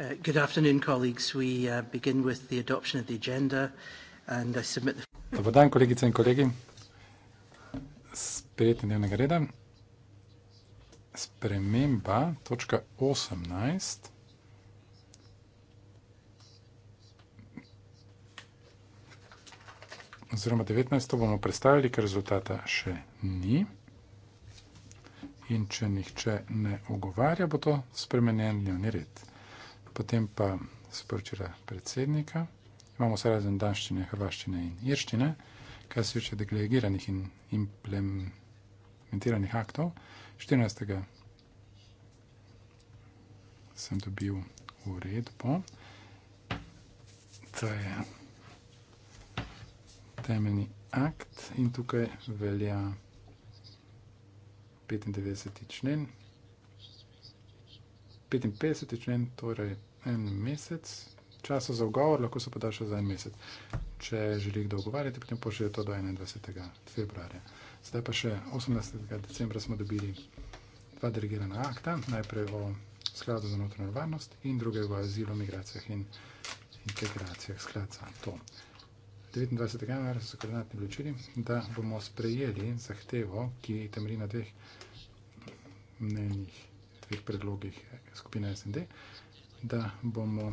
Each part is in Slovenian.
Uh, good afternoon, colleagues. We uh, begin with the adoption of the agenda, and I submit the. Dobar dan, kolegice in kolegi. Sprejeti dnevnega reda. Sprememba, točka 18. Oziroma 19. To bomo predstavili, ker rezultata še ni. In če nihče ne ogovarja, bo to spremenjen dnevni red potem pa sporočila predsednika. Imamo se razen danščine, hrvaščine in irščine, kar se tiče delegiranih in implementiranih aktov. 14. sem dobil uredbo. To je temeljni akt in tukaj velja 95. člen. 55. člen, torej en mesec časa za ogovor, lahko se podaljša za en mesec. Če želi kdo ogovarjati, potem pošlje to do 21. februarja. Zdaj pa še 18. decembra smo dobili dva dirigirana akta, najprej o skladu za notranjo varnost in druge o azilu, migracijah in integracijah. Sklad za to. 29. januarja so se koordinatni odločili, da bomo sprejeli zahtevo, ki temelji na dveh mnenjih, dveh predlogih skupine SND da bomo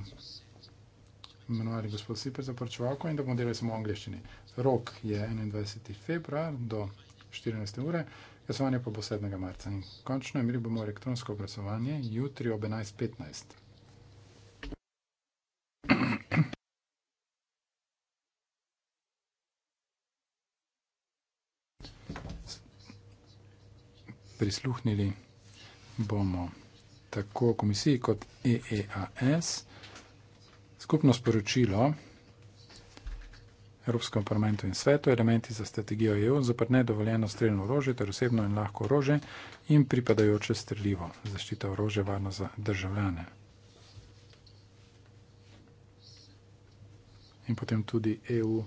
imenovali gospod Siper za poročevalko in da bomo delali samo v angliščini. Rok je 21. februar do 14. ure, glasovanje pa bo 7. marca. In končno imeli bomo elektronsko glasovanje jutri ob 11.15. prisluhnili bomo tako komisiji kot EEAS skupno sporočilo Evropskem parlamentu in svetu, elementi za strategijo EU, zopr nedovoljeno streljno orožje ter osebno in lahko orožje in pripadajoče streljivo, zaščita orožja, varno za državljane. In potem tudi EU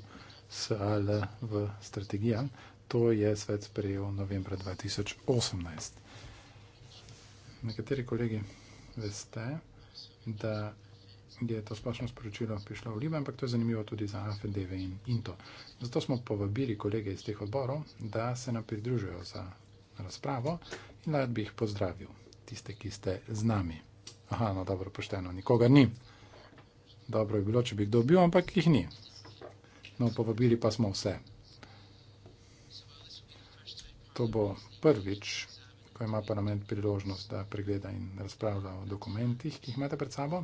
SAL v strategija. To je svet sprejel novembra 2018 nekateri kolegi veste, da je to splošno sporočilo prišlo v Libe, ampak to je zanimivo tudi za AFDV in INTO. Zato smo povabili kolege iz teh odborov, da se nam pridružijo za razpravo in rad bi jih pozdravil, tiste, ki ste z nami. Aha, no dobro, pošteno, nikoga ni. Dobro je bilo, če bi kdo bil, ampak jih ni. No, povabili pa smo vse. To bo prvič, ko ima parlament priložnost, da pregleda in razpravlja o dokumentih, ki jih imate pred sabo,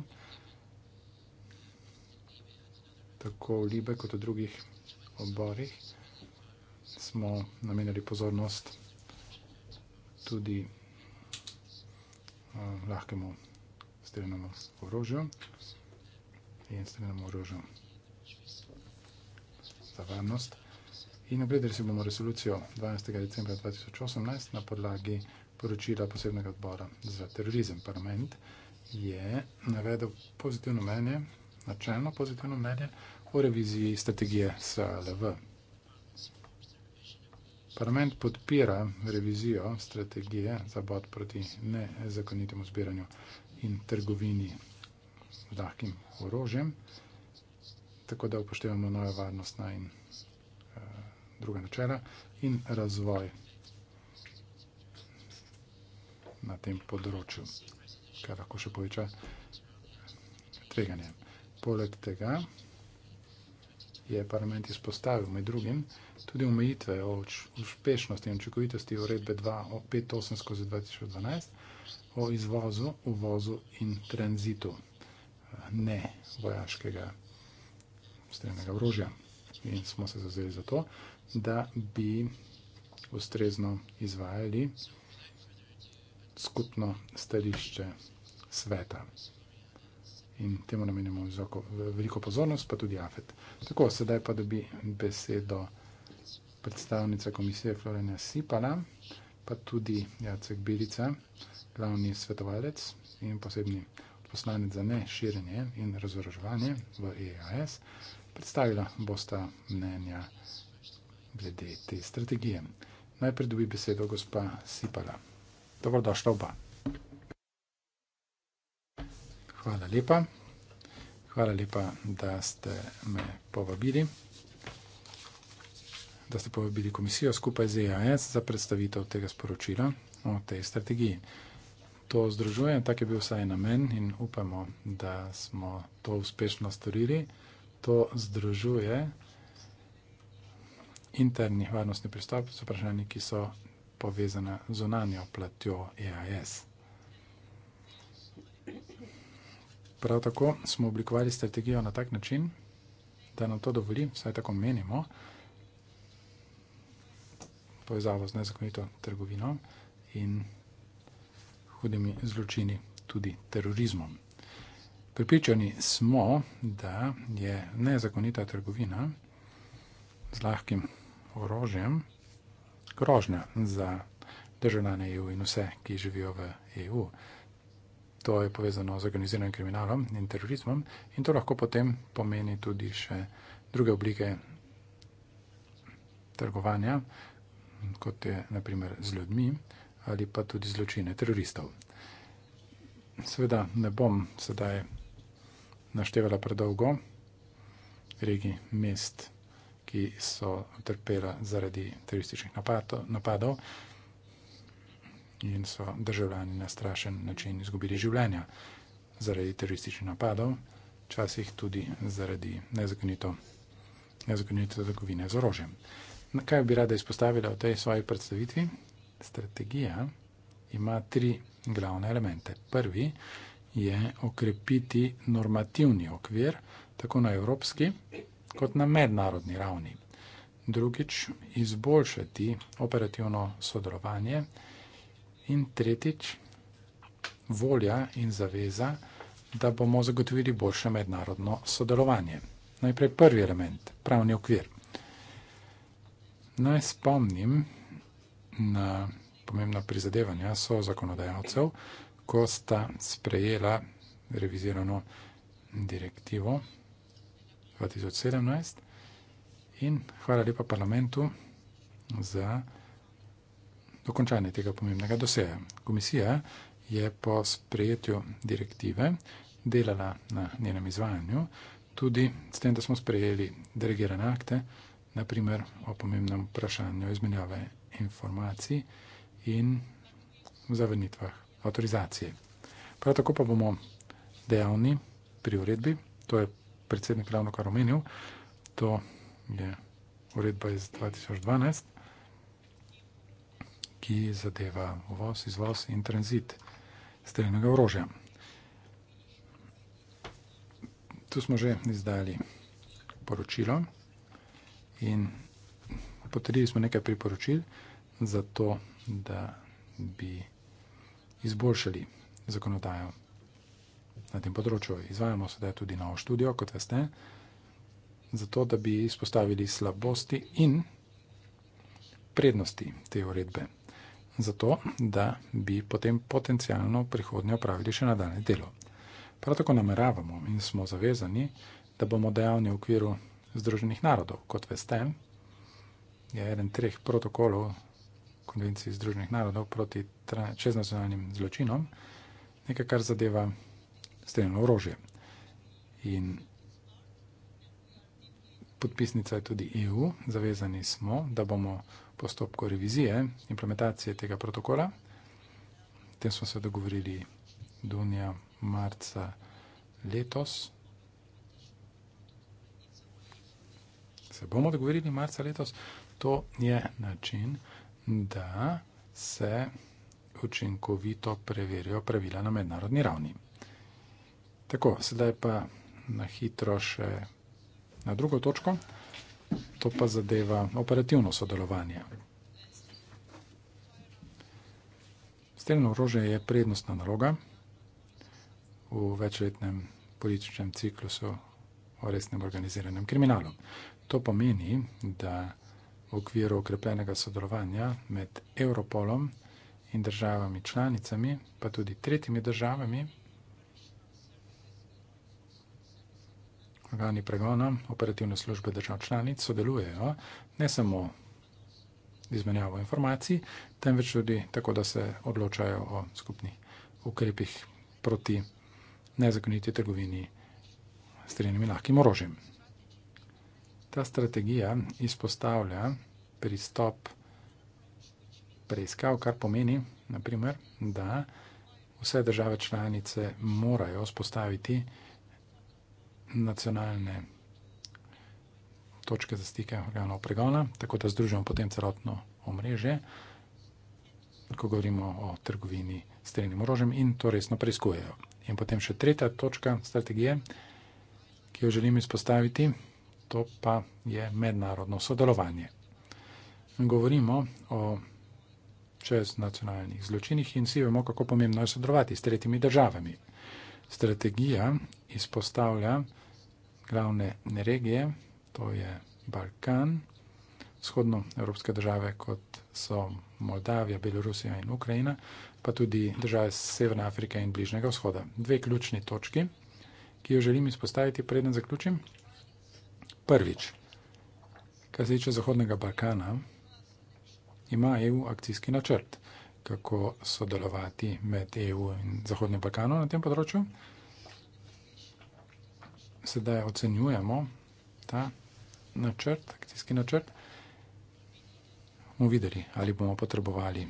tako v Libe kot v drugih odborih, smo namenjali pozornost tudi uh, lahkemu strelnemu orožju in strelnemu orožju za varnost. In ogledali si bomo resolucijo 12. decembra 2018 na podlagi poročila posebnega odbora za terorizem parlament je navedel pozitivno mnenje, načelno pozitivno mnenje o reviziji strategije SLV. Parlament podpira revizijo strategije za bod proti nezakonitemu zbiranju in trgovini z lahkim orožjem, tako da upoštevamo nove varnostna in uh, druga načela in razvoj na tem področju, kar lahko še poveča tveganje. Poleg tega je parlament izpostavil med drugim tudi omejitve o uspešnosti in učinkovitosti uredbe 258-2012 o izvozu, uvozu in tranzitu ne vojaškega strelnega orožja. In smo se zavzeli za to, da bi ustrezno izvajali skupno stališče sveta. In temu namenimo vzoko, veliko pozornost, pa tudi afet. Tako, sedaj pa dobi besedo predstavnica komisije Florenja Sipala, pa tudi Jacek Birica, glavni svetovalec in posebni poslanec za ne širenje in razoroževanje v EAS. Predstavila bosta mnenja glede te strategije. Najprej dobi besedo gospa Sipala dobrodošla oba. Hvala lepa. Hvala lepa, da ste me povabili, da ste povabili komisijo skupaj z EAS za predstavitev tega sporočila o tej strategiji. To združujem, tak je bil vsaj namen in upamo, da smo to uspešno storili. To združuje interni varnostni pristop z vprašanji, ki so povezana z zunanjo platjo EAS. Prav tako smo oblikovali strategijo na tak način, da nam to dovoli, vsaj tako menimo, povezavo z nezakonito trgovino in hudimi zločini, tudi terorizmom. Pripričani smo, da je nezakonita trgovina z lahkim orožjem, grožnja za državljane EU in vse, ki živijo v EU. To je povezano z organiziranim kriminalom in terorizmom in to lahko potem pomeni tudi še druge oblike trgovanja, kot je naprimer z ljudmi ali pa tudi zločine teroristov. Seveda ne bom sedaj naštevala predolgo regij mest ki so utrpela zaradi terorističnih napado, napadov in so državljani na strašen način izgubili življenja zaradi terorističnih napadov, včasih tudi zaradi nezakonito, nezakonito trgovine z orožjem. Kaj bi rada izpostavila v tej svoji predstavitvi? Strategija ima tri glavne elemente. Prvi je okrepiti normativni okvir, tako na evropski, kot na mednarodni ravni. Drugič, izboljšati operativno sodelovanje in tretjič, volja in zaveza, da bomo zagotovili boljše mednarodno sodelovanje. Najprej prvi element, pravni okvir. Naj spomnim na pomembna prizadevanja so zakonodajalcev, ko sta sprejela revizirano direktivo 2017 in hvala lepa parlamentu za dokončanje tega pomembnega doseja. Komisija je po sprejetju direktive delala na njenem izvajanju, tudi s tem, da smo sprejeli delegirane akte, naprimer o pomembnem vprašanju izmenjave informacij in zavrnitvah avtorizacije. Prav tako pa bomo dejavni pri uredbi, to je predsednik ravno kar omenil, to je uredba iz 2012, ki zadeva uvoz, izvoz in tranzit streljnega orožja. Tu smo že izdali poročilo in potrdili smo nekaj priporočil za to, da bi izboljšali zakonodajo na tem področju. Izvajamo sedaj tudi novo študijo, kot veste, zato da bi izpostavili slabosti in prednosti te uredbe. Zato, da bi potem potencijalno prihodnje opravili še nadaljne delo. Prav tako nameravamo in smo zavezani, da bomo dejavni v okviru Združenih narodov. Kot veste, je eden treh protokolov Konvencije Združenih narodov proti čeznacionalnim zločinom, nekaj, kar zadeva streljno orožje. In podpisnica je tudi EU, zavezani smo, da bomo postopko revizije, implementacije tega protokola, tem smo se dogovorili dunja marca letos, se bomo dogovorili marca letos, to je način, da se učinkovito preverijo pravila na mednarodni ravni. Tako, sedaj pa na hitro še na drugo točko, to pa zadeva operativno sodelovanje. Steljno orožje je prednostna naloga v večletnem političnem ciklusu o resnem organiziranem kriminalu. To pomeni, da v okviru okrepljenega sodelovanja med Europolom in državami članicami, pa tudi tretjimi državami, organi pregona, operativne službe držav članic sodelujejo ne samo izmenjavo informacij, temveč tudi tako, da se odločajo o skupnih ukrepih proti nezakoniti trgovini s trenjenimi lahkim orožjem. Ta strategija izpostavlja pristop preiskav, kar pomeni, na primer, da vse države članice morajo vzpostaviti nacionalne točke za stike organov pregona, tako da združimo potem celotno omrežje, ko govorimo o trgovini s trenim orožjem in to resno preizkujejo. In potem še tretja točka strategije, ki jo želim izpostaviti, to pa je mednarodno sodelovanje. Govorimo o čeznacionalnih zločinih in vsi vemo, kako pomembno je sodelovati s tretjimi državami. Strategija izpostavlja, da glavne regije, to je Balkan, vzhodnoevropske države, kot so Moldavija, Belorusija in Ukrajina, pa tudi države Severne Afrike in Bližnjega vzhoda. Dve ključni točki, ki jo želim izpostaviti, preden zaključim. Prvič, kar se tiče Zahodnega Balkana, ima EU akcijski načrt, kako sodelovati med EU in Zahodnim Balkanom na tem področju sedaj ocenjujemo ta načrt, akcijski načrt, bomo videli, ali bomo potrebovali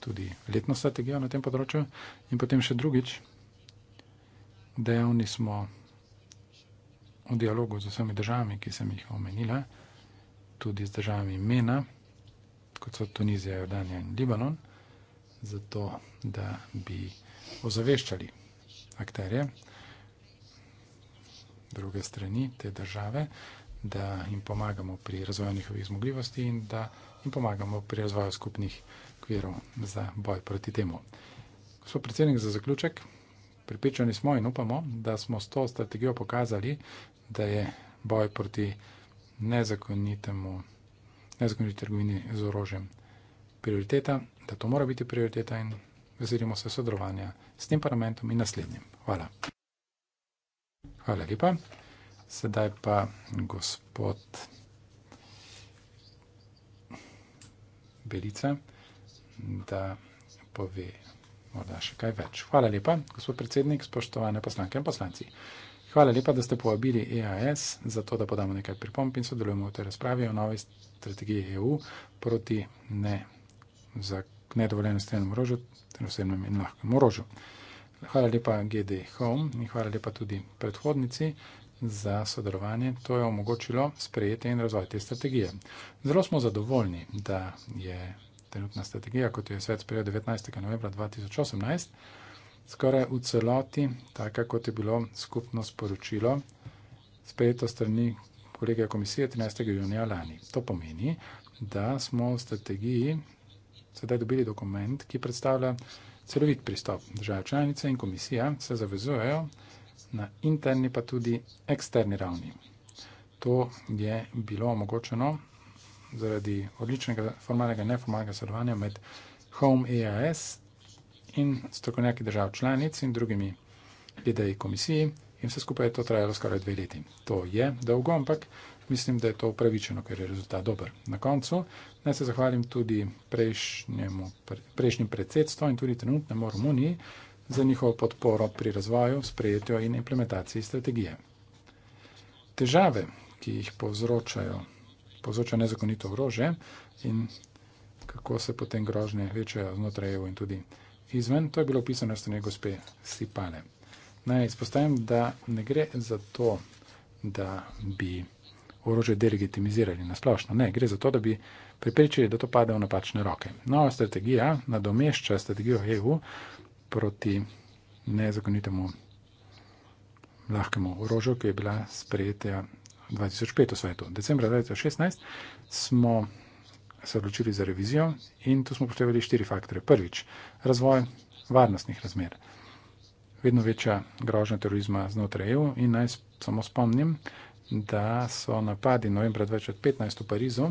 tudi letno strategijo na tem področju. In potem še drugič, dejavni smo v dialogu z vsemi državami, ki sem jih omenila, tudi z državami MENA, kot so Tunizija, Jordanija in Libanon, zato da bi ozaveščali akterje druge strani te države, da jim pomagamo pri razvoju njihovih zmogljivosti in da jim pomagamo pri razvoju skupnih kverov za boj proti temu. Gospod predsednik, za zaključek, pripričani smo in upamo, da smo s to strategijo pokazali, da je boj proti nezakonitemu, nezakoniti trgovini z orožjem prioriteta, da to mora biti prioriteta in veselimo se sodelovanja s tem parlamentom in naslednjim. Hvala. Hvala lepa. Sedaj pa gospod Belica, da pove morda še kaj več. Hvala lepa, gospod predsednik, spoštovane poslanke in poslanci. Hvala lepa, da ste povabili EAS za to, da podamo nekaj pripomp in sodelujemo v tej razpravi o novi strategiji EU proti ne, nedovoljenem strelnemu orožju ter osebnem in lahkem orožju. Hvala lepa GD Home in hvala lepa tudi predhodnici za sodelovanje. To je omogočilo sprejete in razvoj te strategije. Zelo smo zadovoljni, da je trenutna strategija, kot jo je svet sprejel 19. novembra 2018, skoraj v celoti, tako kot je bilo skupno sporočilo, sprejeto strani kolegija komisije 13. junija lani. To pomeni, da smo v strategiji sedaj dobili dokument, ki predstavlja celovit pristop. Države članice in komisija se zavezujejo na interni pa tudi eksterni ravni. To je bilo omogočeno zaradi odličnega formalnega in neformalnega sodelovanja med Home EAS in strokovnjaki držav članic in drugimi ideji komisiji in vse skupaj je to trajalo skoraj dve leti. To je dolgo, ampak mislim, da je to upravičeno, ker je rezultat dober. Na koncu naj se zahvalim tudi prejšnjemu, prejšnjim predsedstvom in tudi trenutnemu Romuniji za njihovo podporo pri razvoju, sprejetju in implementaciji strategije. Težave, ki jih povzročajo, povzročajo nezakonito grože in kako se potem grožne večajo znotraj EU in tudi izven, to je bilo opisano na strani gospe Sipane. Naj izpostavim, da ne gre za to, da bi orožje delegitimizirali na splošno. Ne, gre za to, da bi preprečili, da to pade v napačne roke. Nova strategija nadomešča strategijo EU proti nezakonitemu lahkemu orožju, ki je bila sprejeta 2005 v svetu. Decembra 2016 smo se odločili za revizijo in tu smo upoštevali štiri faktore. Prvič, razvoj varnostnih razmer. Vedno večja grožnja terorizma znotraj EU in naj samo spomnim, da so napadi novembra 2015 v Parizu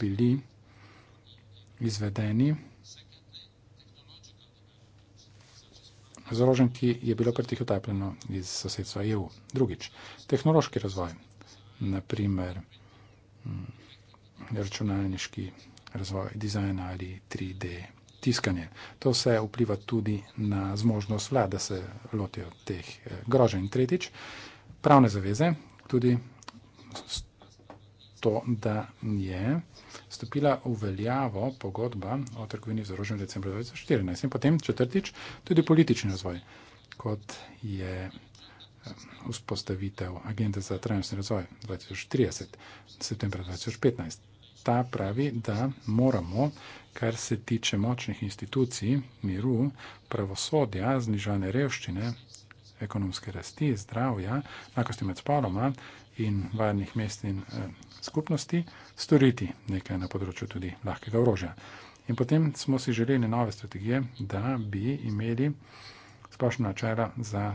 bili izvedeni z orožjem, ki je bilo pretihotapljeno iz sosedstva EU. Drugič, tehnološki razvoj, naprimer mm, računalniški razvoj, dizajn ali 3D tiskanje. To vse vpliva tudi na zmožnost vlad, da se lotijo teh eh, groženj. Tretjič, pravne zaveze, tudi to, da je stopila v veljavo pogodba o trgovini z orožjem v decembru 2014. In potem četrtič, tudi politični razvoj, kot je eh, vzpostavitev agende za trajnostni razvoj 2030, septembra 2015. Ta pravi, da moramo, kar se tiče močnih institucij, miru, pravosodja, znižane revščine, ekonomske rasti, zdravja, enakosti med spoloma in varnih mest in eh, skupnosti, storiti nekaj na področju tudi lahkega orožja. In potem smo si želeli nove strategije, da bi imeli splošno načela za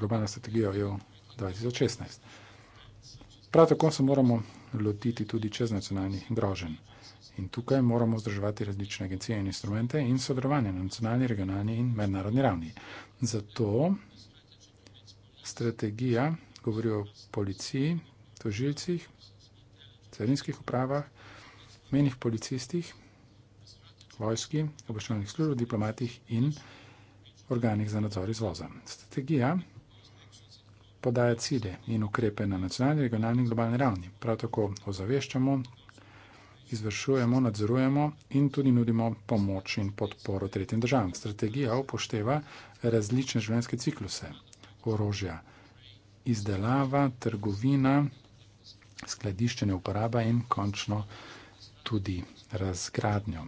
globalno strategijo EU 2016. Prav tako se moramo lotiti tudi čez nacionalnih grožen. In tukaj moramo vzdrževati različne agencije in instrumente in sodelovanje na nacionalni, regionalni in mednarodni ravni. Zato strategija govori o policiji, tožilcih, carinskih upravah, menih policistih, vojski, obveščevalnih služb, diplomatih in organih za nadzor izvoza. Strategija podaja cilje in ukrepe na nacionalni, regionalni in globalni ravni. Prav tako ozaveščamo, izvršujemo, nadzorujemo in tudi nudimo pomoč in podporo tretjim državam. Strategija upošteva različne življenjske cikluse orožja. Izdelava, trgovina, skladiščenje, uporaba in končno tudi razgradnjo.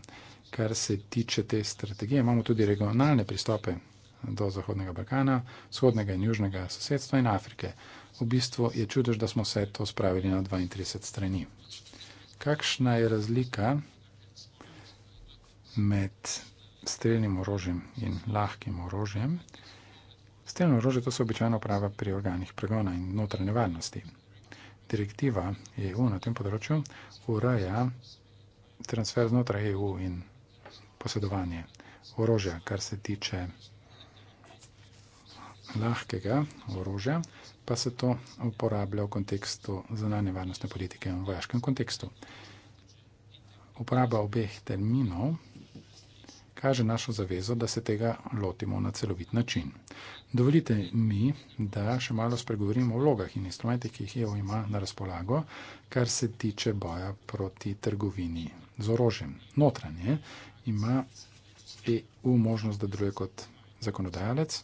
Kar se tiče te strategije, imamo tudi regionalne pristope do Zahodnega Balkana, vzhodnega in južnega sosedstva in Afrike. V bistvu je čudež, da smo vse to spravili na 32 strani. Kakšna je razlika med streljnim orožjem in lahkim orožjem? Steljno orožje to se običajno uporablja pri organih pregona in notranje varnosti. Direktiva EU na tem področju ureja transfer znotraj EU in posedovanje orožja, kar se tiče lahkega orožja, pa se to uporablja v kontekstu zunanje varnostne politike in v vojaškem kontekstu. Uporaba obeh terminov kaže našo zavezo, da se tega lotimo na celovit način. Dovolite mi, da še malo spregovorimo o vlogah in instrumentih, ki jih EU ima na razpolago, kar se tiče boja proti trgovini z orožjem. Notranje ima EU možnost, da deluje kot zakonodajalec.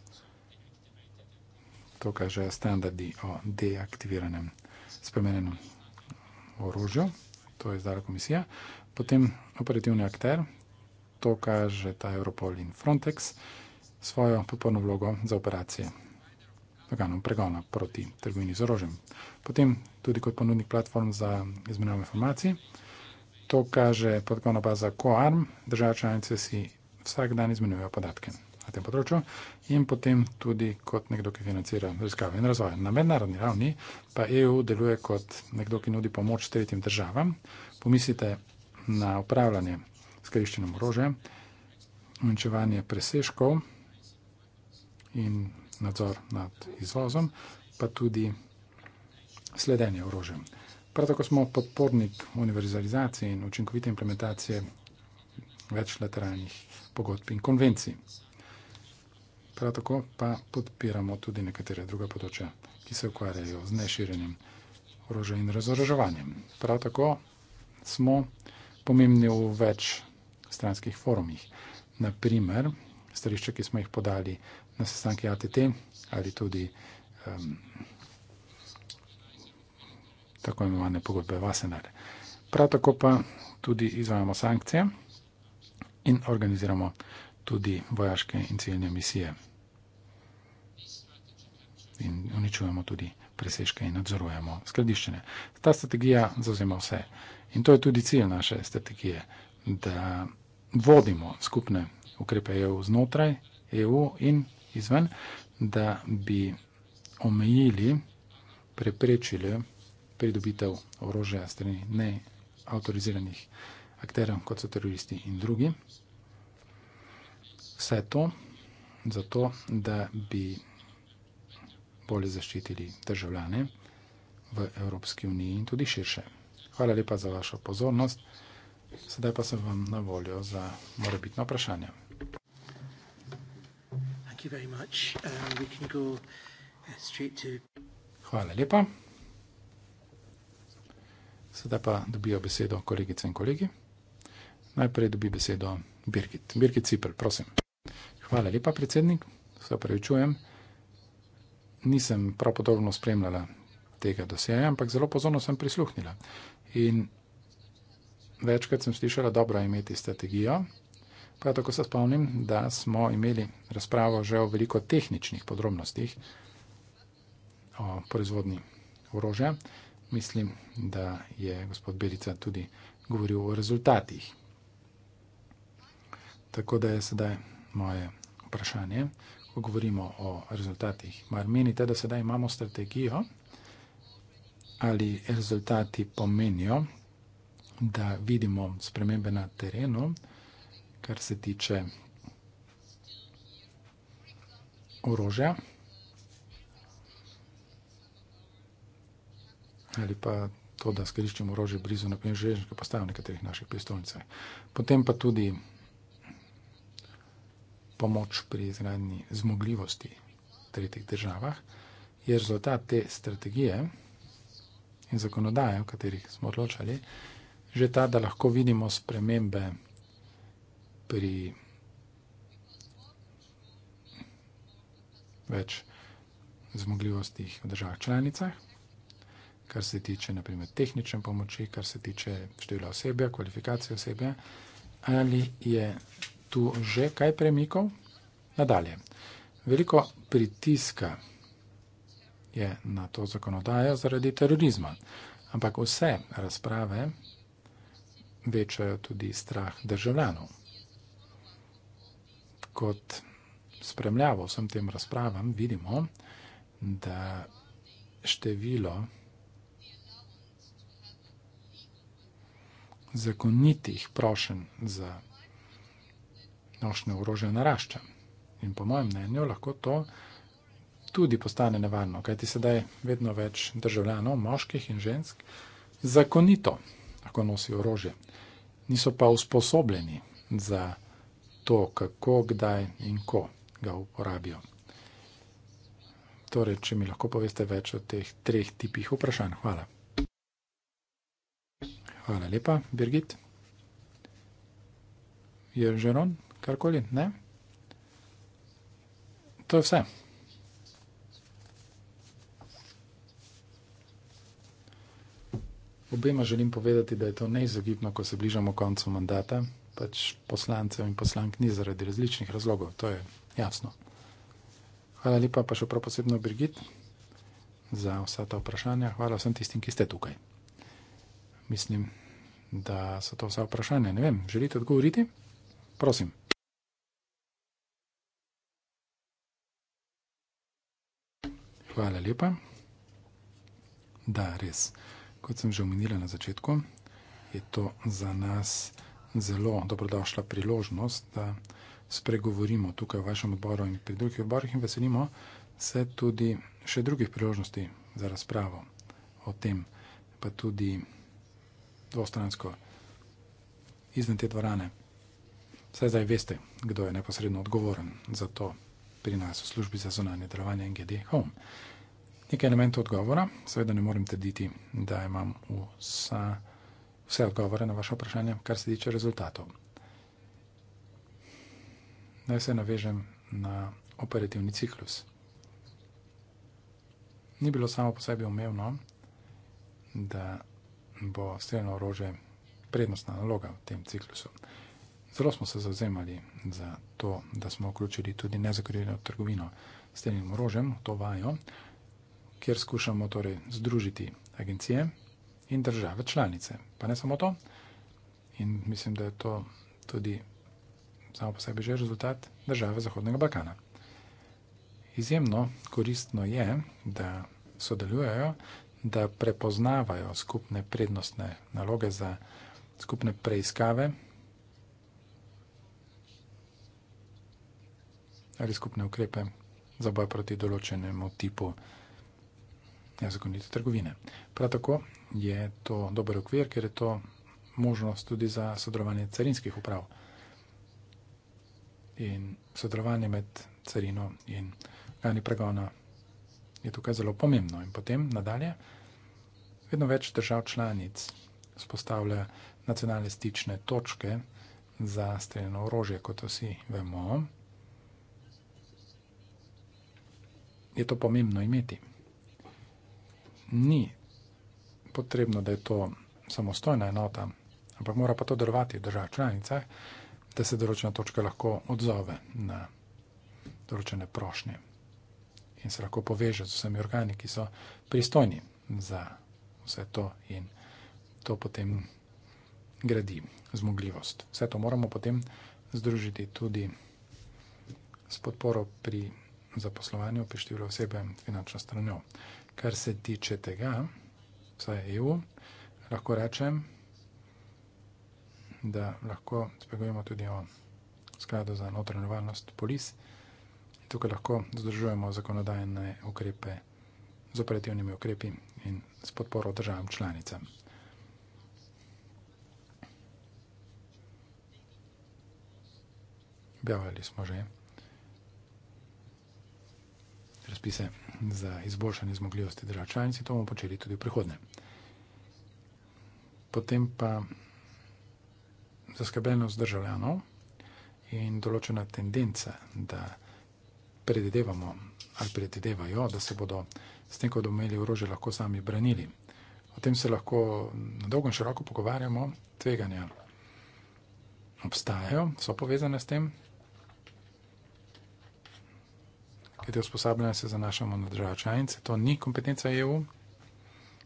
To kaže standardi o deaktiviranem spremenjenem orožju, to je zdala komisija. Potem operativni akter, to kaže ta Europol in Frontex svojo podporno vlogo za operacije organov pregona proti trgovini z orožjem. Potem tudi kot ponudnik platform za izmenjavo informacij. To kaže podatkovna baza CoArm, države članice si vsak dan izmenjujejo podatke na tem področju in potem tudi kot nekdo, ki financira raziskave in razvoj. Na mednarodni ravni pa EU deluje kot nekdo, ki nudi pomoč tretjim državam. Pomislite na upravljanje skriščenem orožjem, uničevanje presežkov in nadzor nad izvozom, pa tudi sledenje orožjem. Prav tako smo podpornik univerzalizacije in učinkovite implementacije večlateralnih pogodb in konvencij. Prav tako pa podpiramo tudi nekatere druga področja, ki se ukvarjajo z neširjenjem orožja in razoroževanjem. Prav tako smo pomembni v več stranskih forumih. Naprimer, stališče, ki smo jih podali na sestanki ATT ali tudi um, tako imenovane pogodbe Vasenar. Prav tako pa tudi izvajamo sankcije in organiziramo tudi vojaške in ciljne misije. In uničujemo tudi presežke in nadzorujemo skladiščenje. Ta strategija zauzema vse. In to je tudi cilj naše strategije, da vodimo skupne ukrepe EU znotraj EU in izven, da bi omejili, preprečili pridobitev orožja strani neautoriziranih akterjev, kot so teroristi in drugi. Vse to zato, da bi bolje zaščitili državljane v Evropski uniji in tudi širše. Hvala lepa za vašo pozornost. Sedaj pa sem vam na voljo za morebitno vprašanje. Um, uh, Hvala lepa. Sedaj pa dobijo besedo kolegice in kolegi. Najprej dobi besedo Birgit. Birgit Cipel, prosim. Hvala lepa, predsednik. Se opravičujem. Nisem prav podobno spremljala tega dosjeja, ampak zelo pozorno sem prisluhnila. In večkrat sem slišala, dobro je imeti strategijo. Prav tako se spomnim, da smo imeli razpravo že o veliko tehničnih podrobnostih o proizvodni orožja. Mislim, da je gospod Berica tudi govoril o rezultatih. Tako da je sedaj moje vprašanje, ko govorimo o rezultatih. Mar menite, da sedaj imamo strategijo? Ali rezultati pomenijo, da vidimo spremembe na terenu, kar se tiče orožja ali pa to, da skriščimo orožje blizu, naprimer, železniške postaje v nekaterih naših prestolnicah. Potem pa tudi pomoč pri izgradnji zmogljivosti v tretjih državah je rezultat te strategije in zakonodaje, o katerih smo odločali že ta, da lahko vidimo spremembe pri več zmogljivostih v državah članicah, kar se tiče naprimer tehnične pomoči, kar se tiče števila osebja, kvalifikacije osebja, ali je tu že kaj premikov? Nadalje, veliko pritiska je na to zakonodajo zaradi terorizma, ampak vse razprave večajo tudi strah državljanov. Kot spremljavo vsem tem razpravam vidimo, da število zakonitih prošen za nošne orožje narašča. In po mojem mnenju lahko to tudi postane nevarno, kajti sedaj vedno več državljanov, moških in žensk, zakonito lahko nosi orožje niso pa usposobljeni za to, kako, kdaj in ko ga uporabijo. Torej, če mi lahko poveste več o teh treh tipih vprašanj. Hvala. Hvala lepa, Birgit. Je že on, karkoli? Ne? To je vse. Obema želim povedati, da je to neizogibno, ko se bližamo koncu mandata. Pač poslancev in poslank ni zaradi različnih razlogov, to je jasno. Hvala lepa, pa še prav posebno Brigit za vsa ta vprašanja. Hvala vsem tistim, ki ste tukaj. Mislim, da so to vsa vprašanja. Ne vem, želite odgovoriti? Prosim. Hvala lepa. Da, res. Kot sem že omenila na začetku, je to za nas zelo dobrodošla priložnost, da spregovorimo tukaj v vašem odboru in pri drugih odborih in veselimo se tudi še drugih priložnosti za razpravo o tem, pa tudi dvostransko izven te dvorane. Saj zdaj veste, kdo je neposredno odgovoren za to pri nas v službi za zonanje delovanje NGD Home nekaj elementov odgovora. Seveda ne morem trditi, da imam vsa, vse odgovore na vaše vprašanje, kar se tiče rezultatov. Naj se navežem na operativni ciklus. Ni bilo samo po sebi umevno, da bo streljeno orože prednostna naloga v tem ciklusu. Zelo smo se zauzemali za to, da smo vključili tudi nezakorjeno trgovino s streljenim orožjem, to vajo, kjer skušamo torej združiti agencije in države članice. Pa ne samo to, in mislim, da je to tudi samo po sebi že rezultat države Zahodnega Balkana. Izjemno koristno je, da sodelujejo, da prepoznavajo skupne prednostne naloge za skupne preiskave ali skupne ukrepe za boj proti določenemu tipu nezakonite ja, trgovine. Prav tako je to dober okvir, ker je to možnost tudi za sodelovanje carinskih uprav in sodelovanje med carino in organi pregona je tukaj zelo pomembno. In potem nadalje, vedno več držav članic spostavlja nacionalne stične točke za streljeno orožje, kot vsi vemo. Je to pomembno imeti ni potrebno, da je to samostojna enota, ampak mora pa to delovati v državah članicah, da se določena točka lahko odzove na določene prošnje in se lahko poveže z vsemi organi, ki so pristojni za vse to in to potem gradi zmogljivost. Vse to moramo potem združiti tudi s podporo pri zaposlovanju, pri številu osebe in finančno stranjo kar se tiče tega, vsaj EU, lahko rečem, da lahko spregovimo tudi o skladu za notranjo varnost polis. Tukaj lahko združujemo zakonodajne ukrepe z operativnimi ukrepi in s podporo državam članicam. Objavljali smo že razpise za izboljšanje zmogljivosti držav članic in to bomo počeli tudi v prihodnje. Potem pa zaskrbljenost državljanov in določena tendenca, da predvidevamo ali predvidevajo, da se bodo s tem, ko bodo imeli orožje, lahko sami branili. O tem se lahko na dolgo in široko pogovarjamo, tveganja obstajajo, so povezane s tem, glede usposabljanja se zanašamo na države članice. To ni kompetenca EU,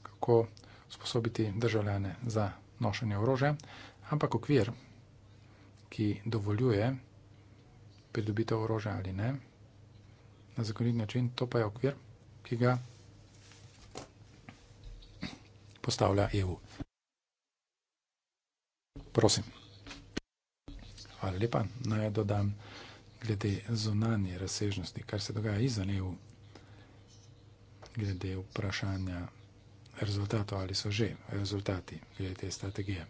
kako usposobiti državljane za nošenje orožja, ampak okvir, ki dovoljuje pridobitev orožja ali ne, na zakonit način, to pa je okvir, ki ga postavlja EU. Prosim. Hvala lepa. Naj dodam glede zunanje razsežnosti, kar se dogaja izven EU, glede vprašanja rezultatov, ali so že rezultati glede te strategije.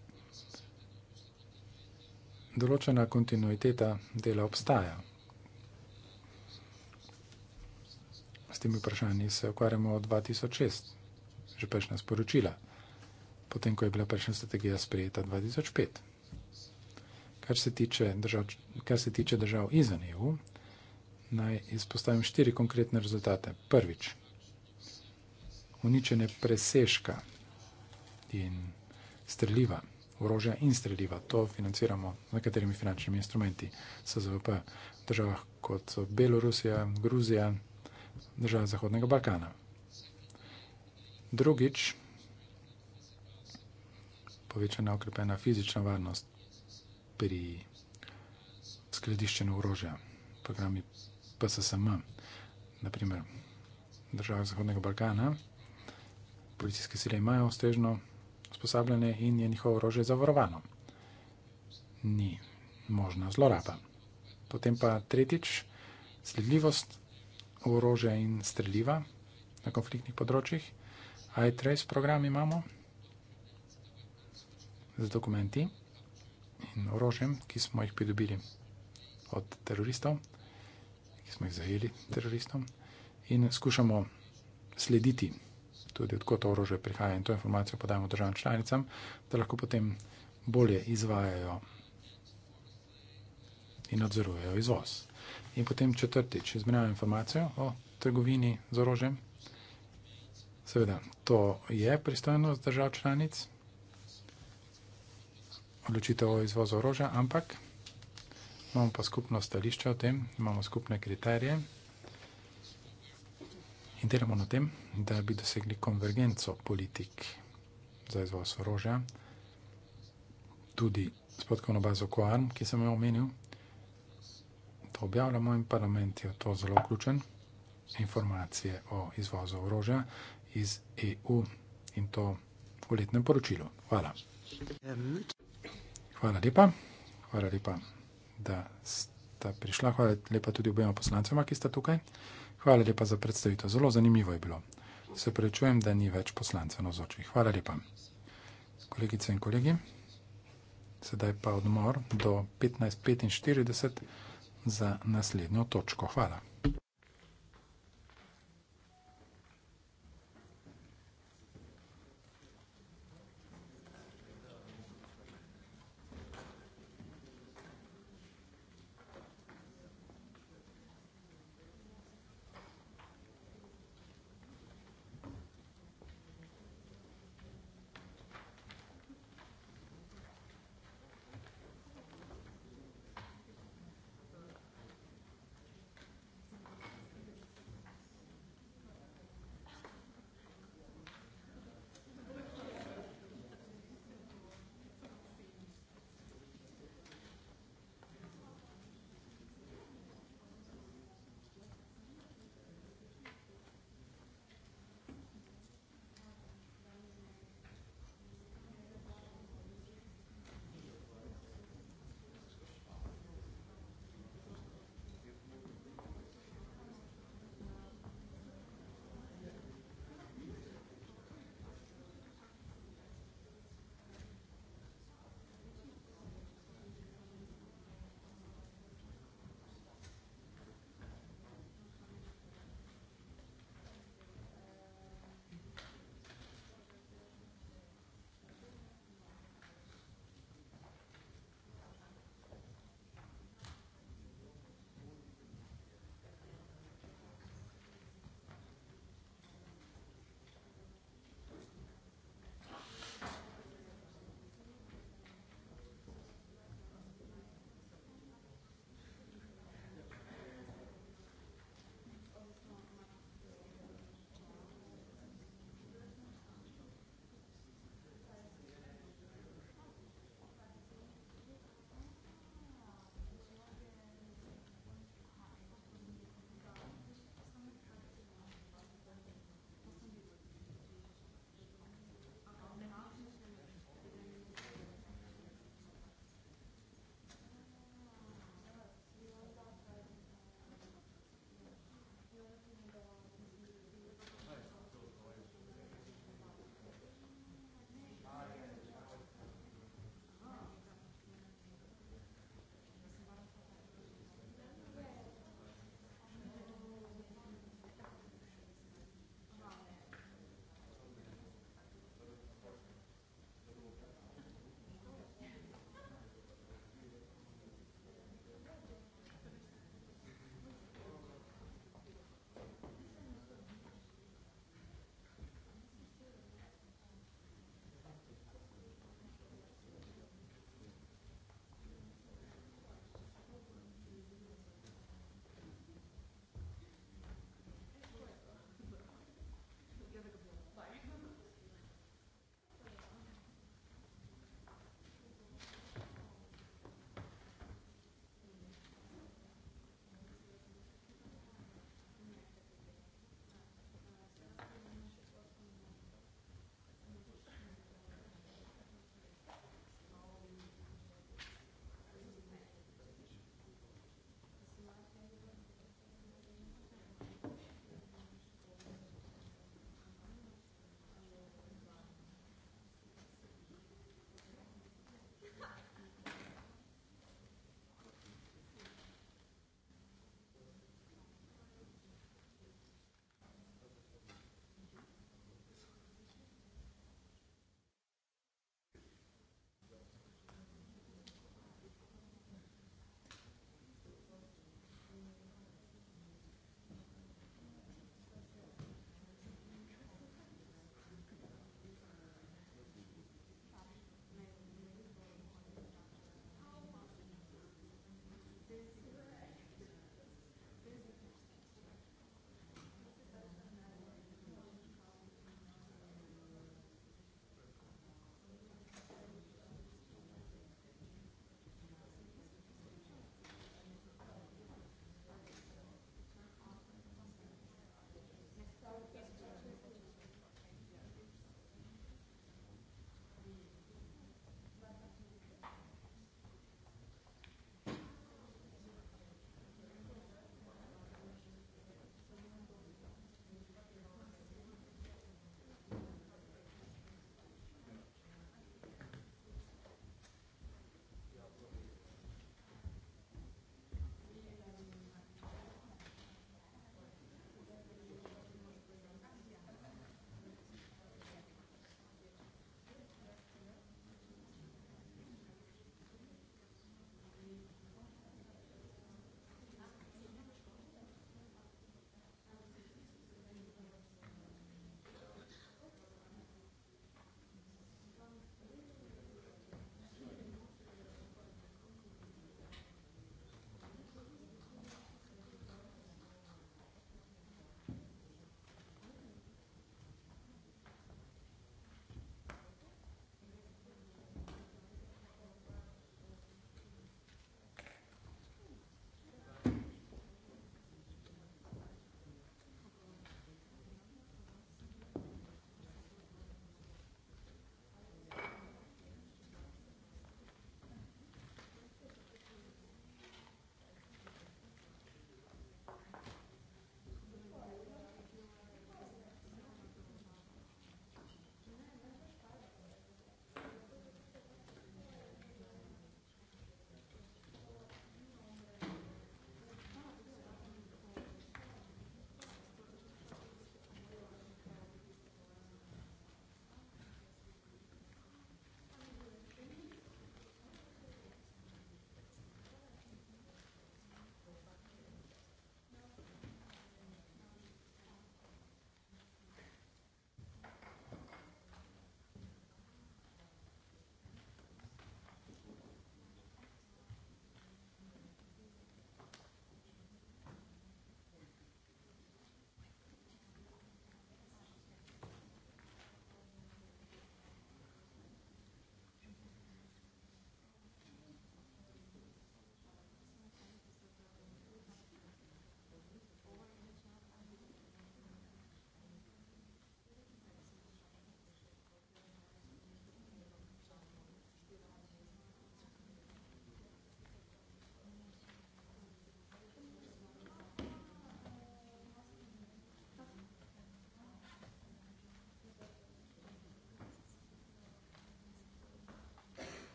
Določena kontinuiteta dela obstaja. S temi vprašanji se ukvarjamo od 2006, že prejšnja sporočila, potem ko je bila prejšnja strategija sprejeta 2005 kar se tiče držav, kar se tiče držav izven EU, naj izpostavim štiri konkretne rezultate. Prvič, uničenje preseška in streljiva, orožja in streljiva, to financiramo z nekaterimi finančnimi instrumenti SZVP v državah kot so Belorusija, Gruzija, država Zahodnega Balkana. Drugič, povečana okrepena fizična varnost pri skladiščenju orožja, programi PSSM, naprimer države Zahodnega Balkana, policijske sile imajo ustrezno usposabljanje in je njihovo orožje zavarovano. Ni možna zloraba. Potem pa tretjič, sledljivost orožja in streljiva na konfliktnih področjih. iTrace program imamo z dokumenti in orožjem, ki smo jih pridobili od teroristov, ki smo jih zajeli teroristom, in skušamo slediti tudi, odkot to orožje prihaja in to informacijo podajamo državam članicam, da lahko potem bolje izvajajo in nadzorujejo izvoz. In potem četrtič, izmenjava informacijo o trgovini z orožjem. Seveda, to je pristojnost držav članic odločitev o izvozu orožja, ampak imamo pa skupno stališče o tem, imamo skupne kriterije in delamo na tem, da bi dosegli konvergenco politik za izvoz orožja, tudi s podkovno bazo Koarm, ki sem jo omenil. To objavljamo in parlament je to zelo vključen. Informacije o izvozu orožja iz EU in to v letnem poročilu. Hvala. Hvala lepa. Hvala lepa, da ste prišla. Hvala lepa tudi obema poslancema, ki ste tukaj. Hvala lepa za predstavitev. Zelo zanimivo je bilo. Se prečujem, da ni več poslancev na zoči. Hvala lepa. Kolegice in kolegi, sedaj pa odmor do 15.45 za naslednjo točko. Hvala.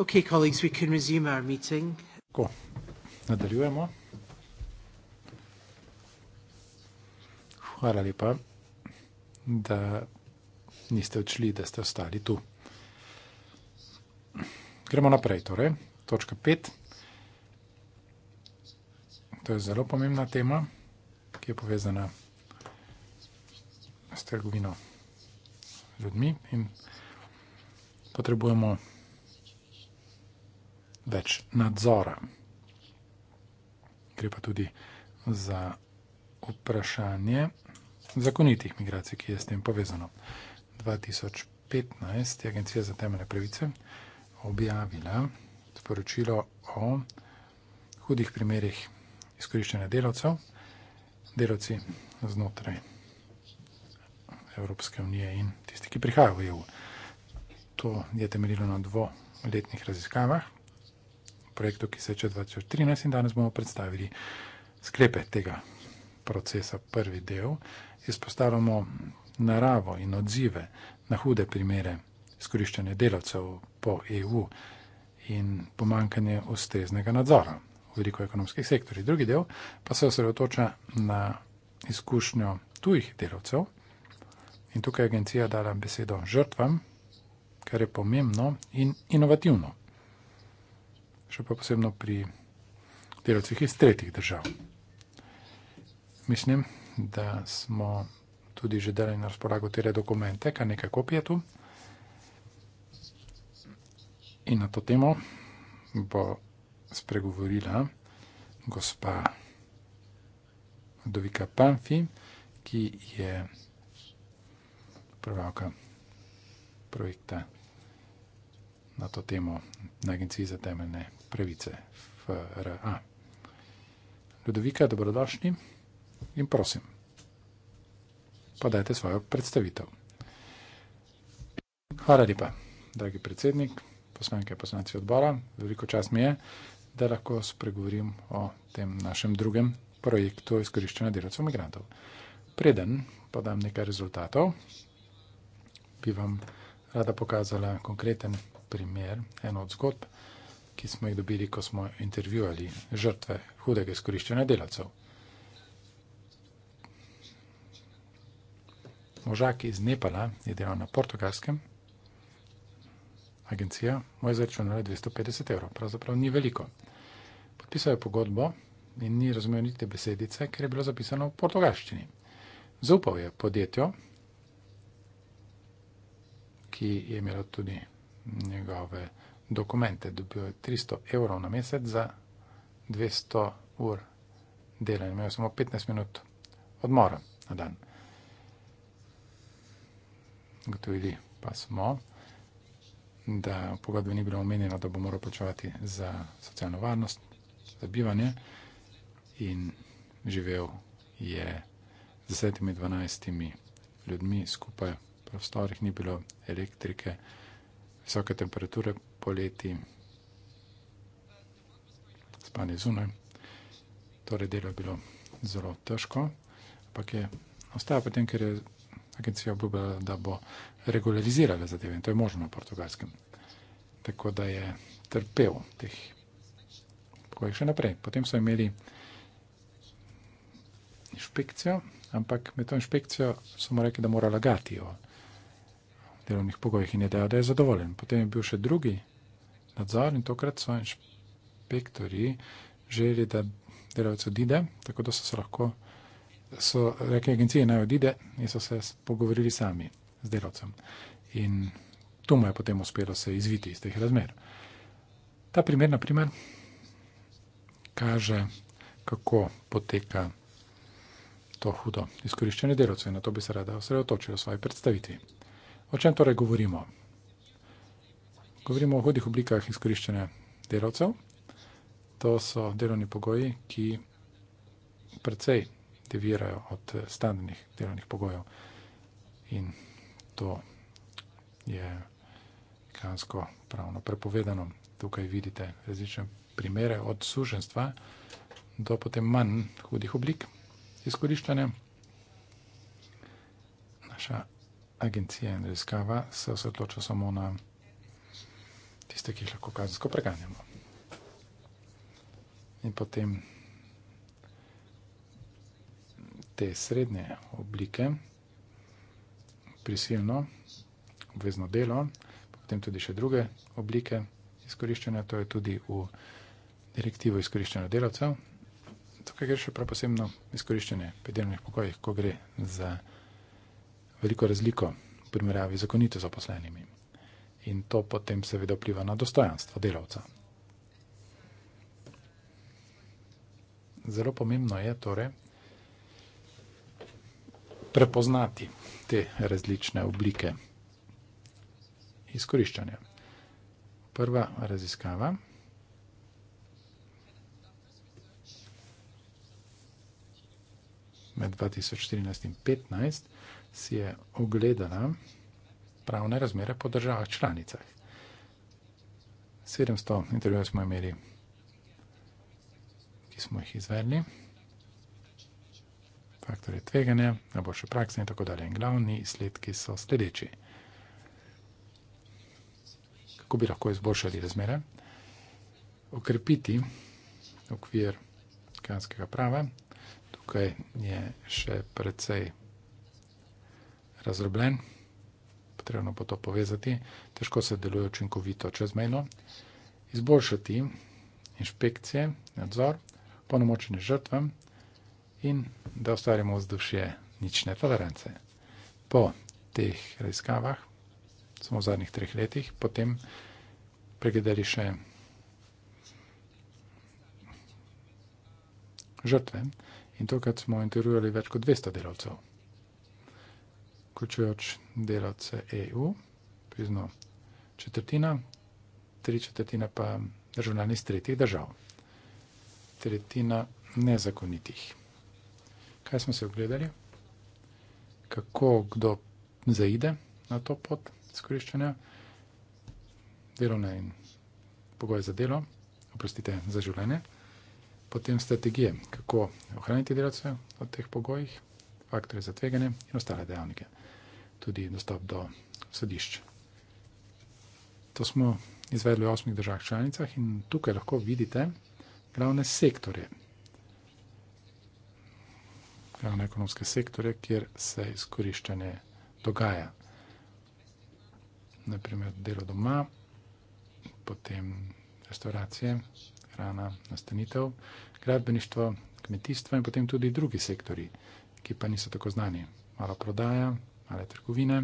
Okay, colleagues, we can resume our meeting. Ko, nadaljujemo. Hvala lepa, da niste odšli, da ste ostali tu. Gremo naprej, torej, točka pet. To je zelo pomembna tema, ki je povezana s trgovino ljudmi in potrebujemo več nadzora. Gre pa tudi za vprašanje zakonitih migracij, ki je s tem povezano. 2015 je Agencija za temeljne pravice objavila sporočilo o hudih primerih izkoriščanja delavcev, delavci znotraj Evropske unije in tisti, ki prihajajo v EU. To je temeljilo na dvoletnih raziskavah, projektu, ki se je začel 2013 in danes bomo predstavili sklepe tega procesa, prvi del. Izpostavljamo naravo in odzive na hude primere izkoriščanja delavcev po EU in pomankanje ustreznega nadzora v veliko ekonomskih sektorjih. Drugi del pa se osredotoča na izkušnjo tujih delavcev in tukaj je agencija dala besedo žrtvam, kar je pomembno in inovativno še pa posebno pri delavcih iz tretjih držav. Mislim, da smo tudi že dali na razporago tere dokumente, kar nekaj kopije tu. In na to temo bo spregovorila gospa Dovika Panfi, ki je upravljavka projekta na to temo na Agenciji za temeljne pravice, FRA. Ludovika, dobrodošli in prosim, podajte svojo predstavitev. Hvala lepa, dragi predsednik, poslanke in poslanci odbora. Veliko čas mi je, da lahko spregovorim o tem našem drugem projektu izkoriščanja delavcev migrantov. Preden podam nekaj rezultatov, bi vam rada pokazala konkreten primer, eno od zgodb, ki smo jih dobili, ko smo intervjuvali žrtve hudega izkoriščanja delavcev. Možak iz Nepala je delal na portugalskem, agencija mu je zaračunala 250 evrov, pravzaprav ni veliko. Podpisal je pogodbo in ni razumel niti besedice, ker je bilo zapisano v portugalščini. Zaupal je podjetju, ki je imelo tudi njegove dokumente. Dobil je 300 evrov na mesec za 200 ur dela in imel samo 15 minut odmora na dan. Gotovili pa smo, da v pogodbi ni bilo omenjeno, da bo moral plačevati za socialno varnost, za bivanje in živel je z 10-12 ljudmi skupaj v prostorih, ni bilo elektrike, visoke temperature poleti, spanje zunaj. Torej delo je bilo zelo težko, ampak je ostalo potem, ker je agencija obljubila, da bo regularizirala zadeve in to je možno na portugalskem. Tako da je trpel teh pokojih še naprej. Potem so imeli inšpekcijo, ampak med to inšpekcijo so mu rekli, da mora lagati o delovnih pogojih in je dejal, da je zadovoljen. Potem je bil še drugi nadzor in tokrat so inšpektori želeli, da delavec odide, tako da so se lahko, so rekli agencije naj odide in so se pogovorili sami z delavcem. In tu mu je potem uspelo se izviti iz teh razmer. Ta primer, na primer, kaže, kako poteka to hudo izkoriščanje delavcev in na to bi se rada osredotočila v svoji predstavitvi. O čem torej govorimo? Govorimo o hudih oblikah izkoriščanja delavcev. To so delovni pogoji, ki precej devirajo od standardnih delovnih pogojev. In to je kansko pravno prepovedano. Tukaj vidite različne primere od suženstva do potem manj hudih oblik izkoriščanja. Naša agencija in raziskava se osredotoča samo na tiste, ki jih lahko kazensko preganjamo. In potem te srednje oblike, prisilno, obvezno delo, potem tudi še druge oblike izkoriščanja, to je tudi v direktivo izkoriščanja delavcev. Tukaj gre še prav posebno izkoriščanje pri delovnih pokojih, ko gre za veliko razliko v primerjavi z zakonito zaposlenimi. In to potem seveda vpliva na dostojanstvo delavca. Zelo pomembno je torej prepoznati te različne oblike izkoriščanja. Prva raziskava. Med 2014 in 2015 si je ogledala pravne razmere po državah članicah. 700 intervjujev smo imeli, ki smo jih izvedli, faktore tveganja, najboljše prakse in tako dalje. In glavni izsledki so sledeči. Kako bi lahko izboljšali razmere? Okrepiti okvir kanskega prava. Tukaj je še precej razdrobljen, potrebno bo to povezati, težko se deluje učinkovito čezmejno, izboljšati inšpekcije, nadzor, ponomočene žrtvam in da ustvarjamo vzdušje nične tolerance. Po teh raziskavah, samo v zadnjih treh letih, potem pregledali še žrtve in tokrat smo intervjuvali več kot 200 delavcev vključujoč delavce EU, prizno četrtina, tri četrtine pa državljani iz tretjih držav, tretjina nezakonitih. Kaj smo se ogledali? Kako kdo zaide na to pot skoriščanja? Delovne in pogoje za delo, oprostite, za življenje. Potem strategije, kako ohraniti delavce v teh pogojih, faktore za tveganje in ostale dejavnike tudi dostop do sodišč. To smo izvedli v osmih državah članicah in tukaj lahko vidite glavne sektorje. Glavne ekonomske sektorje, kjer se izkoriščanje dogaja. Naprimer delo doma, potem restauracije, hrana, nastanitev, gradbeništvo, kmetijstvo in potem tudi drugi sektori, ki pa niso tako znani. Malo prodaja, male trgovine,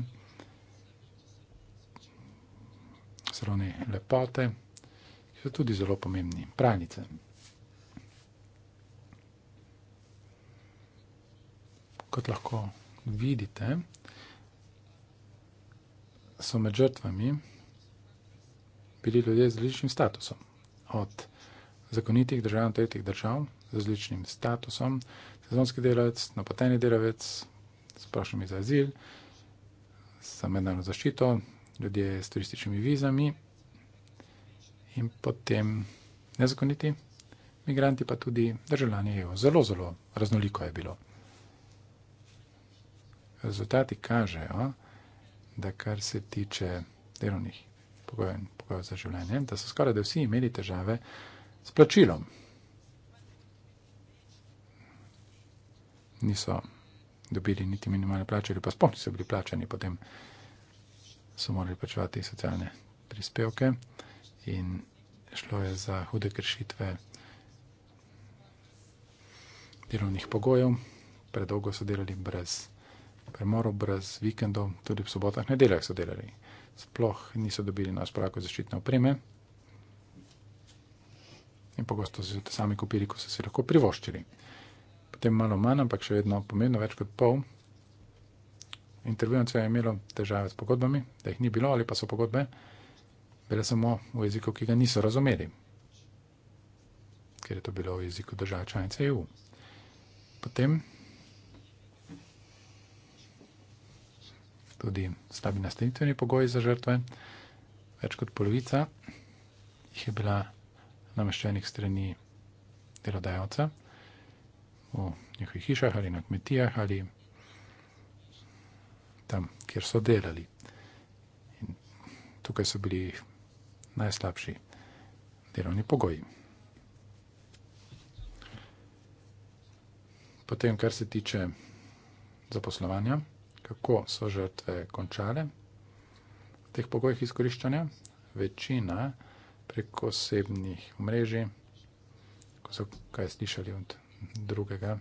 srovne lepote, ki so tudi zelo pomembni, pranice. Kot lahko vidite, so med žrtvami bili ljudje z različnim statusom. Od zakonitih držav, tretjih držav, z različnim statusom, sezonski delavec, napoteni delavec, sprašujem za azil, za mednarodno zaščito, ljudje s turističnimi vizami in potem nezakoniti migranti, pa tudi državljani EU. Zelo, zelo raznoliko je bilo. Rezultati kažejo, da kar se tiče delovnih pogojev in pogojev za življenje, da so skoraj da vsi imeli težave s plačilom. Niso dobili niti minimalne plače, ali pa spomni se bili plačani, potem so morali plačevati socialne prispevke in šlo je za hude kršitve delovnih pogojev, predolgo so delali brez premorov, brez vikendov, tudi v sobotah, nedeljah so delali. Sploh niso dobili na sporako zaščitne opreme in pogosto so se sami kupili, ko so se lahko privoščili potem malo manj, ampak še vedno pomembno, več kot pol. Intervjujemce je imelo težave s pogodbami, da jih ni bilo ali pa so pogodbe bile samo v jeziku, ki ga niso razumeli, ker je to bilo v jeziku države članice EU. Potem tudi slabi nastanitveni pogoji za žrtve, več kot polovica jih je bila nameščenih strani delodajalca v nekih hišah ali na kmetijah ali tam, kjer so delali. In tukaj so bili najslabši delovni pogoji. Potem, kar se tiče zaposlovanja, kako so žrtve končale v teh pogojih izkoriščanja, večina prek osebnih omrežij, ko so kaj slišali od drugega.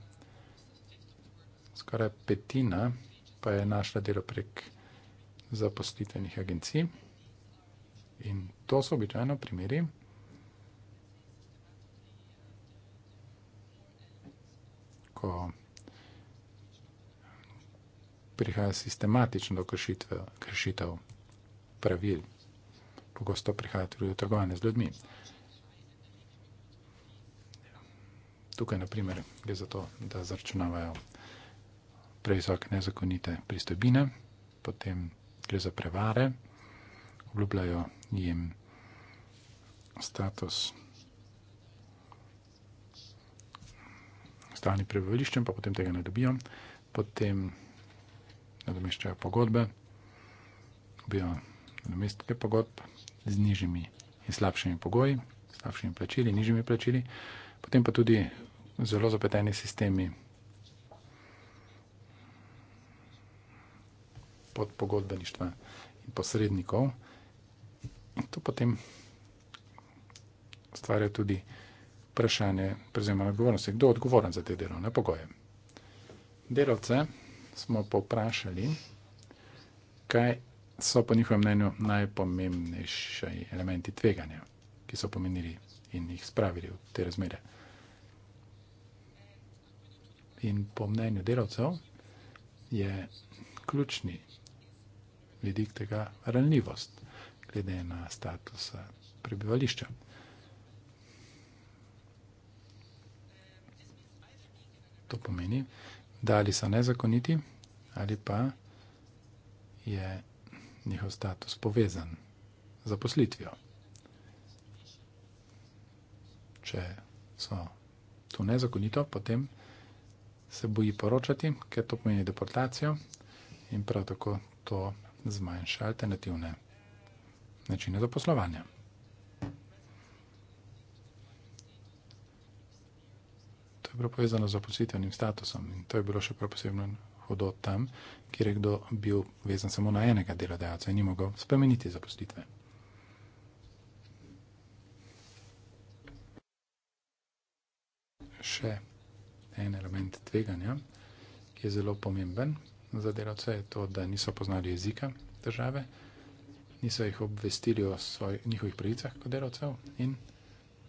Skoraj petina pa je našla delo prek zaposlitvenih agencij. In to so običajno primeri, ko prihaja sistematično do kršitev pravil. Pogosto prihaja tudi do trgovanja z ljudmi. Tukaj, na primer, gre za to, da zaračunavajo previsoke nezakonite pristojbine, potem gre za prevare, obljubljajo jim status stalni prebivališčem, pa potem tega ne dobijo, potem nadomeščajo pogodbe, dobijo nadomestke pogodb z nižjimi in slabšimi pogoji, slabšimi plačili, nižjimi plačili potem pa tudi zelo zapeteni sistemi pod pogodbeništva in posrednikov. In to potem stvarja tudi vprašanje, prevzemanje odgovornosti. Kdo je odgovoren za te delovne pogoje? Delavce smo povprašali, kaj so po njihovem mnenju najpomembnejši elementi tveganja, ki so pomenili in jih spravili v te razmere in po mnenju delavcev je ključni vidik tega ranljivost, glede na status eh, prebivališča. To pomeni, da ali so nezakoniti ali pa je njihov status povezan z zaposlitvijo. Če so to nezakonito, potem se boji poročati, ker to pomeni deportacijo in prav tako to zmanjša alternativne načine zaposlovanja. To je bilo povezano z opustitvenim statusom in to je bilo še prav posebno hodo tam, kjer je kdo bil vezan samo na enega delodajalca in ni mogel spremeniti zapustitve. Še en element tveganja, ki je zelo pomemben za delavce, je to, da niso poznali jezika države, niso jih obvestili o svoj, njihovih pravicah kot delavcev in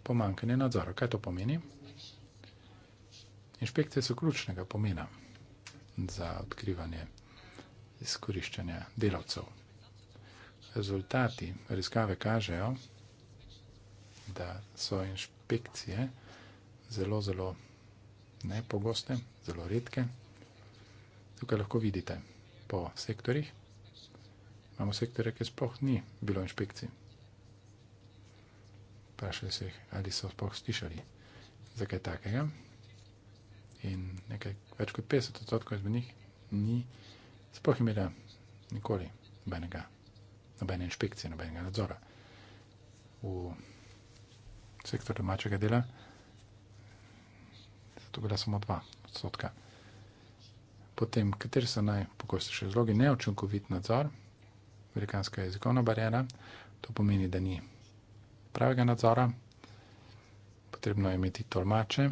pomankanje nadzora. Kaj to pomeni? Inšpekcije so ključnega pomena za odkrivanje izkoriščanja delavcev. Rezultati raziskave kažejo, da so inšpekcije zelo, zelo ne pogoste, zelo redke. Tukaj lahko vidite po sektorjih. Imamo sektore, ki sploh ni bilo inšpekcij. Vprašali so jih, ali so sploh slišali za kaj takega. In nekaj več kot 50 odstotkov izmed njih ni sploh imela nikoli nobenega, nobene inšpekcije, nobenega nadzora v sektor domačega dela to bila samo 2 odstotka. Potem, kateri so najpogostejši razlogi? Neočinkovit nadzor, velikanska jezikovna barjera, to pomeni, da ni pravega nadzora, potrebno je imeti tolmače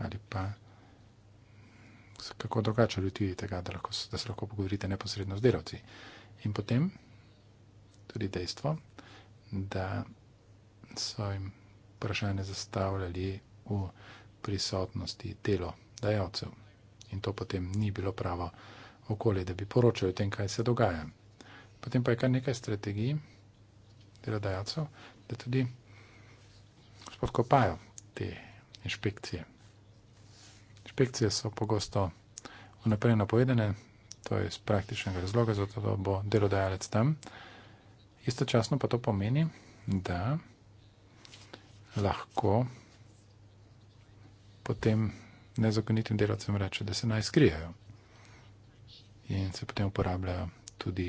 ali pa kako drugače ljudi je tega, da, lahko, da se lahko pogovorite neposredno z delavci. In potem tudi dejstvo, da so jim vprašanje zastavljali v prisotnosti telo dajalcev. In to potem ni bilo pravo okolje, da bi poročali o tem, kaj se dogaja. Potem pa je kar nekaj strategij delodajalcev, da tudi spodkopajo te inšpekcije. Inšpekcije so pogosto vnaprej napovedene, to je iz praktičnega razloga, zato da bo delodajalec tam. Istočasno pa to pomeni, da lahko potem nezakonitim delavcem reče, da se naj skrijejo. In se potem uporabljajo tudi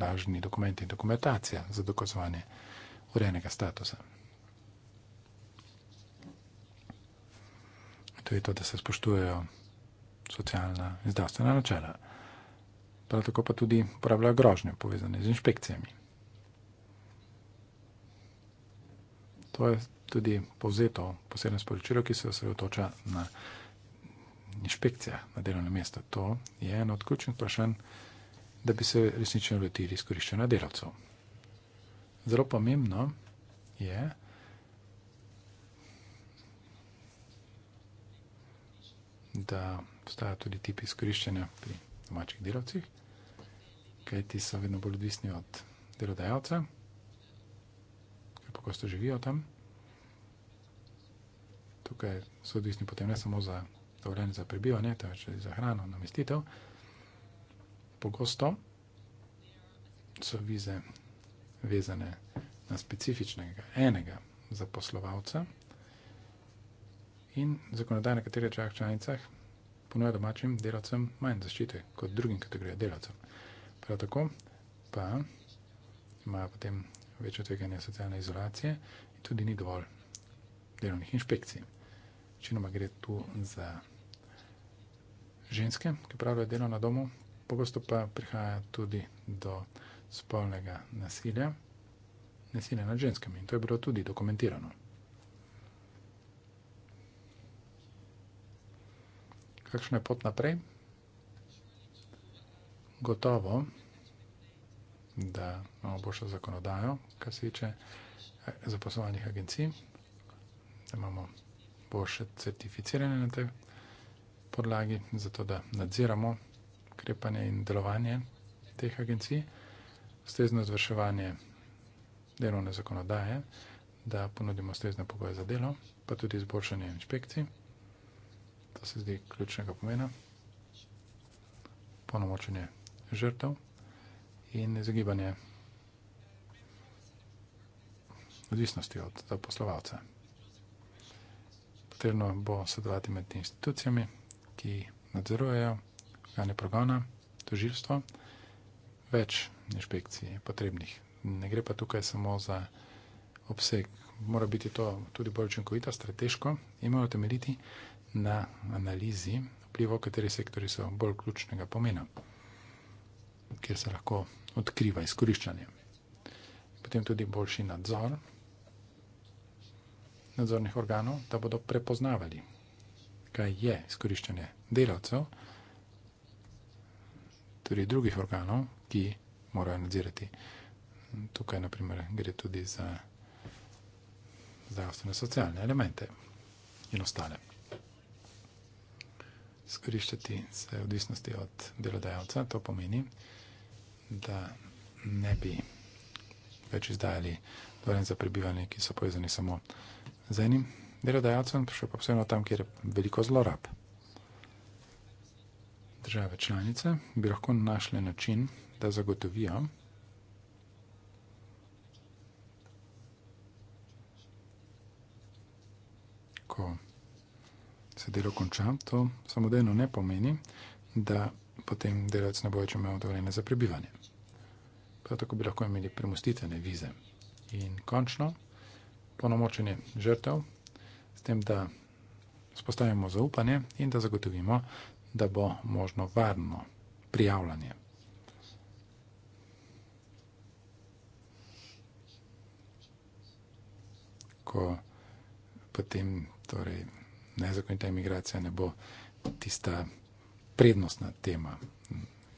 lažni dokumenti in dokumentacija za dokazovanje urejenega statusa. To je to, da se spoštujejo socialna in zdravstvena načela. Prav tako pa tudi uporabljajo grožnje povezane z inšpekcijami. To je tudi povzeto posebno sporočilo, ki se osredotoča na inšpekcija na delovno mesto. To je eno od ključnih vprašanj, da bi se resnično lotili izkoriščanja delavcev. Zelo pomembno je, da obstaja tudi tip izkoriščanja pri domačih delavcih, kaj ti so vedno bolj odvisni od delodajalca, ker pogosto živijo tam tukaj so odvisni potem ne samo za dovoljenje za prebivanje, temveč tudi za hrano, namestitev. Pogosto so vize vezane na specifičnega enega zaposlovalca in zakonodaj na katerih čak članicah ponuja domačim delavcem manj zaščite kot drugim kategorijam delavcev. Prav tako pa imajo potem večje tveganje socialne izolacije in tudi ni dovolj delovnih inšpekcij večinoma gre tu za ženske, ki pravijo delo na domu, pogosto pa prihaja tudi do spolnega nasilja, nasilja nad ženskami in to je bilo tudi dokumentirano. Kakšna je pot naprej? Gotovo, da imamo boljšo zakonodajo, kar se tiče eh, zaposlovanih agencij, da imamo bo še certificiranje na tej podlagi, zato da nadziramo ukrepanje in delovanje teh agencij, ustrezno izvrševanje delovne zakonodaje, da ponudimo ustrezne pogoje za delo, pa tudi izboljšanje inšpekcij. To se zdi ključnega pomena. Ponomočenje žrtev in izogibanje odvisnosti od poslovalca potrebno bo sodelovati med institucijami, ki nadzorujejo organe progona, tožilstvo, več inšpekcij je potrebnih. Ne gre pa tukaj samo za obseg, mora biti to tudi bolj učinkovito, strateško in mora temeljiti na analizi vplivov, kateri sektori so bolj ključnega pomena, kjer se lahko odkriva izkoriščanje. Potem tudi boljši nadzor nadzornih organov, da bodo prepoznavali, kaj je izkoriščanje delavcev, tudi drugih organov, ki morajo nadzirati. Tukaj, naprimer, gre tudi za zdravstvene socialne elemente in ostale. Skoriščati se v odvisnosti od delodajalca, to pomeni, da ne bi več izdajali dovoljenj za prebivanje, ki so povezani samo z z enim delodajalcem, še posebej tam, kjer je veliko zlorab. Države članice bi lahko našle način, da zagotovijo, ko se delo konča, to samodejno ne pomeni, da potem delavec ne bo več imel dovoljene za prebivanje. Prav tako bi lahko imeli premustitvene vize. In končno, polnomočenje žrtev, s tem, da spostavimo zaupanje in da zagotovimo, da bo možno varno prijavljanje. Ko potem torej, nezakonita imigracija ne bo tista prednostna tema,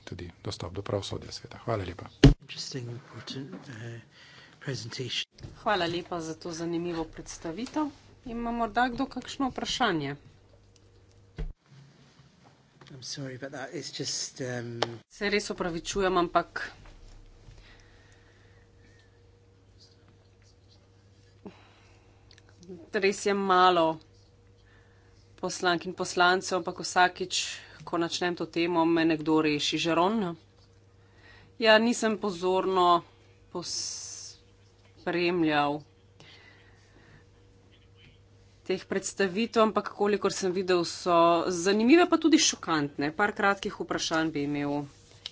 tudi dostop do pravosodja sveta. Hvala lepa. Interesting, important. Uh... Hvala lepa za to zanimivo predstavitev. Ima morda kdo kakšno vprašanje? Um, Se res opravičujem, ampak res je malo poslank in poslancev, ampak vsakič, ko načnem to temo, me nekdo reši žaron. Ja, nisem pozorno posl spremljal teh predstavitev, ampak kolikor sem videl, so zanimive, pa tudi šokantne. Par kratkih vprašanj bi imel.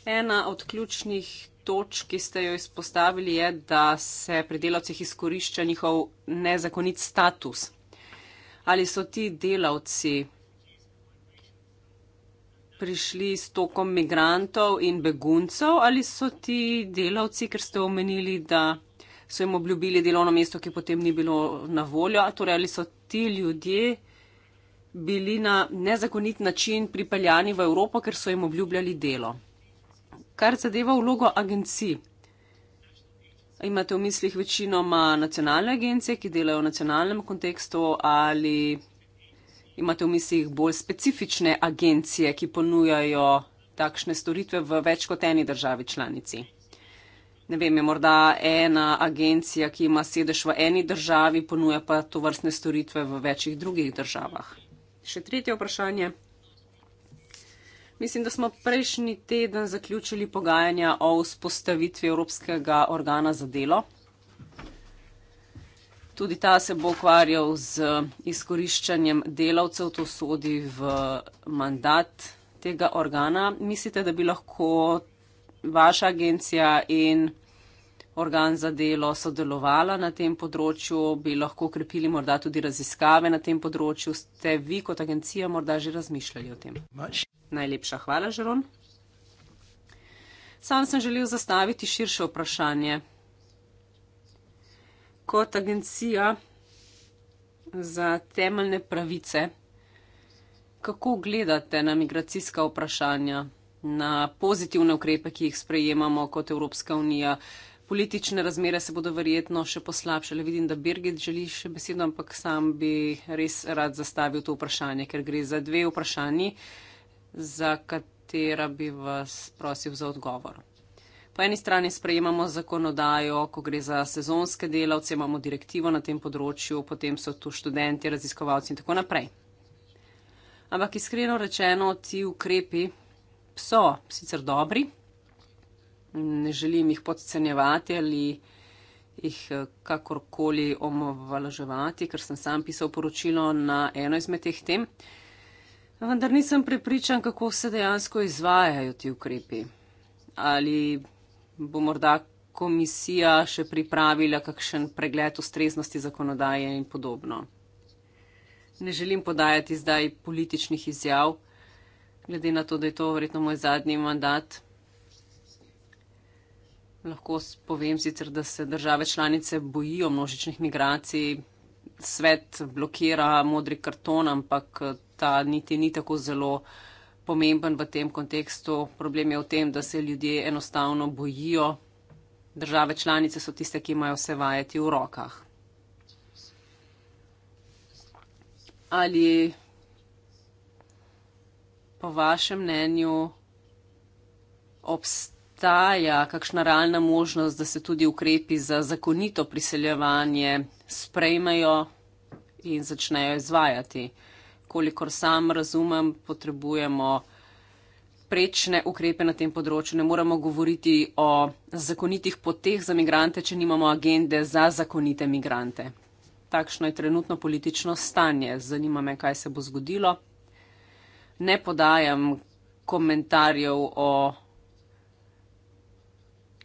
Ena od ključnih točk, ki ste jo izpostavili, je, da se pri delavcih izkorišča njihov nezakonit status. Ali so ti delavci prišli s tokom migrantov in beguncev, ali so ti delavci, ker ste omenili, da so jim obljubili delovno mesto, ki potem ni bilo na voljo. Torej, ali so ti ljudje bili na nezakonit način pripeljani v Evropo, ker so jim obljubljali delo. Kar zadeva vlogo agencij. Imate v mislih večinoma nacionalne agencije, ki delajo v nacionalnem kontekstu ali imate v mislih bolj specifične agencije, ki ponujajo takšne storitve v več kot eni državi članici? ne vem, je morda ena agencija, ki ima sedež v eni državi, ponuja pa to vrstne storitve v večjih drugih državah. Še tretje vprašanje. Mislim, da smo prejšnji teden zaključili pogajanja o vzpostavitvi Evropskega organa za delo. Tudi ta se bo ukvarjal z izkoriščanjem delavcev, to sodi v mandat tega organa. Mislite, da bi lahko vaša agencija in organ za delo sodelovala na tem področju, bi lahko ukrepili morda tudi raziskave na tem področju. Ste vi kot agencija morda že razmišljali o tem? Maš. Najlepša hvala, Žeron. Sam sem želel zastaviti širše vprašanje. Kot agencija za temeljne pravice, kako gledate na migracijska vprašanja, na pozitivne ukrepe, ki jih sprejemamo kot Evropska unija? Politične razmere se bodo verjetno še poslabšale. Vidim, da Birgit želi še besedo, ampak sam bi res rad zastavil to vprašanje, ker gre za dve vprašanji, za katera bi vas prosil za odgovor. Po eni strani sprejemamo zakonodajo, ko gre za sezonske delavce, imamo direktivo na tem področju, potem so tu študenti, raziskovalci in tako naprej. Ampak iskreno rečeno, ti ukrepi so sicer dobri, ne želim jih podcenjevati ali jih eh, kakorkoli omovalaževati, ker sem sam pisal poročilo na eno izmed teh tem. Vendar nisem prepričan, kako se dejansko izvajajo ti ukrepi. Ali bo morda komisija še pripravila kakšen pregled ustreznosti zakonodaje in podobno. Ne želim podajati zdaj političnih izjav, glede na to, da je to verjetno moj zadnji mandat. Lahko povem sicer, da se države članice bojijo množičnih migracij, svet blokira modri karton, ampak ta niti ni tako zelo pomemben v tem kontekstu. Problem je v tem, da se ljudje enostavno bojijo. Države članice so tiste, ki imajo vse vajeti v rokah. Ali po vašem mnenju obstaja? obstaja kakšna realna možnost, da se tudi ukrepi za zakonito priseljevanje sprejmejo in začnejo izvajati. Kolikor sam razumem, potrebujemo prečne ukrepe na tem področju. Ne moremo govoriti o zakonitih poteh za migrante, če nimamo agende za zakonite migrante. Takšno je trenutno politično stanje. Zanima me, kaj se bo zgodilo. Ne podajam komentarjev o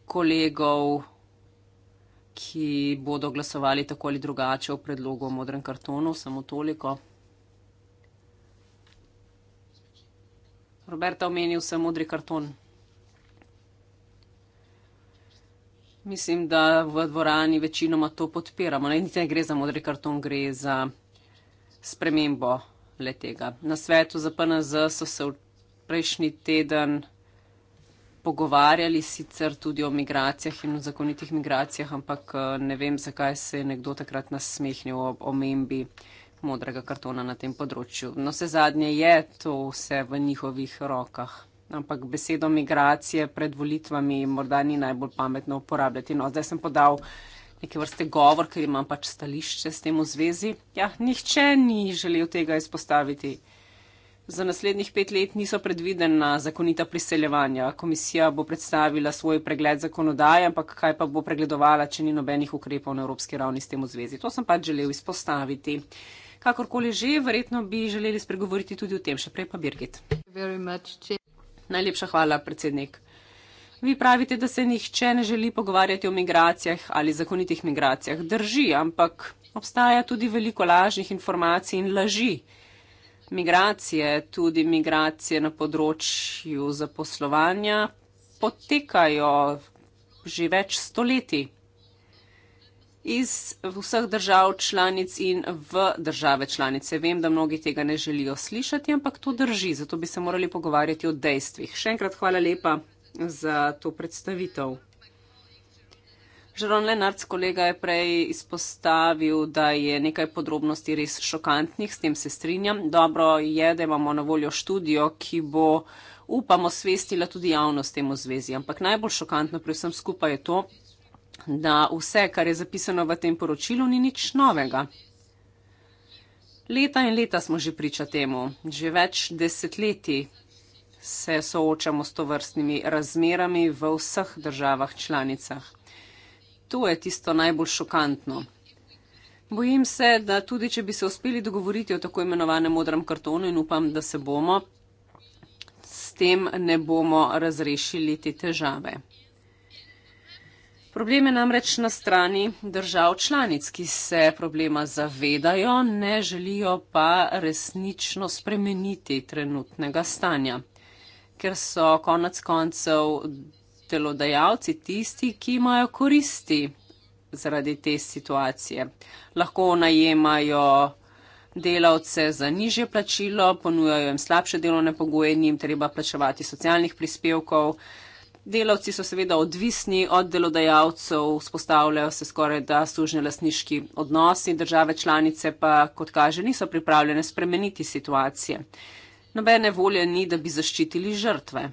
kolegov, ki bodo glasovali tako ali drugače o predlogu o modrem kartonu, samo toliko. Roberta omenil sem modri karton. Mislim, da v dvorani večinoma to podpiramo. Ne, ne gre za modri karton, gre za spremembo letega. Na svetu za PNZ so se v prejšnji teden pogovarjali sicer tudi o migracijah in o zakonitih migracijah, ampak eh, ne vem, zakaj se je nekdo takrat nasmehnil o omembi modrega kartona na tem področju. No, vse zadnje je to vse v njihovih rokah. Ampak besedo migracije pred volitvami morda ni najbolj pametno uporabljati. No, zdaj sem podal neke vrste govor, ker imam pač stališče s tem v zvezi. Ja, nihče ni želel tega izpostaviti. Za naslednjih pet let niso predvidena zakonita priseljevanja. Komisija bo predstavila svoj pregled zakonodaje, ampak kaj pa bo pregledovala, če ni nobenih ukrepov na evropski ravni s tem v zvezi. To sem pač želel izpostaviti. Kakorkoli že, verjetno bi želeli spregovoriti tudi o tem. Še prej pa Birgit. Najlepša hvala, predsednik. Vi pravite, da se nihče ne želi pogovarjati o migracijah ali zakonitih migracijah. Drži, ampak obstaja tudi veliko lažnih informacij in laži migracije, tudi migracije na področju zaposlovanja, potekajo že več stoletij. Iz vseh držav članic in v države članice. Vem, da mnogi tega ne želijo slišati, ampak to drži, zato bi se morali pogovarjati o dejstvih. Še enkrat hvala lepa za to predstavitev. Žeron Lenarc, kolega je prej izpostavil, da je nekaj podrobnosti res šokantnih, s tem se strinjam. Dobro je, da imamo na voljo študijo, ki bo, upamo, svestila tudi javnost temu zvezi. Ampak najbolj šokantno pri vsem skupaj je to, da vse, kar je zapisano v tem poročilu, ni nič novega. Leta in leta smo že priča temu, že več desetletij se soočamo s to vrstnimi razmerami v vseh državah članicah to je tisto najbolj šokantno. Bojim se, da tudi če bi se uspeli dogovoriti o tako imenovanem modrem kartonu in upam, da se bomo, s tem ne bomo razrešili te težave. Problem je namreč na strani držav članic, ki se problema zavedajo, ne želijo pa resnično spremeniti trenutnega stanja, ker so konec koncev delodajalci tisti, ki imajo koristi zaradi te situacije. Lahko najemajo delavce za nižje plačilo, ponujajo jim slabše delovne pogoje, njim treba plačevati socialnih prispevkov. Delavci so seveda odvisni od delodajalcev, spostavljajo se skoraj da služne lasniški odnosi, države članice pa, kot kaže, niso pripravljene spremeniti situacije. Nobene volje ni, da bi zaščitili žrtve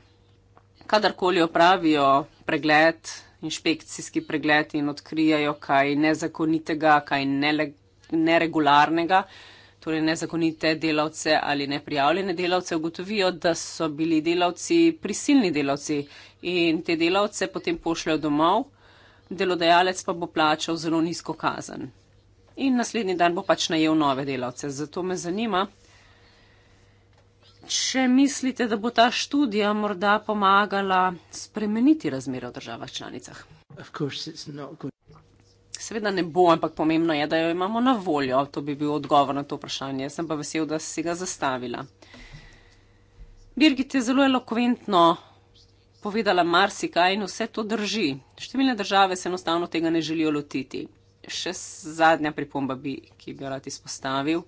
kadarkoli opravijo pregled, inšpekcijski pregled in odkrijajo kaj nezakonitega, kaj nele, neregularnega, torej nezakonite delavce ali neprijavljene delavce, ugotovijo, da so bili delavci prisilni delavci in te delavce potem pošljajo domov, delodajalec pa bo plačal zelo nizko kazen. In naslednji dan bo pač najel nove delavce. Zato me zanima, če mislite, da bo ta študija morda pomagala spremeniti razmere v državah članicah. Seveda ne bo, ampak pomembno je, da jo imamo na voljo. To bi bil odgovor na to vprašanje. Sem pa vesel, da si ga zastavila. Birgit je zelo elokventno povedala marsikaj in vse to drži. Številne države se enostavno tega ne želijo lotiti. Še zadnja pripomba, bi, ki bi jo rad izpostavil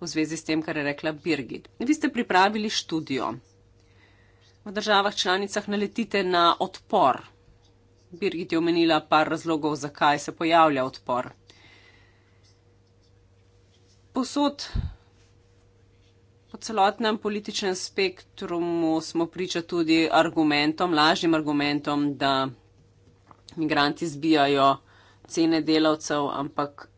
v zvezi s tem, kar je rekla Birgit. Vi ste pripravili študijo. V državah članicah naletite na odpor. Birgit je omenila par razlogov, zakaj se pojavlja odpor. Posod po celotnem političnem spektrumu smo priča tudi argumentom, lažnim argumentom, da migranti zbijajo cene delavcev, ampak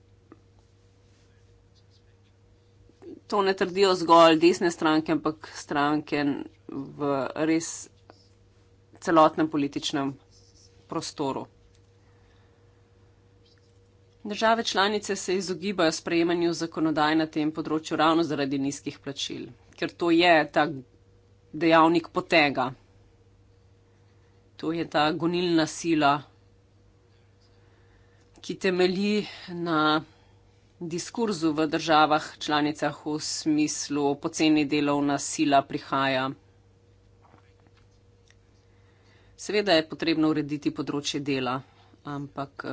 to ne trdijo zgolj desne stranke, ampak stranke v res celotnem političnem prostoru. Države članice se izogibajo sprejemanju zakonodaj na tem področju ravno zaradi nizkih plačil, ker to je ta dejavnik potega. To je ta gonilna sila, ki temelji na diskurzu v državah članicah v smislu poceni delovna sila prihaja. Seveda je potrebno urediti področje dela, ampak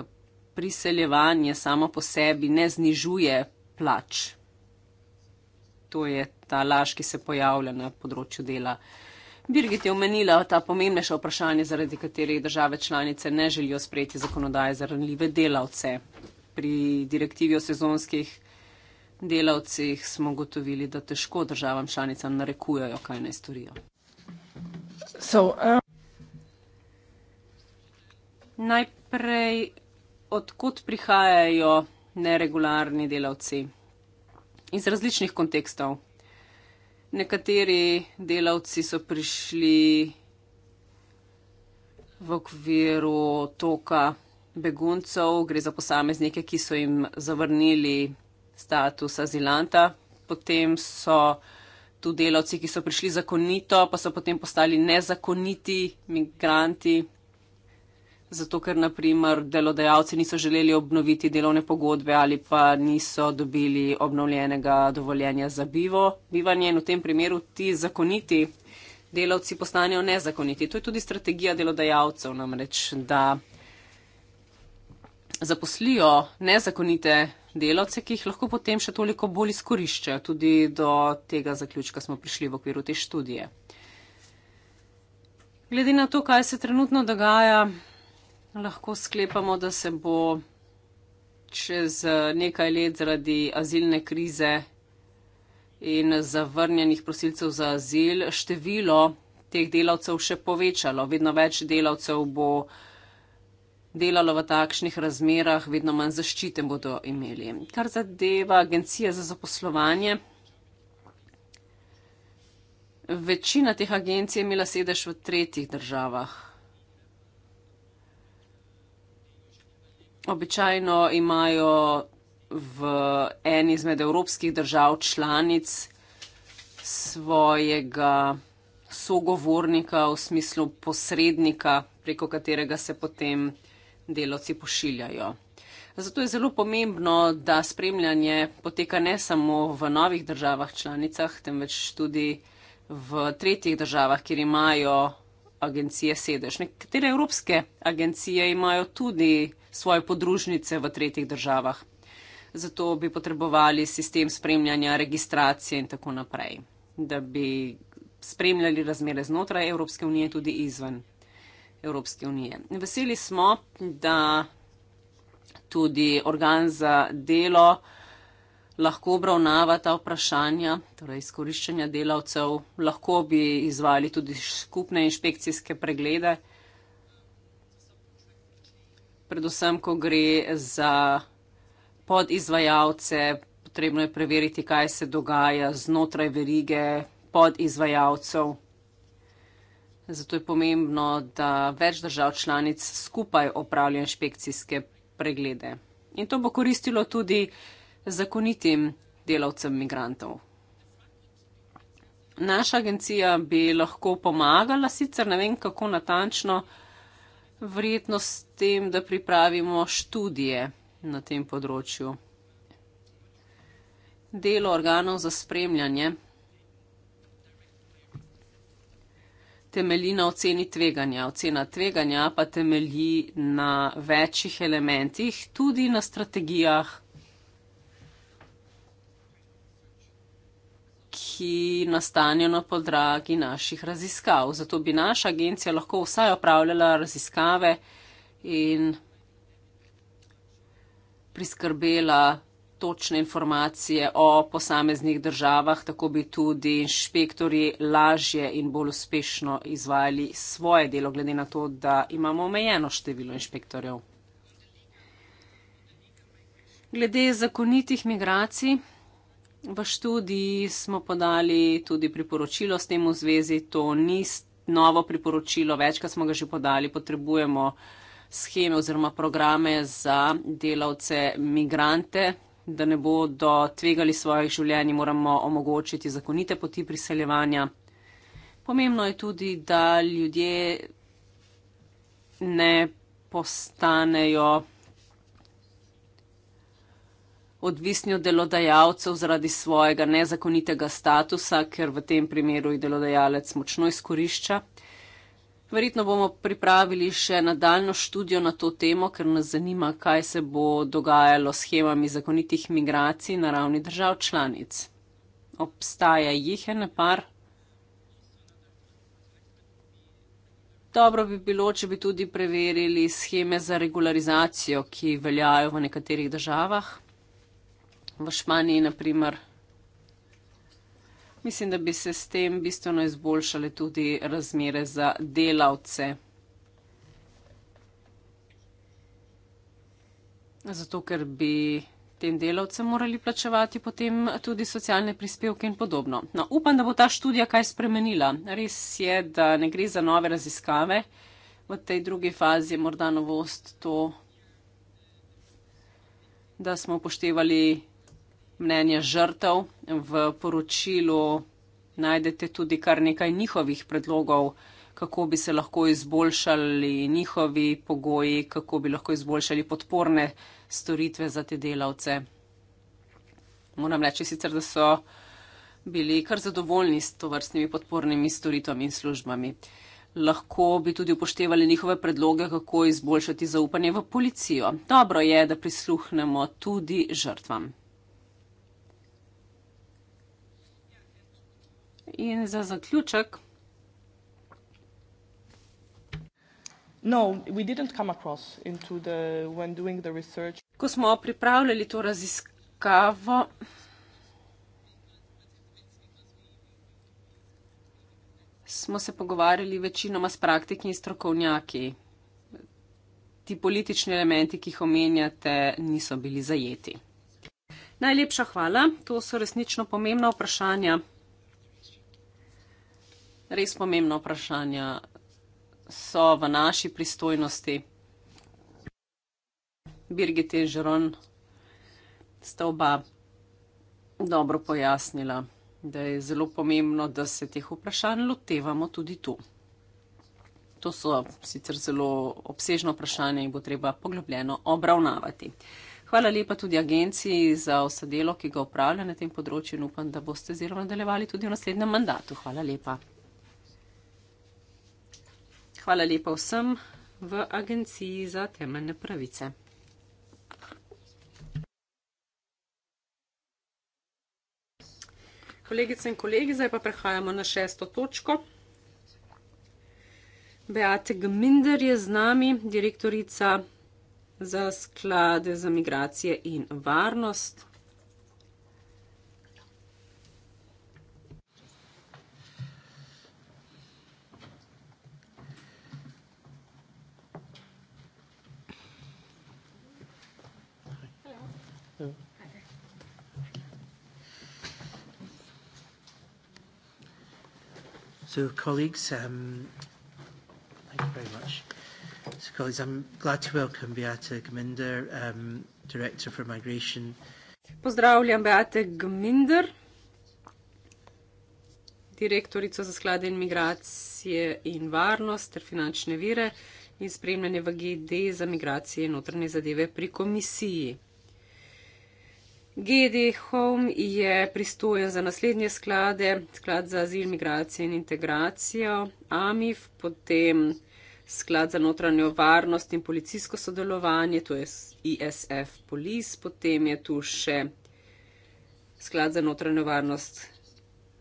priseljevanje samo po sebi ne znižuje plač. To je ta laž, ki se pojavlja na področju dela. Birgit je omenila ta pomembnejša vprašanja, zaradi katerih države članice ne želijo sprejeti zakonodaje za ranljive delavce pri direktivi o sezonskih delavcih smo gotovili, da težko državam članicam narekujejo, kaj naj storijo. So, um... Najprej, odkot prihajajo neregularni delavci? Iz različnih kontekstov. Nekateri delavci so prišli v okviru toka beguncev, gre za posameznike, ki so jim zavrnili status azilanta. Potem so tu delavci, ki so prišli zakonito, pa so potem postali nezakoniti migranti. Zato, ker naprimer delodajalci niso želeli obnoviti delovne pogodbe ali pa niso dobili obnovljenega dovoljenja za bivo, bivanje in v tem primeru ti zakoniti delavci postanejo nezakoniti. To je tudi strategija delodajalcev, namreč da zaposlijo nezakonite delavce, ki jih lahko potem še toliko bolj izkoriščajo. Tudi do tega zaključka smo prišli v okviru te študije. Glede na to, kaj se trenutno dogaja, lahko sklepamo, da se bo čez nekaj let zaradi azilne krize in zavrnjenih prosilcev za azil število teh delavcev še povečalo. Vedno več delavcev bo delalo v takšnih razmerah, vedno manj zaščite bodo imeli. Kar zadeva agencije za zaposlovanje, večina teh agencij je imela sedež v tretjih državah. Običajno imajo v eni izmed evropskih držav članic svojega sogovornika v smislu posrednika, preko katerega se potem delavci pošiljajo. Zato je zelo pomembno, da spremljanje poteka ne samo v novih državah članicah, temveč tudi v tretjih državah, kjer imajo agencije sedež. Nekatere evropske agencije imajo tudi svoje podružnice v tretjih državah. Zato bi potrebovali sistem spremljanja, registracije in tako naprej, da bi spremljali razmere znotraj Evropske unije tudi izven. Evropske unije. Veseli smo, da tudi organ za delo lahko obravnava ta vprašanja, torej izkoriščanja delavcev, lahko bi izvali tudi skupne inšpekcijske preglede, predvsem, ko gre za podizvajalce, potrebno je preveriti, kaj se dogaja znotraj verige podizvajalcev. Zato je pomembno, da več držav članic skupaj opravlja inšpekcijske preglede. In to bo koristilo tudi zakonitim delavcem migrantov. Naša agencija bi lahko pomagala, sicer ne vem kako natančno, verjetno s tem, da pripravimo študije na tem področju. Delo organov za spremljanje temelji na oceni tveganja. Ocena tveganja pa temelji na večjih elementih, tudi na strategijah, ki nastanejo na podragi naših raziskav. Zato bi naša agencija lahko vsaj opravljala raziskave in priskrbela točne informacije o posameznih državah, tako bi tudi inšpektori lažje in bolj uspešno izvajali svoje delo, glede na to, da imamo omejeno število inšpektorjev. Glede zakonitih migracij. V študiji smo podali tudi priporočilo s tem v zvezi. To ni novo priporočilo, večkrat smo ga že podali. Potrebujemo scheme oziroma programe za delavce migrante, da ne bodo tvegali svojih življenj, moramo omogočiti zakonite poti priseljevanja. Pomembno je tudi, da ljudje ne postanejo odvisni od delodajalcev zaradi svojega nezakonitega statusa, ker v tem primeru jih delodajalec močno izkorišča. Verjetno bomo pripravili še nadaljno študijo na to temo, ker nas zanima, kaj se bo dogajalo s schemami zakonitih migracij na ravni držav članic. Obstaja jih ene par. Dobro bi bilo, če bi tudi preverili scheme za regularizacijo, ki veljajo v nekaterih državah. V Španiji, naprimer, Mislim, da bi se s tem bistveno izboljšale tudi razmere za delavce. Zato, ker bi tem delavcem morali plačevati potem tudi socialne prispevke in podobno. No, upam, da bo ta študija kaj spremenila. Res je, da ne gre za nove raziskave. V tej drugi fazi je morda novost to, da smo upoštevali mnenje žrtev. V poročilu najdete tudi kar nekaj njihovih predlogov, kako bi se lahko izboljšali njihovi pogoji, kako bi lahko izboljšali podporne storitve za te delavce. Moram reči sicer, da so bili kar zadovoljni s to vrstnimi podpornimi storitvami in službami. Lahko bi tudi upoštevali njihove predloge, kako izboljšati zaupanje v policijo. Dobro je, da prisluhnemo tudi žrtvam. In za zaključek. No, we didn't come across into the when doing the research. Ko smo pripravljali to raziskavo. Smo se pogovarjali večinoma s praktiki in strokovnjaki. Ti politični elementi, ki jih omenjate, niso bili zajeti. Najlepša hvala. To so resnično pomembna vprašanja res pomembna vprašanja so v naši pristojnosti. Birgit in Žeron sta oba dobro pojasnila, da je zelo pomembno, da se teh vprašanj lotevamo tudi tu. To so sicer zelo obsežno vprašanje in bo treba poglobljeno obravnavati. Hvala lepa tudi agenciji za vse delo, ki ga upravlja na tem področju in upam, da boste zelo nadaljevali tudi v naslednjem mandatu. Hvala lepa. Hvala lepa vsem v Agenciji za temeljne pravice. Kolegice in kolegi, zdaj pa prehajamo na šesto točko. Beate Gminder je z nami, direktorica za sklade za migracije in varnost. So, colleagues, um, thank you very much. So, colleagues, I'm glad to welcome Beata Gminder, um, Director for Migration. Pozdravljam Beate Gminder, direktorico za sklade in migracije in varnost ter finančne vire in spremljanje v GD za migracije in notrne zadeve pri komisiji. GD Home je pristojen za naslednje sklade, sklad za azil, migracije in integracijo, AMIF, potem sklad za notranjo varnost in policijsko sodelovanje, to je ISF Polis, potem je tu še sklad za notranjo varnost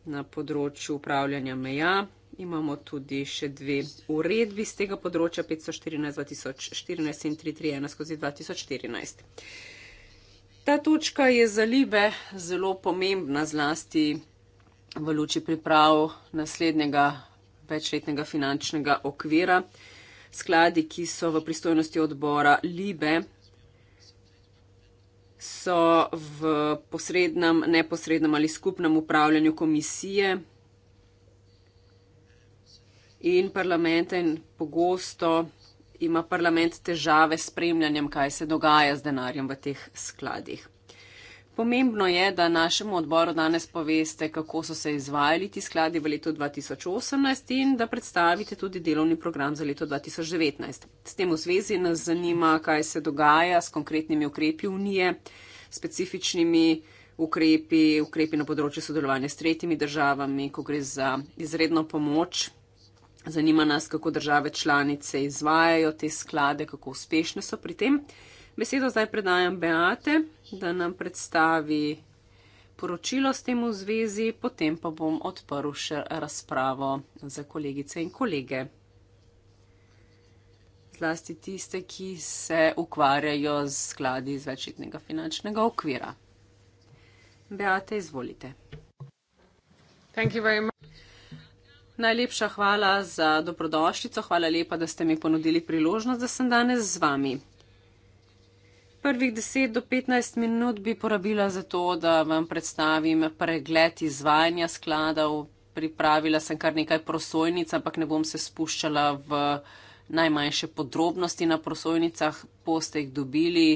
na področju upravljanja meja. Imamo tudi še dve uredbi z tega področja 514-2014 in 331-2014. Ta točka je za Libe zelo pomembna, zlasti v luči priprav naslednjega večletnega finančnega okvira. Skladi, ki so v pristojnosti odbora Libe, so v posrednem, neposrednem ali skupnem upravljanju komisije in parlamenta in pogosto ima parlament težave s spremljanjem, kaj se dogaja z denarjem v teh skladih. Pomembno je, da našemu odboru danes poveste, kako so se izvajali ti skladi v letu 2018 in da predstavite tudi delovni program za leto 2019. S tem v zvezi nas zanima, kaj se dogaja s konkretnimi ukrepi unije, specifičnimi ukrepi, ukrepi na področju sodelovanja s tretjimi državami, ko gre za izredno pomoč Zanima nas, kako države članice izvajajo te sklade, kako uspešne so pri tem. Besedo zdaj predajam Beate, da nam predstavi poročilo s tem v zvezi, potem pa bom odprl še razpravo za kolegice in kolege. Zlasti tiste, ki se ukvarjajo z skladi iz večletnega finančnega okvira. Beate, izvolite. Hvala. Najlepša hvala za dobrodošljico, hvala lepa, da ste mi ponudili priložnost, da sem danes z vami. Prvih 10 do 15 minut bi porabila za to, da vam predstavim pregled izvajanja skladov. Pripravila sem kar nekaj prosojnic, ampak ne bom se spuščala v najmanjše podrobnosti na prosojnicah, boste jih dobili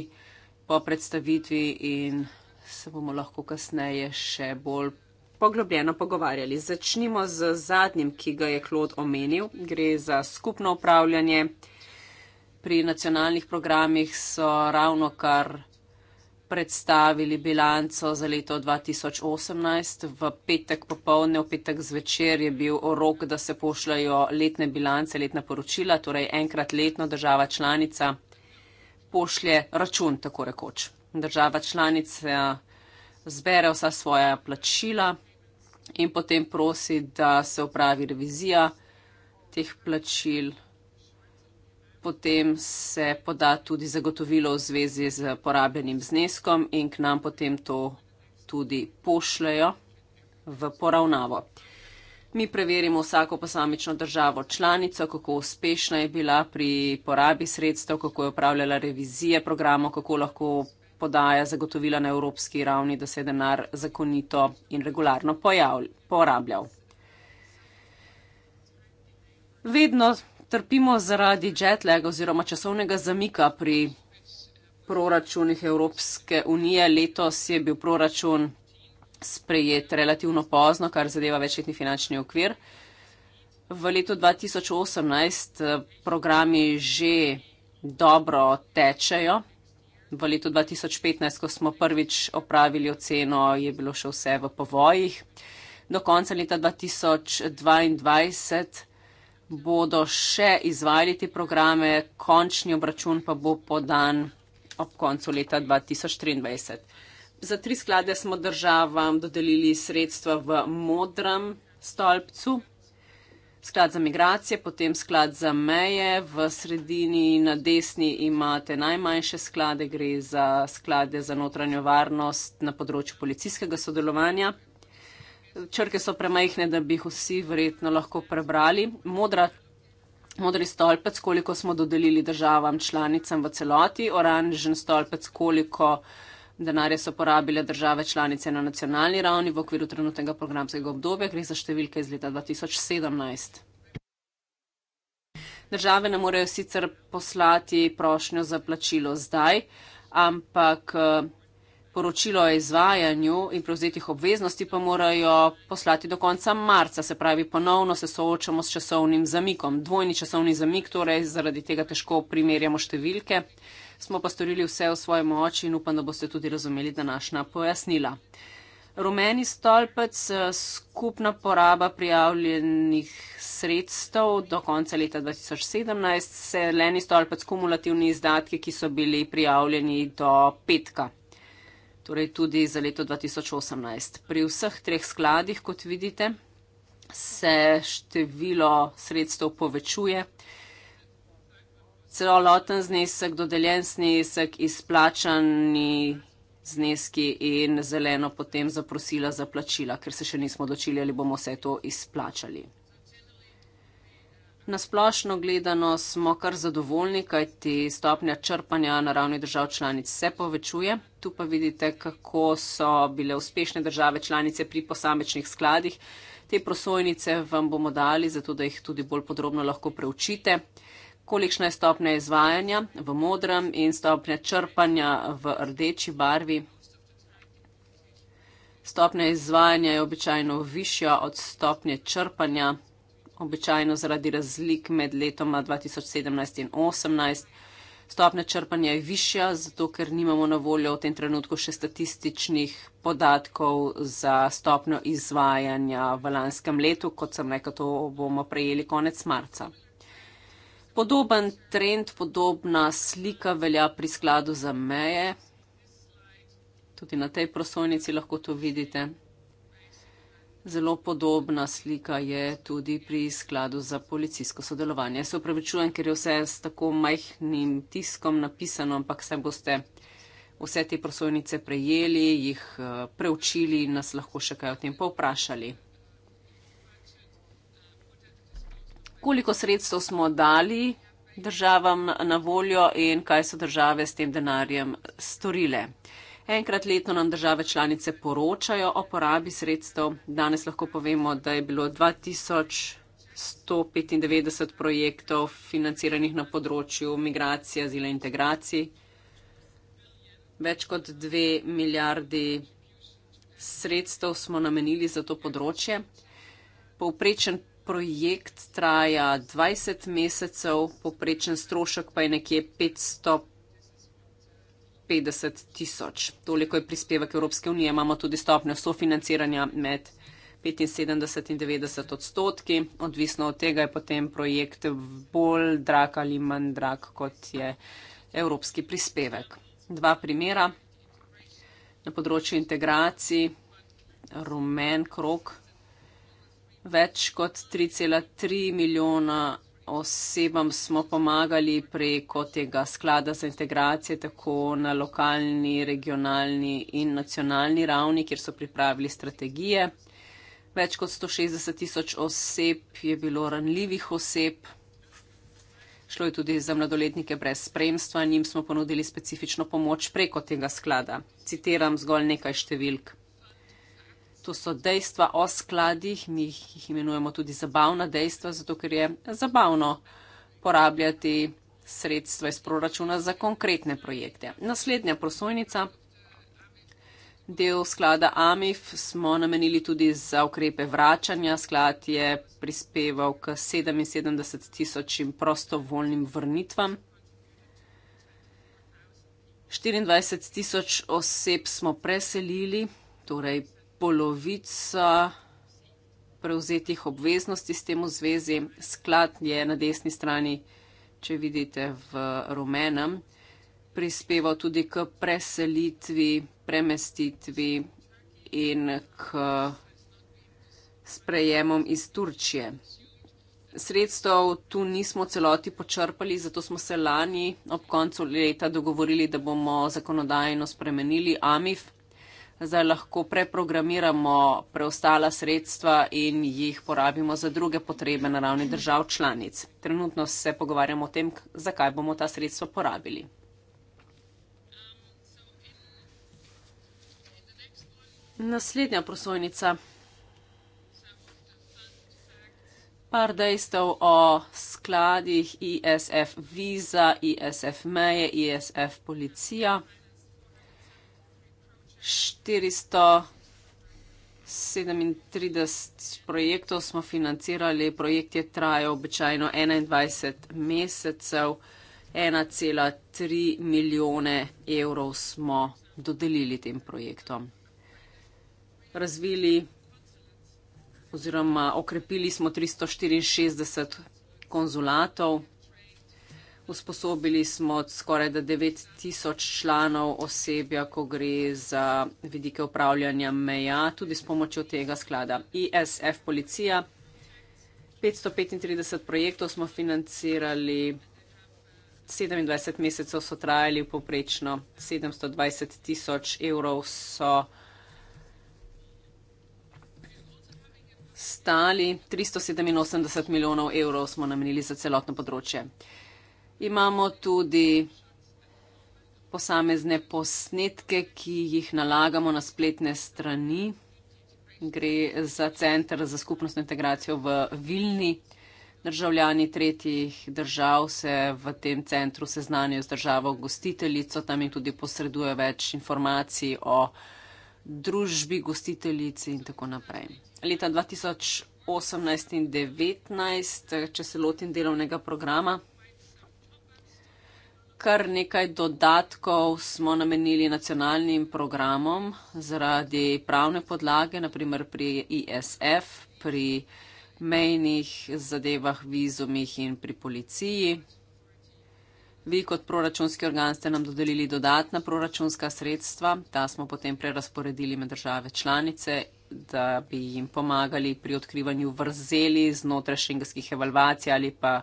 po predstavitvi in se bomo lahko kasneje še bolj poglobljeno pogovarjali. Začnimo z zadnjim, ki ga je Klod omenil. Gre za skupno upravljanje. Pri nacionalnih programih so ravno kar predstavili bilanco za leto 2018. V petek popovdne, v petek zvečer je bil rok, da se pošljajo letne bilance, letna poročila, torej enkrat letno država članica pošlje račun, tako rekoč. Država članica zbere vsa svoja plačila in potem prosi, da se upravi revizija teh plačil. Potem se poda tudi zagotovilo v zvezi z porabljenim zneskom in k nam potem to tudi pošljajo v poravnavo. Mi preverimo vsako posamično državo članico, kako uspešna je bila pri porabi sredstev, kako je upravljala revizije programov, kako lahko podaja zagotovila na evropski ravni, da se je denar zakonito in regularno pojavl, porabljal. Vedno trpimo zaradi jetlaga oziroma časovnega zamika pri proračunih Evropske unije. Letos je bil proračun sprejet relativno pozno, kar zadeva večletni finančni okvir. V letu 2018 eh, programi že dobro tečejo, v letu 2015, ko smo prvič opravili oceno, je bilo še vse v povojih. Do konca leta 2022 bodo še izvajali te programe, končni obračun pa bo podan ob koncu leta 2023. Za tri sklade smo državam dodelili sredstva v modrem stolpcu, sklad za migracije, potem sklad za meje, v sredini na desni imate najmanjše sklade, gre za sklade za notranjo varnost na področju policijskega sodelovanja. Črke so premajhne, da bi jih vsi verjetno lahko prebrali. Modra, modri stolpec, koliko smo dodelili državam članicam v celoti, oranžen stolpec, koliko. Denarje so porabile države članice na nacionalni ravni v okviru trenutnega programskega obdobja, gre za številke iz leta 2017. Države ne morejo sicer poslati prošnjo za plačilo zdaj, ampak poročilo o izvajanju in prevzetih obveznosti pa morajo poslati do konca marca. Se pravi, ponovno se soočamo s časovnim zamikom. Dvojni časovni zamik, torej zaradi tega težko primerjamo številke smo pa storili vse v svoji moči in upam, da boste tudi razumeli današnja pojasnila. Rumeni stolpec, eh, skupna poraba prijavljenih sredstev do konca leta 2017, zeleni stolpec, kumulativni izdatki, ki so bili prijavljeni do petka, torej tudi za leto 2018. Pri vseh treh skladih, kot vidite, se število sredstev povečuje celoten znesek, dodeljen znesek, izplačani zneski in zeleno potem zaprosila za plačila, ker se še nismo odločili, ali bomo vse to izplačali. Na splošno gledano smo kar zadovoljni, kajti stopnja črpanja na ravni držav članic se povečuje. Tu pa vidite, kako so bile uspešne države članice pri posamečnih skladih. Te prosojnice vam bomo dali, zato da jih tudi bolj podrobno lahko preučite kolikšna je stopnja izvajanja v modrem in stopnja črpanja v rdeči barvi. Stopnja izvajanja je običajno višja od stopnje črpanja, običajno zaradi razlik med letoma 2017 in 2018. Stopnja črpanja je višja, zato ker nimamo na voljo v tem trenutku še statističnih podatkov za stopnjo izvajanja v lanskem letu, kot sem rekel, to bomo prejeli konec marca. Podoben trend, podobna slika velja pri skladu za meje. Tudi na tej prosojnici lahko to vidite. Zelo podobna slika je tudi pri skladu za policijsko sodelovanje. Se upravičujem, ker je vse s tako majhnim tiskom napisano, ampak se boste vse te prosojnice prejeli, jih eh, preučili in nas lahko še kaj o tem povprašali. koliko sredstev smo dali državam na voljo in kaj so države s tem denarjem storile. Enkrat letno nam države članice poročajo o porabi sredstev. Danes lahko povemo, da je bilo 2195 projektov financiranih na področju migracije, azile in integracij. Več kot dve milijardi sredstev smo namenili za to področje. Povprečen projekt traja 20 mesecev, poprečen strošek pa je nekje 550 tisoč. Toliko je prispevek Evropske unije, imamo tudi stopnjo sofinanciranja med 75 in 90 odstotki. Odvisno od tega je potem projekt bolj drag ali manj drag, kot je evropski prispevek. Dva primera na področju integracij. Rumen krok. Več kot 3,3 milijona osebam smo pomagali preko tega sklada za integracije, tako na lokalni, regionalni in nacionalni ravni, kjer so pripravili strategije. Več kot 160 tisoč oseb je bilo ranljivih oseb. Šlo je tudi za mladoletnike brez spremstva, njim smo ponudili specifično pomoč preko tega sklada. Citiram zgolj nekaj številk to so dejstva o skladih, mi jih imenujemo tudi zabavna dejstva, zato ker je zabavno porabljati sredstva iz proračuna za konkretne projekte. Naslednja prosojnica, del sklada AMIF smo namenili tudi za ukrepe vračanja. Sklad je prispeval k 77 tisočim prostovoljnim vrnitvam. 24 tisoč oseb smo preselili, torej polovica prevzetih obveznosti s tem v zvezi. Sklad je na desni strani, če vidite v rumenem, prispeval tudi k preselitvi, premestitvi in k sprejemom iz Turčije. Sredstev tu nismo celoti počrpali, zato smo se lani ob koncu leta dogovorili, da bomo zakonodajno spremenili AMIF zdaj lahko preprogramiramo preostala sredstva in jih porabimo za druge potrebe na ravni držav članic. Trenutno se pogovarjamo o tem, zakaj bomo ta sredstva porabili. Naslednja prosojnica. Par dejstev o skladih ISF Visa, ISF Meje, ISF Policija. 437 projektov smo financirali, projekt je trajal običajno 21 mesecev, 1,3 milijone evrov smo dodelili tem projektom. Razvili oziroma okrepili smo 364 konzulatov. Usposobili smo skoraj 9000 članov osebja, ko gre za vidike upravljanja meja, tudi s pomočjo tega sklada ISF Policija. 535 projektov smo financirali, 27 mesecev so trajali v poprečno, 720 tisoč evrov so stali, 387 milijonov evrov smo namenili za celotno področje imamo tudi posamezne posnetke, ki jih nalagamo na spletne strani. Gre za Center za skupnostno integracijo v Vilni. Državljani tretjih držav se v tem centru seznanijo z državo gostiteljico, tam jim tudi posreduje več informacij o družbi, gostiteljici in tako naprej. Leta 2018 in 2019, če se lotim delovnega programa, kar nekaj dodatkov smo namenili nacionalnim programom zaradi pravne podlage, naprimer pri ISF, pri mejnih zadevah, vizumih in pri policiji. Vi kot proračunski organ ste nam dodelili dodatna proračunska sredstva, ta smo potem prerasporedili med države članice, da bi jim pomagali pri odkrivanju vrzeli znotraj šengenskih evalvacij ali pa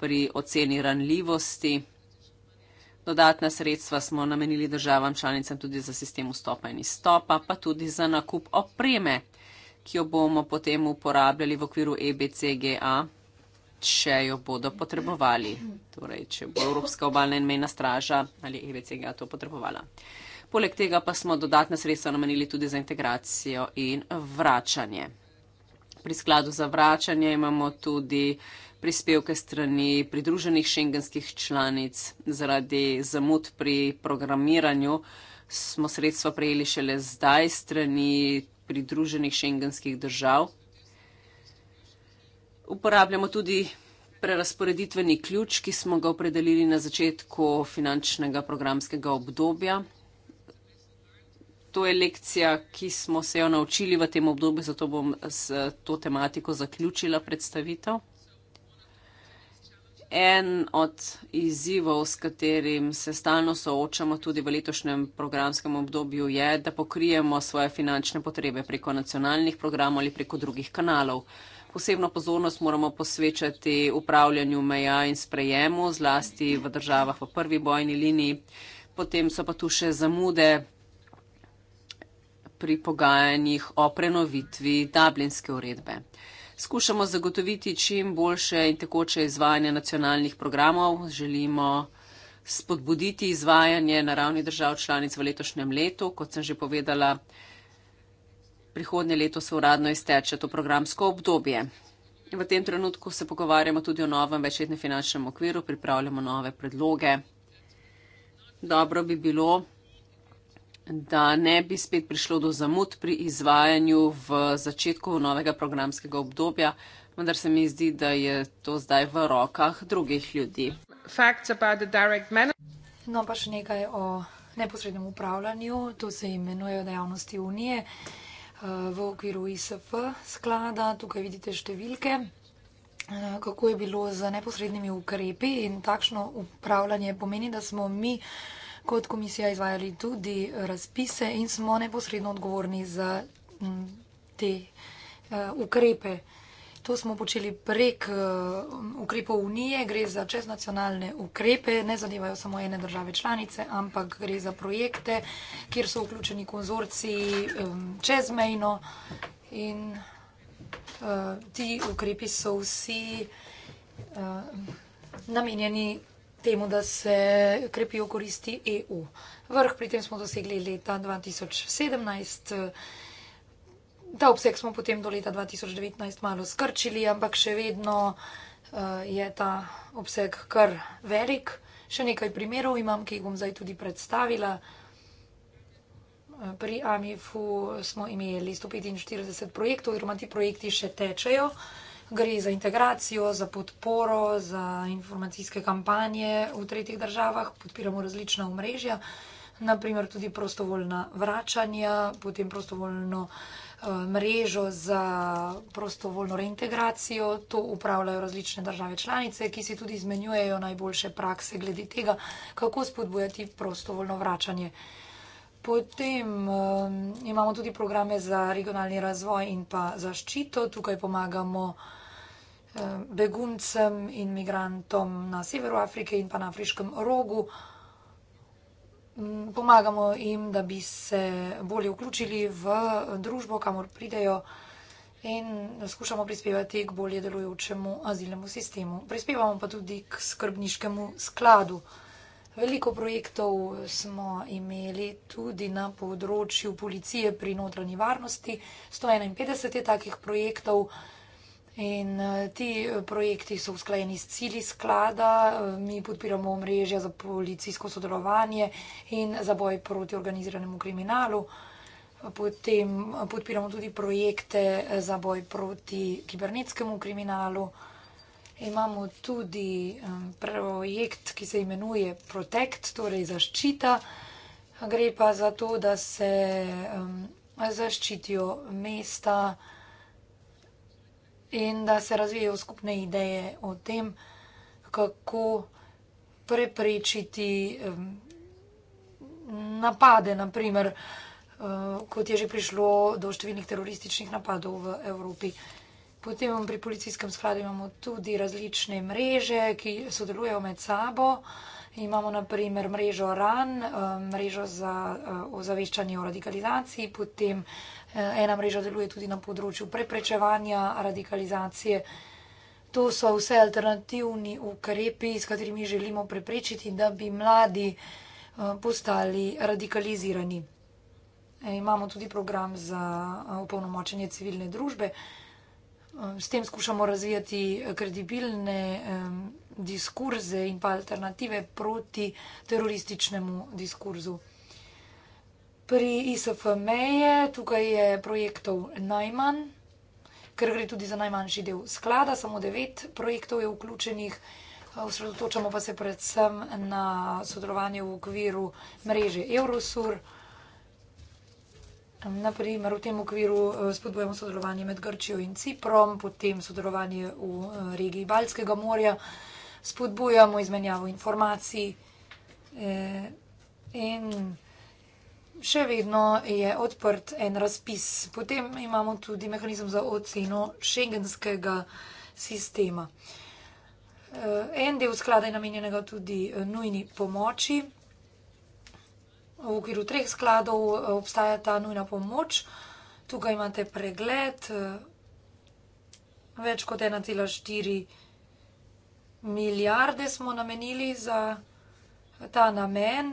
pri oceni ranljivosti. Dodatna sredstva smo namenili državam članicam tudi za sistem vstopa in izstopa, pa tudi za nakup opreme, ki jo bomo potem uporabljali v okviru EBCGA, če jo bodo potrebovali. Torej, če bo Evropska obalna in mejna straža ali EBCGA to potrebovala. Poleg tega pa smo dodatna sredstva namenili tudi za integracijo in vračanje. Pri skladu za vračanje imamo tudi prispevke strani pridruženih šengenskih članic. Zaradi zamud pri programiranju smo sredstva prejeli šele zdaj strani pridruženih šengenskih držav. Uporabljamo tudi prerasporeditveni ključ, ki smo ga opredelili na začetku finančnega programskega obdobja. To je lekcija, ki smo se jo naučili v tem obdobju, zato bom s to tematiko zaključila predstavitev en od izzivov, s katerim se stalno soočamo tudi v letošnjem programskem obdobju, je, da pokrijemo svoje finančne potrebe preko nacionalnih programov ali preko drugih kanalov. Posebno pozornost moramo posvečati upravljanju meja in sprejemu, zlasti v državah v prvi bojni liniji. Potem so pa tu še zamude pri pogajanjih o prenovitvi Dublinske uredbe skušamo zagotoviti čim boljše in tekoče izvajanje nacionalnih programov. Želimo spodbuditi izvajanje na ravni držav članic v letošnjem letu. Kot sem že povedala, prihodnje leto se uradno izteče to programsko obdobje. V tem trenutku se pogovarjamo tudi o novem večletnem finančnem okviru, pripravljamo nove predloge. Dobro bi bilo, da ne bi spet prišlo do zamud pri izvajanju v začetku novega programskega obdobja, vendar se mi zdi, da je to zdaj v rokah drugih ljudi. No, pa še nekaj o neposrednem upravljanju. To se imenuje dejavnosti Unije eh, v okviru ISF sklada. Tukaj vidite številke, eh, kako je bilo z neposrednimi ukrepi in takšno upravljanje pomeni, da smo mi kot komisija izvajali tudi razpise in smo neposredno odgovorni za te eh, ukrepe. To smo počeli prek eh, ukrepov Unije, gre za čeznacionalne ukrepe, ne zadevajo samo ene države članice, ampak gre za projekte, kjer so vključeni konzorciji čezmejno in eh, ti ukrepi so vsi namenjeni temu, da se krepijo koristi EU. Vrh pri tem smo dosegli leta 2017, ta obseg smo potem do leta 2019 malo skrčili, ampak še vedno eh, je ta obseg kar velik. Še nekaj primerov imam, ki jih bom zdaj tudi predstavila. Pri AMIF-u smo imeli 145 projektov, oziroma ti projekti še tečejo gre za integracijo, za podporo, za informacijske kampanje v tretjih državah, podpiramo različna omrežja, naprimer tudi prostovoljna vračanja, potem prostovoljno eh, mrežo za prostovoljno reintegracijo. To upravljajo različne države članice, ki si tudi izmenjujejo najboljše prakse glede tega, kako spodbujati prostovoljno vračanje. Potem um, imamo tudi programe za regionalni razvoj in pa zaščito. Tukaj pomagamo uh, Eh, beguncem in migrantom na severu Afrike in pa na Afriškem rogu. Mm, pomagamo jim, da bi se bolje vključili v družbo, kamor pridejo in skušamo prispevati k bolje delujočemu azilnemu sistemu. Prispevamo pa tudi k skrbniškemu skladu. Veliko projektov smo imeli tudi na področju policije pri notranji varnosti. 151 je takih projektov. In eh, ti eh, projekti so usklajeni s cilji sklada, eh, mi podpiramo mrežje za policijsko sodelovanje in za boj proti organiziranemu kriminalu. Potem podpiramo tudi projekte za boj proti kibernetskemu kriminalu. Imamo tudi projekt, ki se imenuje Protect, torej zaščita. Gre pa za to, da se zaščitijo mesta in da se razvijajo skupne ideje o tem, kako preprečiti napade, naprimer, kot je že prišlo do številnih terorističnih napadov v Evropi. Potem pri policijskem skladu imamo tudi različne mreže, ki sodelujejo med sabo. Imamo na primer mrežo RAN, eh, mrežo za eh, ozaveščanje o radikalizaciji, potem eh, ena mreža deluje tudi na področju preprečevanja radikalizacije. To so vse alternativni ukrepi, s katerimi želimo preprečiti, da bi mladi postali radikalizirani. Imamo tudi program za upolnomočenje civilne družbe. S tem skušamo razvijati kredibilne diskurze in pa alternative proti terorističnemu diskurzu. Pri ISFME je tukaj je projektov najmanj, ker gre tudi za najmanjši del sklada, samo devet projektov je vključenih, osredotočamo pa se predvsem na sodelovanje v okviru mreže Eurosur. Naprimer, v tem okviru eh, spodbujamo sodelovanje med Grčijo in Ciprom, potem sodelovanje v eh, regiji Balskega morja spodbujamo izmenjavo informacij. Eh, in še vedno je odprt en razpis. Potem imamo tudi mehanizem za oceno šengenskega sistema. Eh, en del sklada je namenjenega tudi eh, nujni pomoči. V okviru treh skladov obstaja ta nujna pomoč. Tukaj imate pregled, več kot 1,4 milijona milijarde smo namenili za ta namen.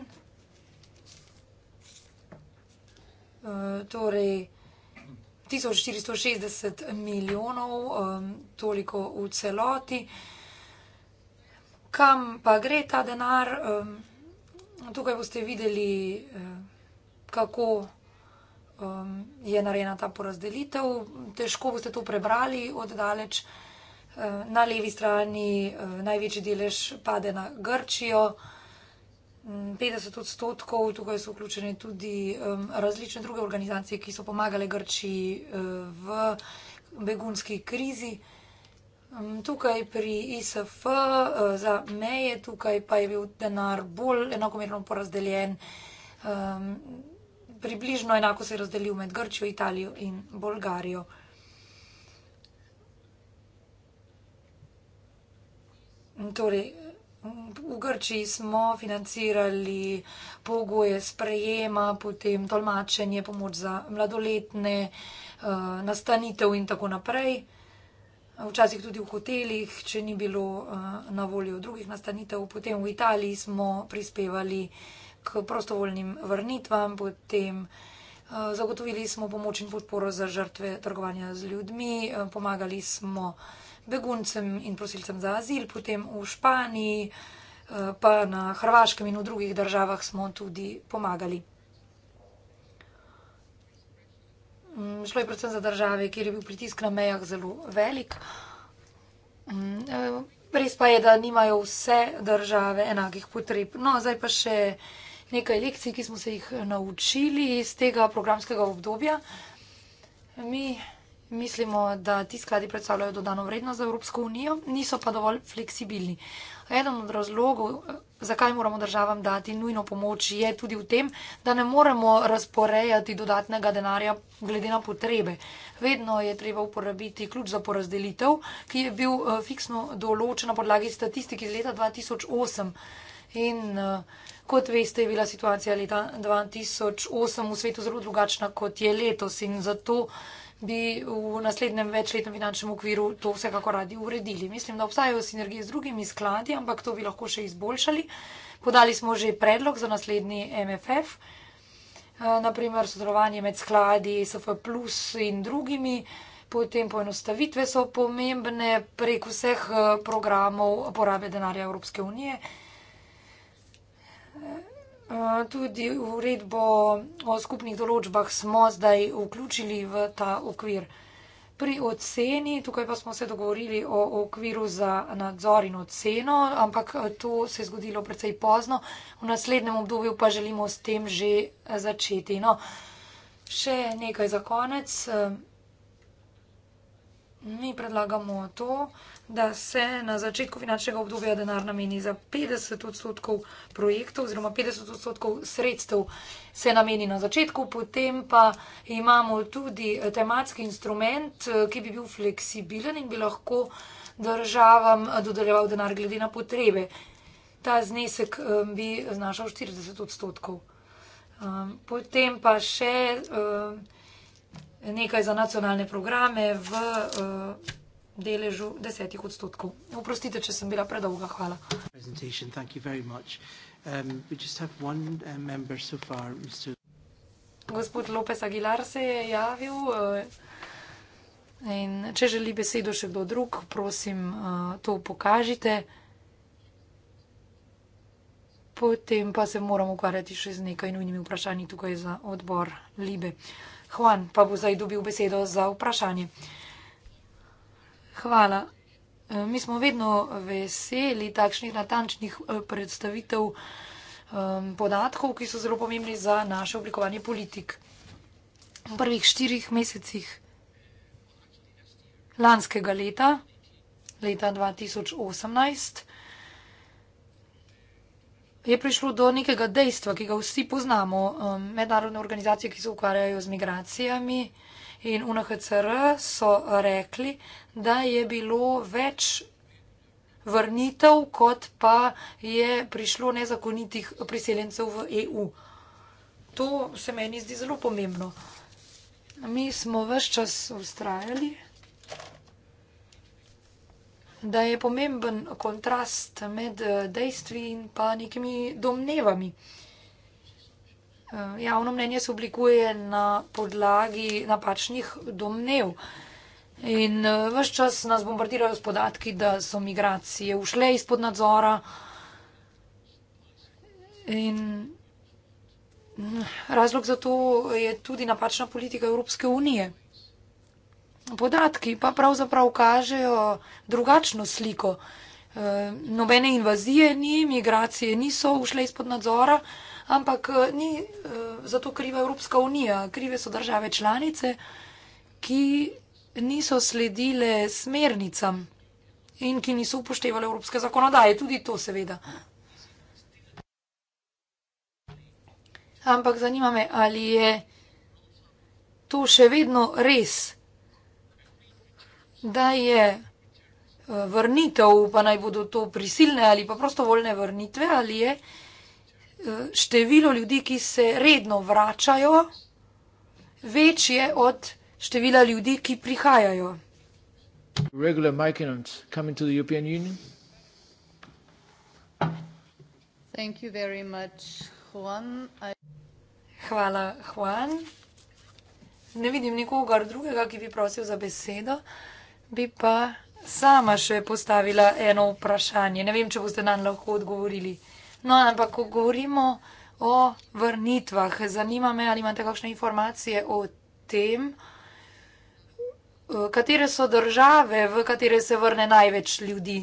E, torej, 1460 milijonov, e, toliko v celoti. Kam pa gre ta denar? E, tukaj boste videli, kako je narejena ta porazdelitev. Težko boste to prebrali od daleč. Eh, na levi strani eh, največji delež pade na Grčijo. 50 mm, odstotkov, tukaj so vključene tudi um, različne druge organizacije, ki so pomagale Grčiji uh, v begunski krizi. Um, tukaj pri ISF uh, za meje, tukaj pa je bil denar bolj enakomerno porazdeljen. Um, približno enako se je razdelil med Grčijo, Italijo in Bolgarijo. Torej, v Grčiji smo financirali pogoje sprejema, potem tolmačenje, pomoč za mladoletne, eh, nastanitev in tako naprej. Včasih tudi v hotelih, če ni bilo eh, na voljo drugih nastanitev. Potem v Italiji smo prispevali k prostovoljnim vrnitvam, potem eh, zagotovili smo pomoč in podporo za žrtve trgovanja z ljudmi, pomagali smo beguncem in prosilcem za azil, potem v Španiji, eh, pa na Hrvaškem in v drugih državah smo tudi pomagali. Mm, šlo je predvsem za države, kjer je bil pritisk na mejah zelo velik. Mm, eh, res pa je, da nimajo vse države enakih potreb. No, zdaj pa še nekaj lekcij, ki smo se jih naučili iz tega programskega obdobja. Mi Mislimo, da ti skladi predstavljajo dodano vrednost za Evropsko unijo, niso pa dovolj fleksibilni. Eden od razlogov, eh, zakaj moramo državam dati nujno pomoč, je tudi v tem, da ne moremo razporejati dodatnega denarja glede na potrebe. Vedno je treba uporabiti ključ za porazdelitev, ki je bil eh, fiksno določen na podlagi statistiki iz leta 2008. In eh, kot veste, je bila situacija leta 2008 v svetu zelo drugačna, kot je letos. In zato bi v naslednjem večletnem finančnem okviru to vsekako radi uredili. Mislim, da obstajajo sinergije z drugimi skladi, ampak to bi lahko še izboljšali. Podali smo že predlog za naslednji MFF, eh, naprimer sodelovanje med skladi SF plus in drugimi. Potem poenostavitve so pomembne prek vseh eh, programov porabe denarja Evropske unije. Eh, tudi uredbo o skupnih določbah smo zdaj vključili v ta okvir. Pri oceni, tukaj pa smo se dogovorili o okviru za nadzor in oceno, ampak eh, to se je zgodilo precej pozno, v naslednjem obdobju pa želimo s tem že eh, začeti. No, še nekaj za konec. Mi predlagamo to da se na začetku finančnega obdobja denar nameni za 50 odstotkov projektov oziroma 50 odstotkov sredstev se nameni na začetku, potem pa imamo tudi eh, tematski instrument, eh, ki bi bil fleksibilen in bi lahko državam eh, dodeljeval denar glede na potrebe. Ta znesek bi znašal 40 odstotkov. Ehm, potem pa še nekaj za nacionalne programe v deležu desetih odstotkov. Oprostite, če sem bila predolga, hvala. Um, uh, Gospod Lopes Aguilar se je javil uh, in če želi besedo še kdo drug, prosim, uh, to pokažite. Potem pa se moram ukvarjati še z nekaj nujnimi vprašanji tukaj za odbor Libe. Juan pa bo zdaj dobil besedo za vprašanje. Hvala. Eh, mi smo vedno veseli takšnih natančnih eh, predstavitev eh, podatkov, ki so zelo pomembni za naše oblikovanje politik. V prvih štirih mesecih lanskega leta, leta 2018, je prišlo do nekega dejstva, ki ga vsi poznamo. Mednarodne organizacije, ki se ukvarjajo z migracijami, in UNHCR so rekli, da je bilo več vrnitev, kot pa je prišlo nezakonitih priseljencev v EU. To se meni zdi zelo pomembno. Mi smo vse čas ustrajali, da je pomemben kontrast med eh, dejstvi in pa nekimi domnevami. Eh, javno mnenje se oblikuje na podlagi napačnih domnev. In eh, vse čas nas bombardirajo s podatki, da so migracije ušle izpod nadzora. In mm, razlog za to je tudi napačna politika Evropske unije. Podatki pa pravzaprav kažejo drugačno sliko. Eh, nobene invazije ni, migracije niso ušle izpod nadzora ampak eh, ni eh, za to kriva Evropska unija, krive so države članice, ki niso sledile smernicam in ki niso upoštevali evropske zakonodaje, tudi to seveda. Ampak zanima me, ali je to še vedno res, da je eh, vrnitev, pa naj bodo to prisilne ali pa prostovoljne vrnitve, ali je vrnitev, število ljudi, ki se redno vračajo, večje od števila ljudi, ki prihajajo. Regular migrants coming to the European Union. Thank you very much, Juan. I... Hvala, Juan. Ne vidim nikogar drugega, ki bi prosil za besedo. Bi pa sama še postavila eno vprašanje. Ne vem, če boste nam lahko odgovorili. No, ampak, ko govorimo o vrnitvah, zanima me, ali imate kakšne informacije o tem, eh, katere so države, v katere se vrne največ ljudi.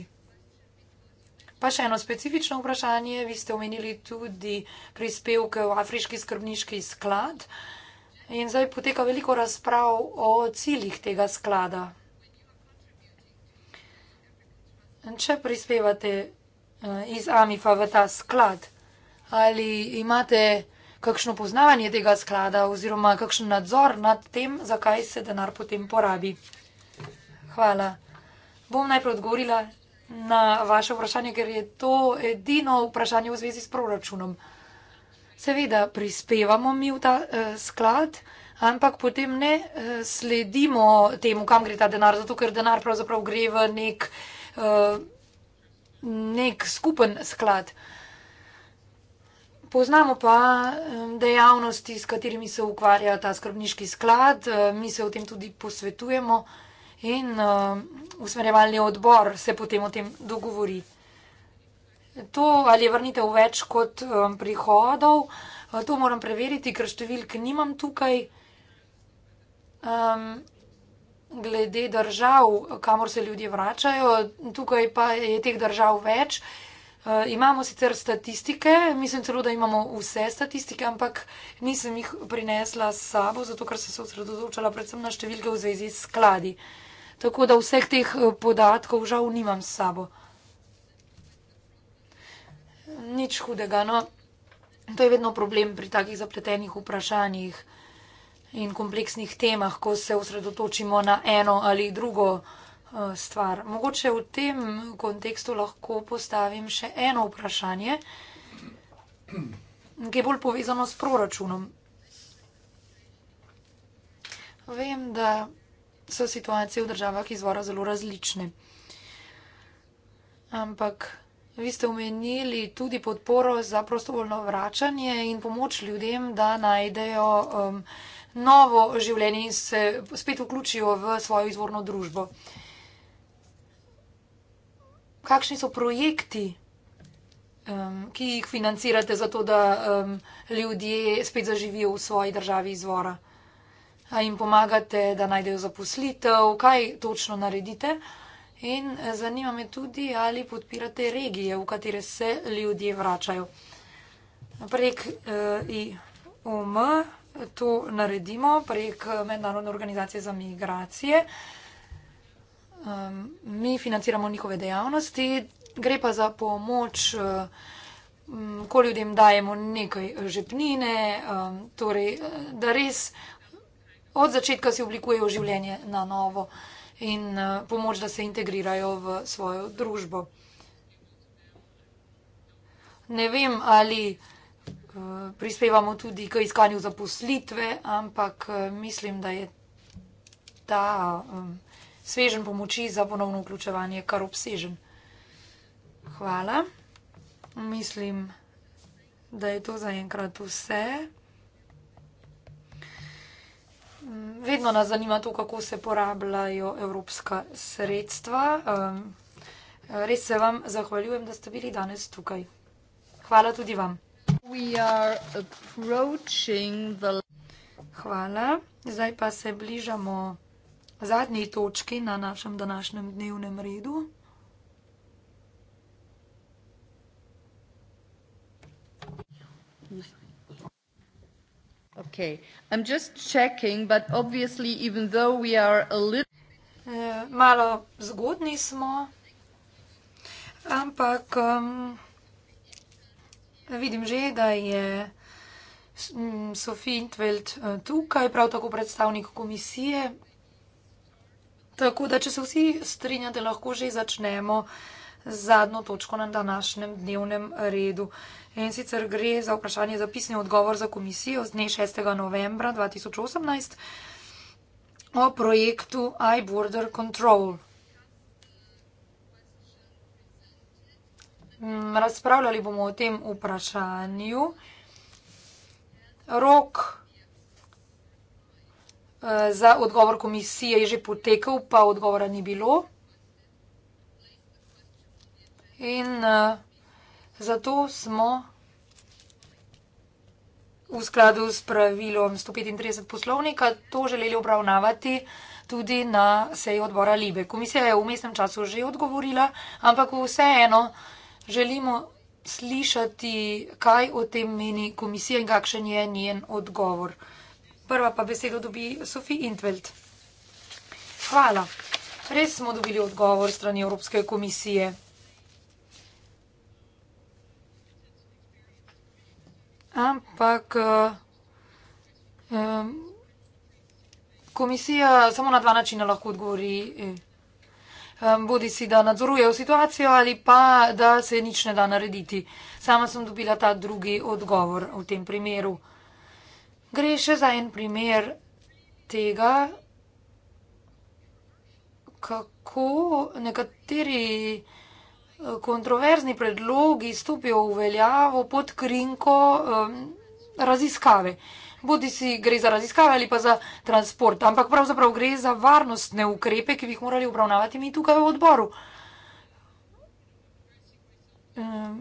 Pa še eno specifično vprašanje. Vi ste omenili tudi prispevke v Afriški skrbniški sklad in zdaj poteka veliko razprav o ciljih tega sklada. In če prispevate Eh, iz Amifa v ta sklad. Ali imate kakšno poznavanje tega sklada oziroma kakšen nadzor nad tem, zakaj se denar potem porabi? Hvala. Bom najprej odgovorila na vaše vprašanje, ker je to edino vprašanje v zvezi s proračunom. Seveda prispevamo mi v ta eh, sklad, ampak potem ne eh, sledimo temu, kam gre ta denar, zato ker denar pravzaprav gre v nek. Eh, nek skupen sklad. Poznamo pa dejavnosti, s katerimi se ukvarja ta skrbniški sklad, mi se o tem tudi posvetujemo in usmerjevalni odbor se potem o tem dogovori. To ali je vrnitev več kot prihodov, to moram preveriti, ker številk nimam tukaj glede držav, kamor se ljudje vračajo, tukaj pa je teh držav več. Eh, imamo sicer statistike, mislim celo, da imamo vse statistike, ampak nisem jih prinesla s sabo, zato ker sem se osredotočala predvsem na številke v zvezi s skladi. Tako da vseh teh eh, podatkov žal nimam s sabo. Nič hudega, no. To je vedno problem pri takih zapletenih vprašanjih in kompleksnih temah, ko se osredotočimo na eno ali drugo eh, stvar. Mogoče v tem kontekstu lahko postavim še eno vprašanje, ki je bolj povezano s proračunom. Vem, da so situacije v državah izvora zelo različne. Ampak vi ste omenili tudi podporo za prostovoljno vračanje in pomoč ljudem, da najdejo. Um, novo življenje in se spet vključijo v svojo izvorno družbo. Kakšni so projekti, um, ki jih financirate, zato da um, ljudje spet zaživijo v svoji državi izvora? A jim pomagate, da najdejo zaposlitev, kaj točno naredite? In eh, zanima me tudi, ali podpirate regije, v katere se ljudje vračajo. Prek uh, eh, IOM to naredimo prek Mednarodne organizacije za migracije. Um, mi financiramo njihove dejavnosti, gre pa za pomoč, um, ko ljudem dajemo nekaj žepnine, um, torej, da res od začetka si oblikujejo življenje na novo in uh, pomoč, da se integrirajo v svojo družbo. Ne vem, ali. Eh, prispevamo tudi k iskanju zaposlitve, ampak eh, mislim, da je ta svežen pomoči za ponovno vključevanje kar obsežen. Hvala. Mislim, da je to zaenkrat vse. Mm, vedno nas zanima to, kako se porabljajo evropska sredstva. Res se vam zahvaljujem, da ste bili danes tukaj. Hvala tudi vam. Hvala. Zdaj pa se bližamo zadnji točki na našem današnjem dnevnem redu. Okay. Little... E, malo zgodni smo, ampak. Um, Vidim že, da je Sophie Intveld eh, tukaj, prav tako predstavnik komisije. Tako da, če se vsi strinjate, lahko že začnemo z zadnjo točko na današnjem dnevnem redu. In sicer gre za vprašanje za pisni odgovor za komisijo z dne 6. novembra 2018 o projektu iBorder Control. Mm, razpravljali bomo o tem vprašanju. Rok eh, za odgovor komisije je že potekel, pa odgovora ni bilo. In eh, zato smo v skladu s pravilom 135 poslovnika to želeli obravnavati tudi na seji odbora Libe. Komisija je v mestnem času že odgovorila, ampak vseeno želimo slišati, kaj o tem meni komisija in kakšen je njen odgovor. Prva pa besedo dobi Sofi Intveld. Hvala. Res smo dobili odgovor strani Evropske komisije. Ampak um, komisija samo na dva načina lahko odgovori. Eh bodi si da nadzorujejo situacijo ali pa da se nič ne da narediti. Sama sem dobila ta drugi odgovor v tem primeru. Gre še za en primer tega, kako nekateri eh, kontroverzni predlogi stopijo v veljavo pod krinko um, raziskave. Uh, bodi si gre za raziskave ali pa za transport, ampak pravzaprav gre za varnostne ukrepe, ki bi jih morali obravnavati mi tukaj v odboru. Ehm,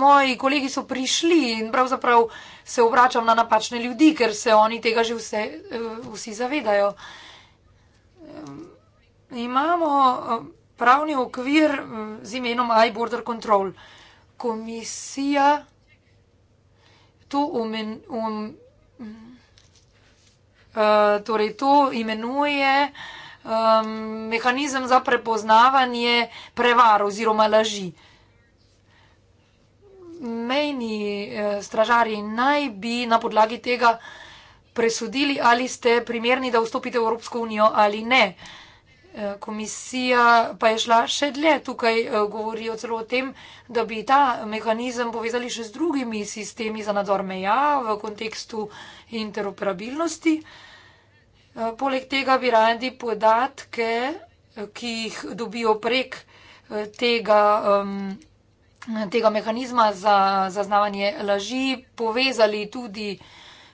moji kolegi so prišli in pravzaprav se obračam na napačne ljudi, ker se oni tega že vse, eh, vsi zavedajo. Ehm, imamo eh, pravni okvir eh, z imenom I Border Control. Komisija to umen, um, uh, torej to imenuje um, mehanizem za prepoznavanje prevar oziroma laži. Mejni uh, eh, stražari naj bi na podlagi tega presodili, ali ste primerni, da vstopite v Evropsko unijo ali ne. Uh, Eh, komisija pa je šla še dlje, tukaj eh, govorijo celo o tem, da bi ta mehanizem povezali še z drugimi sistemi za nadzor meja v kontekstu interoperabilnosti. Eh, poleg tega bi radi podatke, ki jih dobijo prek tega, tega mehanizma za zaznavanje laži, povezali tudi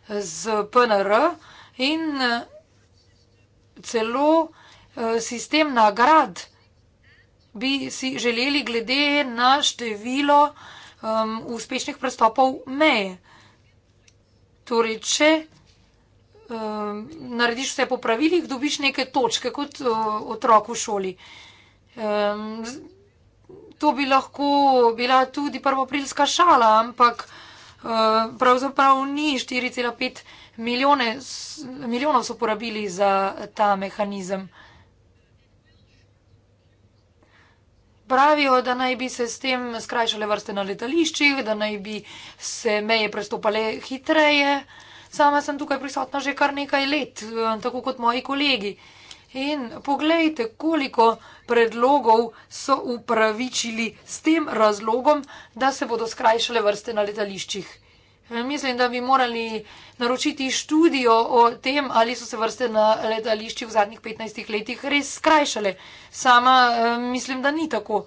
z PNR in celo Eh, sistem nagrad bi si želeli glede na število um, uspešnih prestopov meje. Torej, če um, narediš vse po pravilih, dobiš neke točke kot uh, otrok v šoli. Um, to bi lahko bila tudi prvoprilska šala, ampak uh, pravzaprav ni 4,5 milijonov so porabili za ta mehanizem. pravijo, da naj bi se s tem skrajšale vrste na letališčih, da naj bi se meje prestopale hitreje. Sama sem tukaj prisotna že kar nekaj let, eh, tako kot moji kolegi. In poglejte, koliko predlogov so upravičili s tem razlogom, da se bodo skrajšale vrste na letališčih. Eh, mislim, da bi morali naročiti študijo o tem, ali so se vrste na letališči v zadnjih 15 letih res skrajšale. Sama eh, mislim, da ni tako.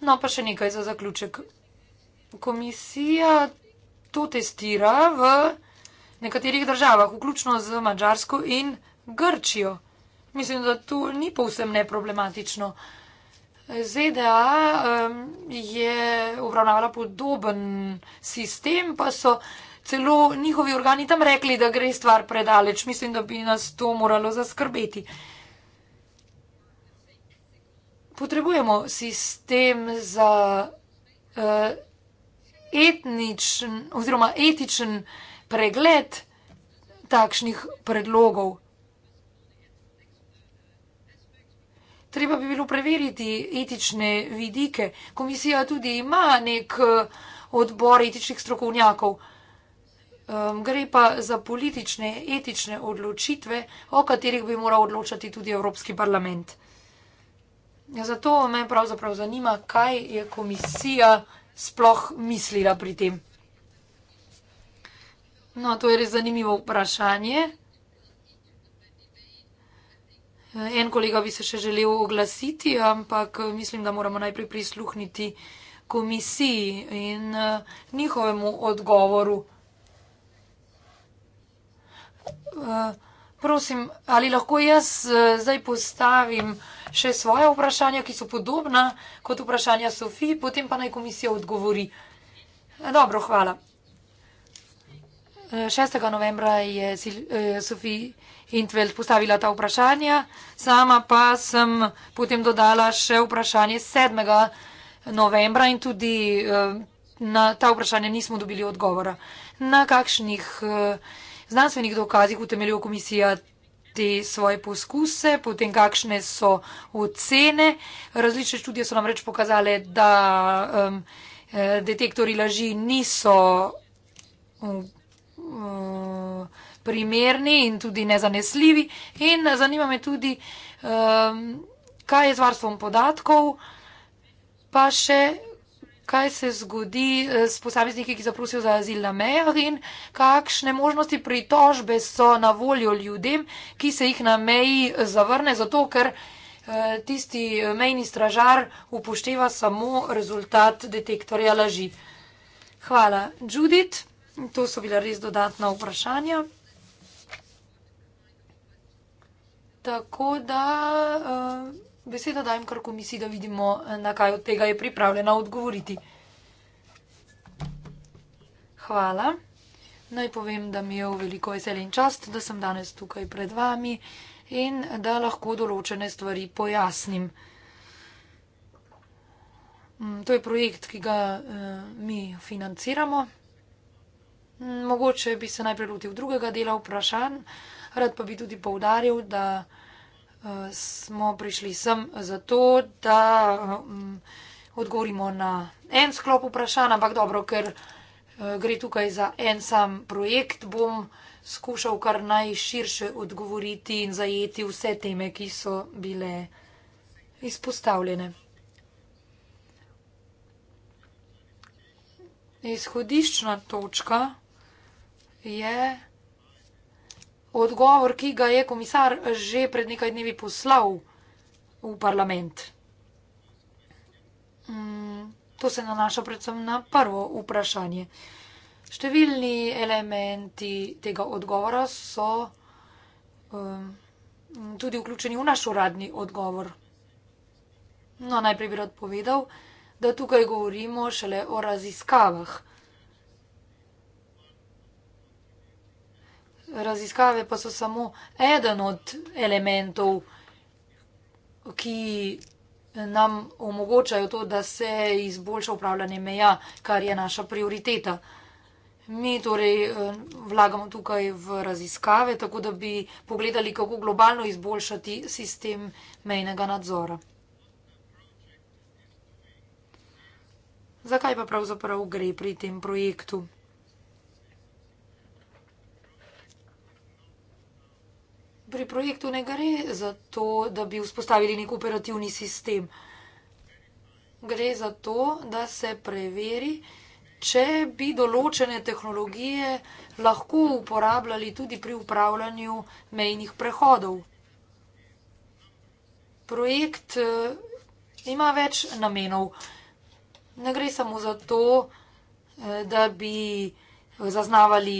No, pa še nekaj za zaključek. Komisija to testira v nekaterih državah, vključno z Mačarsko in Grčijo. Mislim, da to ni povsem neproblematično. ZDA um, je obravnavala podoben sistem, pa so celo njihovi organi tam rekli, da gre stvar predaleč. Mislim, da bi nas to moralo zaskrbeti. Potrebujemo sistem za uh, etničen oziroma etičen pregled takšnih predlogov. Treba bi bilo preveriti etične vidike. Komisija tudi ima nek eh, odbor etičnih strokovnjakov. Gre pa za politične, etične odločitve, o katerih bi moral odločati tudi Evropski parlament. Zato me pravzaprav zanima, kaj je komisija sploh mislila pri tem. No, to je res zanimivo vprašanje. En kolega bi se še želel oglasiti, ampak eh, mislim, da moramo najprej prisluhniti komisiji in eh, njihovemu odgovoru. Eh, prosim, ali lahko jaz zdaj postavim še svoje vprašanja, ki so podobna kot vprašanja Sofiji, potem pa naj komisija odgovori. Dobro, hvala. 6. novembra je eh, Sofi Intveld postavila ta vprašanja, sama pa sem potem dodala še vprašanje 7. novembra in tudi eh, na ta vprašanja nismo dobili odgovora. Na kakšnih eh, znanstvenih dokazih utemeljuje komisija te svoje poskuse, potem kakšne so ocene. Različne študije so nam reč pokazale, da detektori laži niso. Eh, primerni in tudi nezanesljivi. In zanima me tudi, kaj je z varstvom podatkov, pa še kaj se zgodi eh, s posamezniki, ki zaprosijo za azil na mejah in kakšne možnosti pritožbe so na voljo ljudem, ki se jih na meji zavrne, zato ker eh, tisti mejni stražar upošteva samo rezultat detektorja laži. Hvala, Judith. To so bila res dodatna vprašanja. Tako da uh, eh, beseda dajem kar komisiji, da vidimo, eh, na kaj od tega je pripravljena odgovoriti. Hvala. Naj povem, da mi je v veliko veselje in čast, da sem danes tukaj pred vami in da lahko določene stvari pojasnim. Mm, to je projekt, ki ga uh, mi financiramo. Mm, mogoče bi se najprej lotil drugega dela vprašanj, rad pa bi tudi povdaril, da eh, smo prišli sem zato, da mm, odgovorimo na en sklop vprašanj, ampak dobro, ker eh, gre tukaj za en sam projekt, bom skušal kar najširše odgovoriti in zajeti vse teme, ki so bile izpostavljene. Izhodiščna točka je odgovor, ki ga je komisar že pred nekaj dnevi poslal v parlament. Mm, to se nanaša predvsem na prvo vprašanje. Številni elementi tega odgovora so um, tudi vključeni v naš uradni odgovor. No, najprej bi rad povedal, da tukaj govorimo šele o raziskavah. raziskave pa so samo eden od elementov, ki nam omogočajo to, da se izboljša upravljanje meja, kar je naša prioriteta. Mi torej eh, vlagamo tukaj v raziskave, tako da bi pogledali, kako globalno izboljšati sistem mejnega nadzora. Zakaj pa pravzaprav gre pri tem projektu? pri projektu ne gre za to, da bi vzpostavili nek operativni sistem. Gre za to, da se preveri, če bi določene tehnologije lahko uporabljali tudi pri upravljanju mejnih prehodov. Projekt eh, ima več namenov. Ne gre samo za to, eh, da bi zaznavali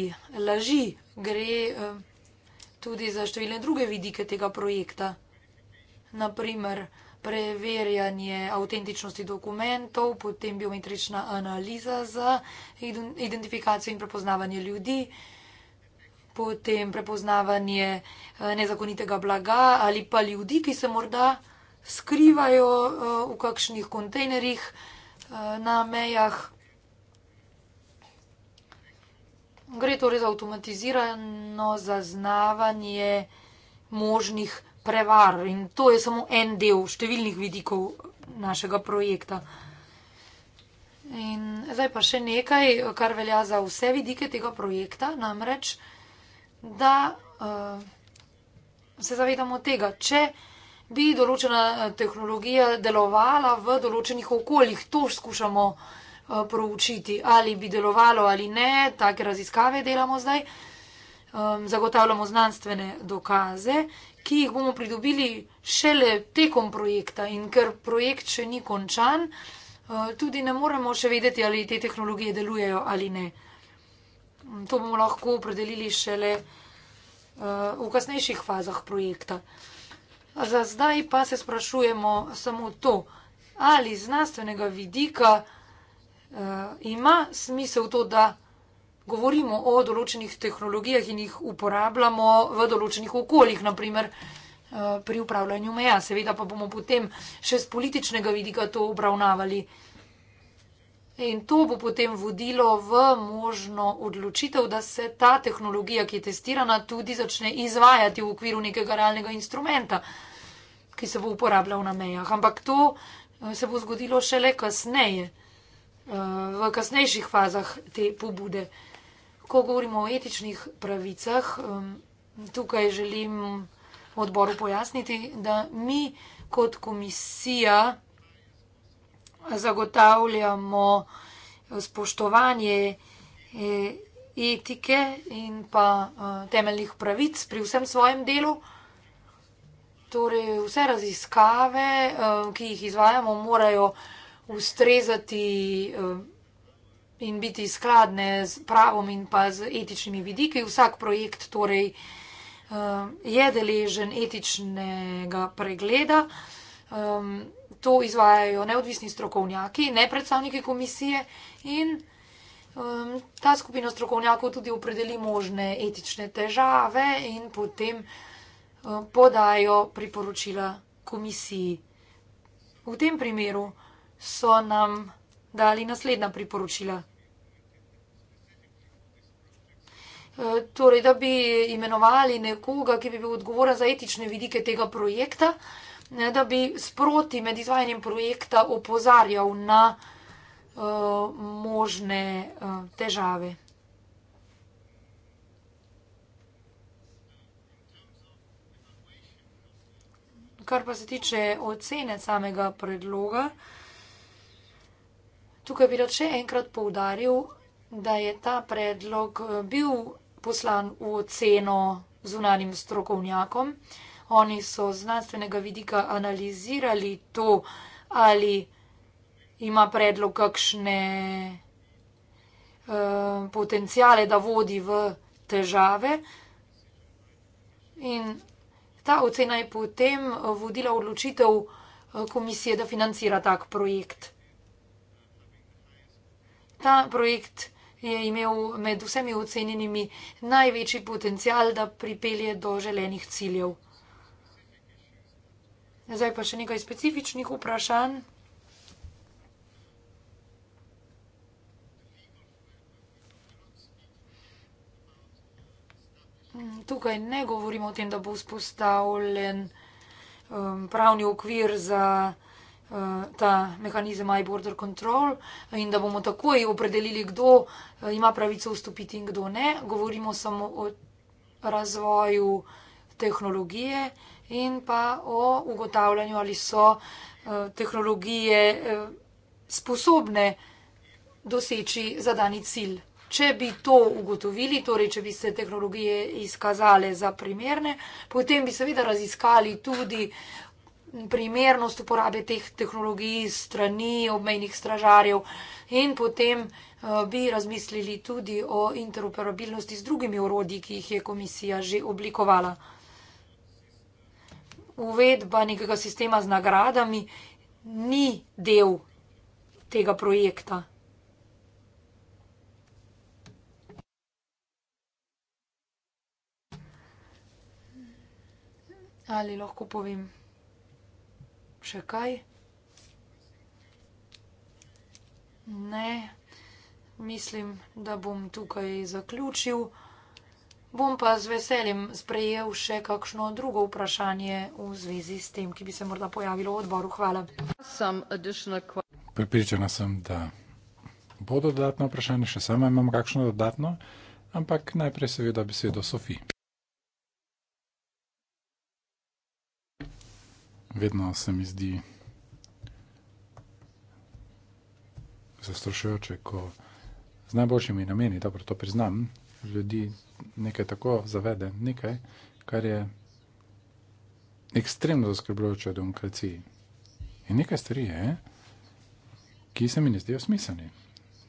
laži. Gre, eh, tudi za številne druge vidike tega projekta. Naprimer, preverjanje avtentičnosti dokumentov, potem biometrična analiza za identifikacijo in prepoznavanje ljudi, potem prepoznavanje eh, nezakonitega blaga ali pa ljudi, ki se morda skrivajo eh, v kakšnih kontejnerjih eh, na mejah. Gre torej za avtomatizirano zaznavanje možnih prevar in to je samo en del številnih vidikov našega projekta. In zdaj pa še nekaj, kar velja za vse vidike tega projekta, namreč, da uh, se zavedamo tega, če bi določena eh, tehnologija delovala v določenih okoljih, to skušamo uh, Eh, proučiti, ali bi delovalo ali ne, take raziskave delamo zdaj, zagotavljamo znanstvene dokaze, ki jih bomo pridobili šele tekom projekta in ker projekt še ni končan, eh, tudi ne moremo še vedeti, ali te tehnologije delujejo ali ne. Mm, to bomo lahko opredelili šele eh, v kasnejših fazah projekta. Za zdaj pa se sprašujemo samo to, ali znanstvenega vidika, uh, ima smisel to, da govorimo o določenih tehnologijah in jih uporabljamo v določenih okoljih, naprimer uh, eh, pri upravljanju meja. Seveda pa bomo potem še z političnega vidika to obravnavali. In to bo potem vodilo v možno odločitev, da se ta tehnologija, ki je testirana, tudi začne izvajati v okviru nekega realnega instrumenta, ki se bo uporabljal na mejah. Ampak to eh, se bo zgodilo šele kasneje v kasnejših fazah te pobude. Ko govorimo o etičnih pravicah, um, tukaj želim odboru pojasniti, da mi kot komisija zagotavljamo spoštovanje e, etike in pa e, temeljnih pravic pri vsem svojem delu. Torej, vse raziskave, e, ki jih izvajamo, morajo ustrezati uh, in biti skladne z pravom in pa z etičnimi vidiki. Vsak projekt torej, uh, je deležen etičnega pregleda. Um, to izvajajo neodvisni strokovnjaki, ne predstavniki komisije in um, ta skupina strokovnjakov tudi opredeli možne etične težave in potem um, podajo priporočila komisiji. V tem primeru so nam dali naslednja priporočila. E, torej, da bi imenovali nekoga, ki bi bil odgovoren za etične vidike tega projekta, e, da bi sproti med izvajanjem projekta opozarjal na e, možne težave. Kar pa se tiče ocene samega predloga, Tukaj bi rad še enkrat povdaril, da je ta predlog eh, bil poslan v oceno zunanim strokovnjakom. Oni so z znanstvenega vidika analizirali to, ali ima predlog kakšne eh, potencijale, da vodi v težave. In ta ocena je potem vodila odločitev eh, komisije, da financira tak projekt. Ta projekt je imel med vsemi ocenjenimi največji potencial, da pripelje do želenih ciljev. Zdaj pa še nekaj specifičnih vprašanj. Tukaj ne govorimo o tem, da bo vzpostavljen um, pravni okvir za. Eh, ta mehanizem My Border Control in da bomo takoj opredelili, kdo eh, ima pravico vstopiti in kdo ne. Govorimo samo o razvoju tehnologije in pa o ugotavljanju, ali so eh, tehnologije sposobne doseči zadani cilj. Če bi to ugotovili, torej če bi se tehnologije izkazale za primerne, potem bi seveda raziskali tudi primernost uporabe teh tehnologij strani obmejnih stražarjev in potem eh, bi razmislili tudi o interoperabilnosti z drugimi urodji, ki jih je komisija že oblikovala. Uvedba nekega sistema z nagradami ni del tega projekta. Ali lahko povem? Še kaj? Ne, mislim, da bom tukaj zaključil. Bom pa z veseljem sprejel še kakšno drugo vprašanje v zvezi s tem, ki bi se morda pojavilo v odboru. Hvala. Pripričana sem, da bo dodatno vprašanje, še sama imam kakšno dodatno, ampak najprej seveda besedo Sofi. vedno se mi zdi zastrašujoče, ko z najboljšimi nameni, dobro, to priznam, ljudi nekaj tako zavede, nekaj, kar je ekstremno zaskrbljujoče v demokraciji. In nekaj stvari je, ki se mi ne zdijo smiselni.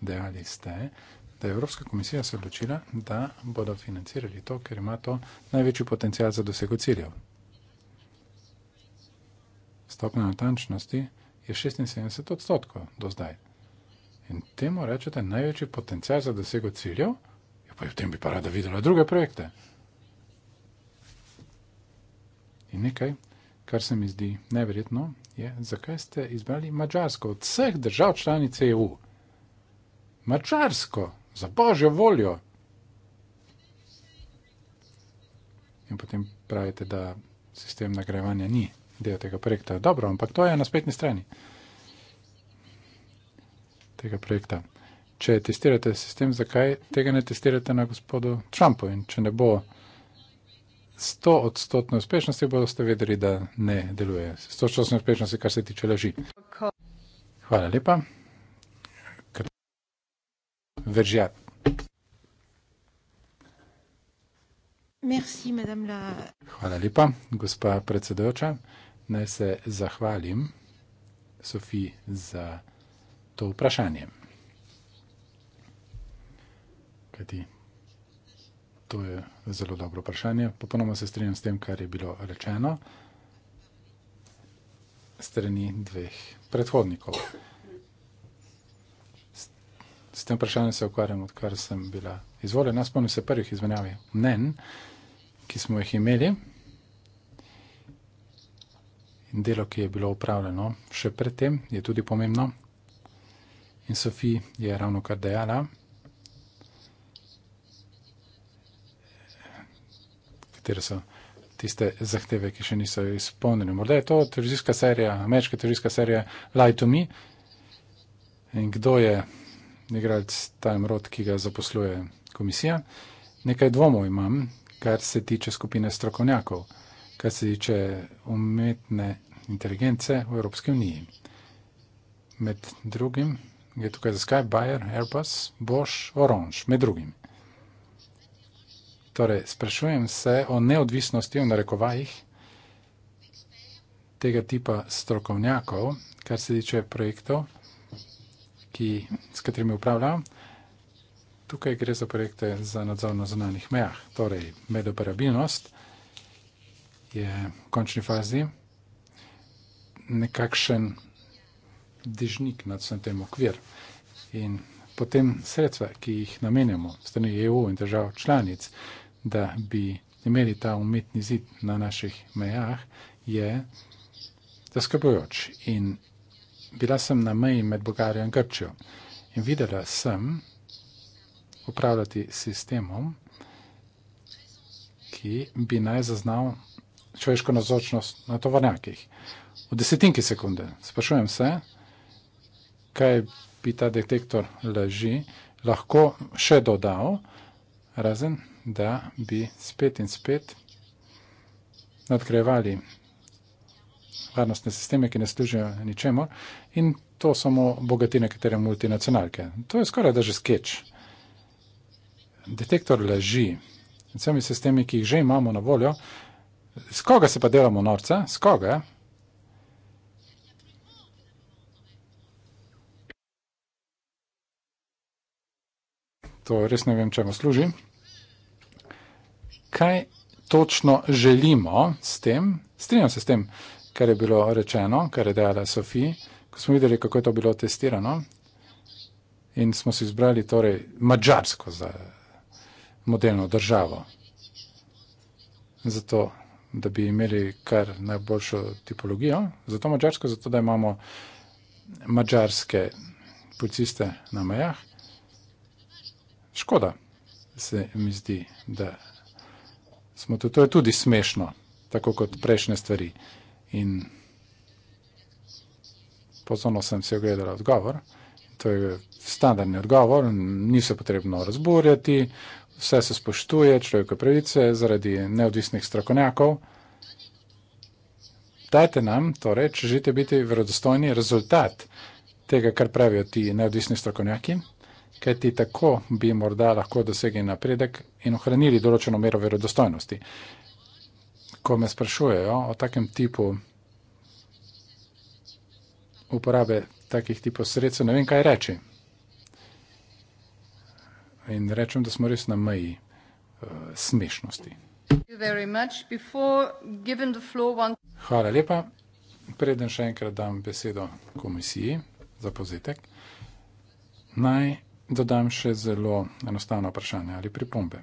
Dejali ste, da je Evropska komisija se odločila, da bodo financirali to, ker ima to največji potencial za dosego ciljev stopnja natančnosti je 76 odstotkov do zdaj. In temu rečete, največji potencial za dosego ciljev, ja pa je v tem bi pa rada videla druge projekte. In nekaj, kar se mi zdi neverjetno, je, zakaj ste izbrali Mačarsko od vseh držav članic EU. Mačarsko, za božjo voljo. In potem pravite, da sistem nagrajevanja ni del tega projekta. Dobro, ampak to je na spletni strani tega projekta. Če testirate sistem, zakaj tega ne testirate na gospodu Trumpu in če ne bo sto odstotno uspešnosti, boste vedeli, da ne deluje. Sto odstotno uspešnosti, kar se tiče laži. Hvala lepa. Veržjat. Hvala lepa, gospa predsedojoča naj se zahvalim Sofiji za to vprašanje. Kajti to je zelo dobro vprašanje. Popolnoma se strinjam s tem, kar je bilo rečeno strani dveh predhodnikov. S tem vprašanjem se ukvarjam, odkar sem bila izvoljena. Spomnim se prvih izmenjavih mnen, ki smo jih imeli in delo, ki je bilo upravljeno še predtem, je tudi pomembno. In Sofija je ravno kar dejala, katere so tiste zahteve, ki še niso izpolnjene. Morda je to turizijska serija, ameriška turizijska serija Lie to Me. In kdo je igralec Time Road, ki ga zaposluje komisija? Nekaj dvomov imam, kar se tiče skupine strokovnjakov kar se tiče umetne inteligence v Evropski uniji. Med drugim je tukaj za Skype, Bayer, Airbus, Bosch, Orange, med drugim. Torej, sprašujem se o neodvisnosti v narekovajih tega tipa strokovnjakov, kar se tiče projektov, ki, s katerimi upravljam. Tukaj gre za projekte za nadzor na zunanjih mejah, torej medoperabilnost, je v končni fazi nekakšen dežnik nad vsem tem okvir. In potem sredstva, ki jih namenjamo strani EU in držav članic, da bi imeli ta umetni zid na naših mejah, je zaskrbujoč. In bila sem na meji med Bolgarijo in Grčijo in videla sem upravljati sistemom, ki bi naj zaznal človeško nazočnost na tovornjakih. V desetinki sekunde sprašujem se, kaj bi ta detektor laži lahko še dodal, razen da bi spet in spet nadkrevali varnostne sisteme, ki ne služijo ničemu in to samo bogati nekatere multinacionalke. To je skoraj da že skeč. Detektor laži. Vsemi sistemi, ki jih že imamo na voljo, Z koga se pa delamo norce? Z koga? Ja? To res ne vem, če mu služi. Kaj točno želimo s tem? Strinjam se s tem, kar je bilo rečeno, kar je dejala Sofija, ko smo videli, kako je to bilo testirano. In smo si izbrali torej Mačarsko za modelno državo. Zato da bi imeli kar najboljšo tipologijo, zato mačarsko, zato da imamo mačarske policiste na mejah. Škoda se mi zdi, da smo tu. To je tudi smešno, tako kot prejšnje stvari. In pozorno sem si ogledal odgovor. To je standardni odgovor, ni se potrebno razburjati, vse se spoštuje, človekove pravice, zaradi neodvisnih strokovnjakov. Dajte nam, torej, če želite biti verodostojni, rezultat tega, kar pravijo ti neodvisni strokovnjaki, kajti tako bi morda lahko dosegli napredek in ohranili določeno mero verodostojnosti. Ko me sprašujejo o takem tipu uporabe takih tipov sredstev, ne vem, kaj reči. In rečem, da smo res na meji uh, smešnosti. Hvala lepa. Preden še enkrat dam besedo komisiji za povzetek, naj dodam še zelo enostavno vprašanje ali pripombe.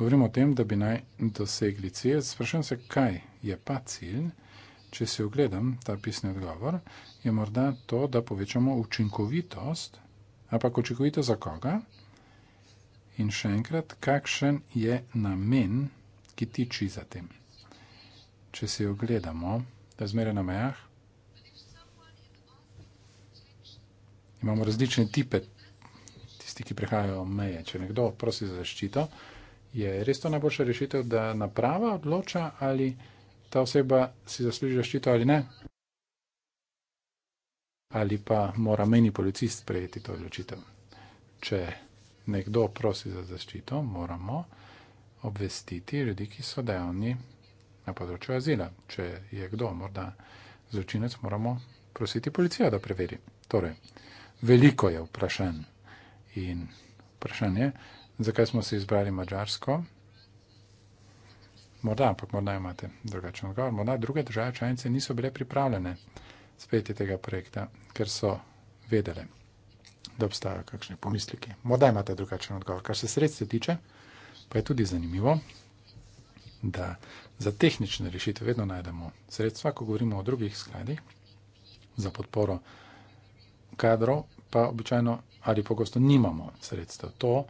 Govorimo o tem, da bi naj dosegli cilj. Sprašujem se, kaj je pa cilj, če si ogledam ta pisni odgovor je morda to, da povečamo učinkovitost, ampak učinkovito za koga? In še enkrat, kakšen je namen, ki tiči za tem? Če se jo gledamo, da zmeraj na mejah, imamo različne tipe, tisti, ki prehajajo meje. Če nekdo prosi za zaščito, je res to najboljša rešitev, da naprava odloča, ali ta oseba si zasluži zaščito ali ne ali pa mora meni policist sprejeti to odločitev. Če nekdo prosi za zaščito, moramo obvestiti ljudi, ki so dejavni na področju azila. Če je kdo, morda zločinec, moramo prositi policijo, da preveri. Torej, veliko je vprašanj in vprašanje je, zakaj smo se izbrali Mačarsko. Morda, ampak morda imate drugačen odgovor, morda druge države članice niso bile pripravljene spetje tega projekta, ker so vedele, da obstajajo kakšne pomisleke. Morda imate drugačen odgovor. Kar se sredstva tiče, pa je tudi zanimivo, da za tehnične rešitve vedno najdemo sredstva, ko govorimo o drugih skladih, za podporo kadrov, pa običajno ali pogosto nimamo sredstva. To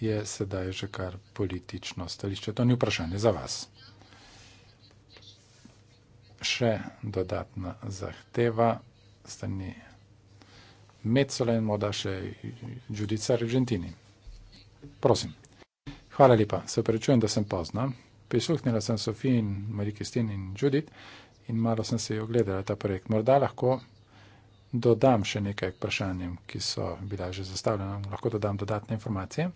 je sedaj že kar politično stališče. To ni vprašanje za vas še dodatna zahteva strani Mecola in morda še Judica Argentini. Prosim. Hvala lepa, se prečujem, da sem pozna. Prisluhnila sem Sofiji in Marie Kristin in Judith in malo sem se ogledala ta projekt. Morda lahko dodam še nekaj vprašanjem, ki so bila že zastavljena, lahko dodam dodatne informacije.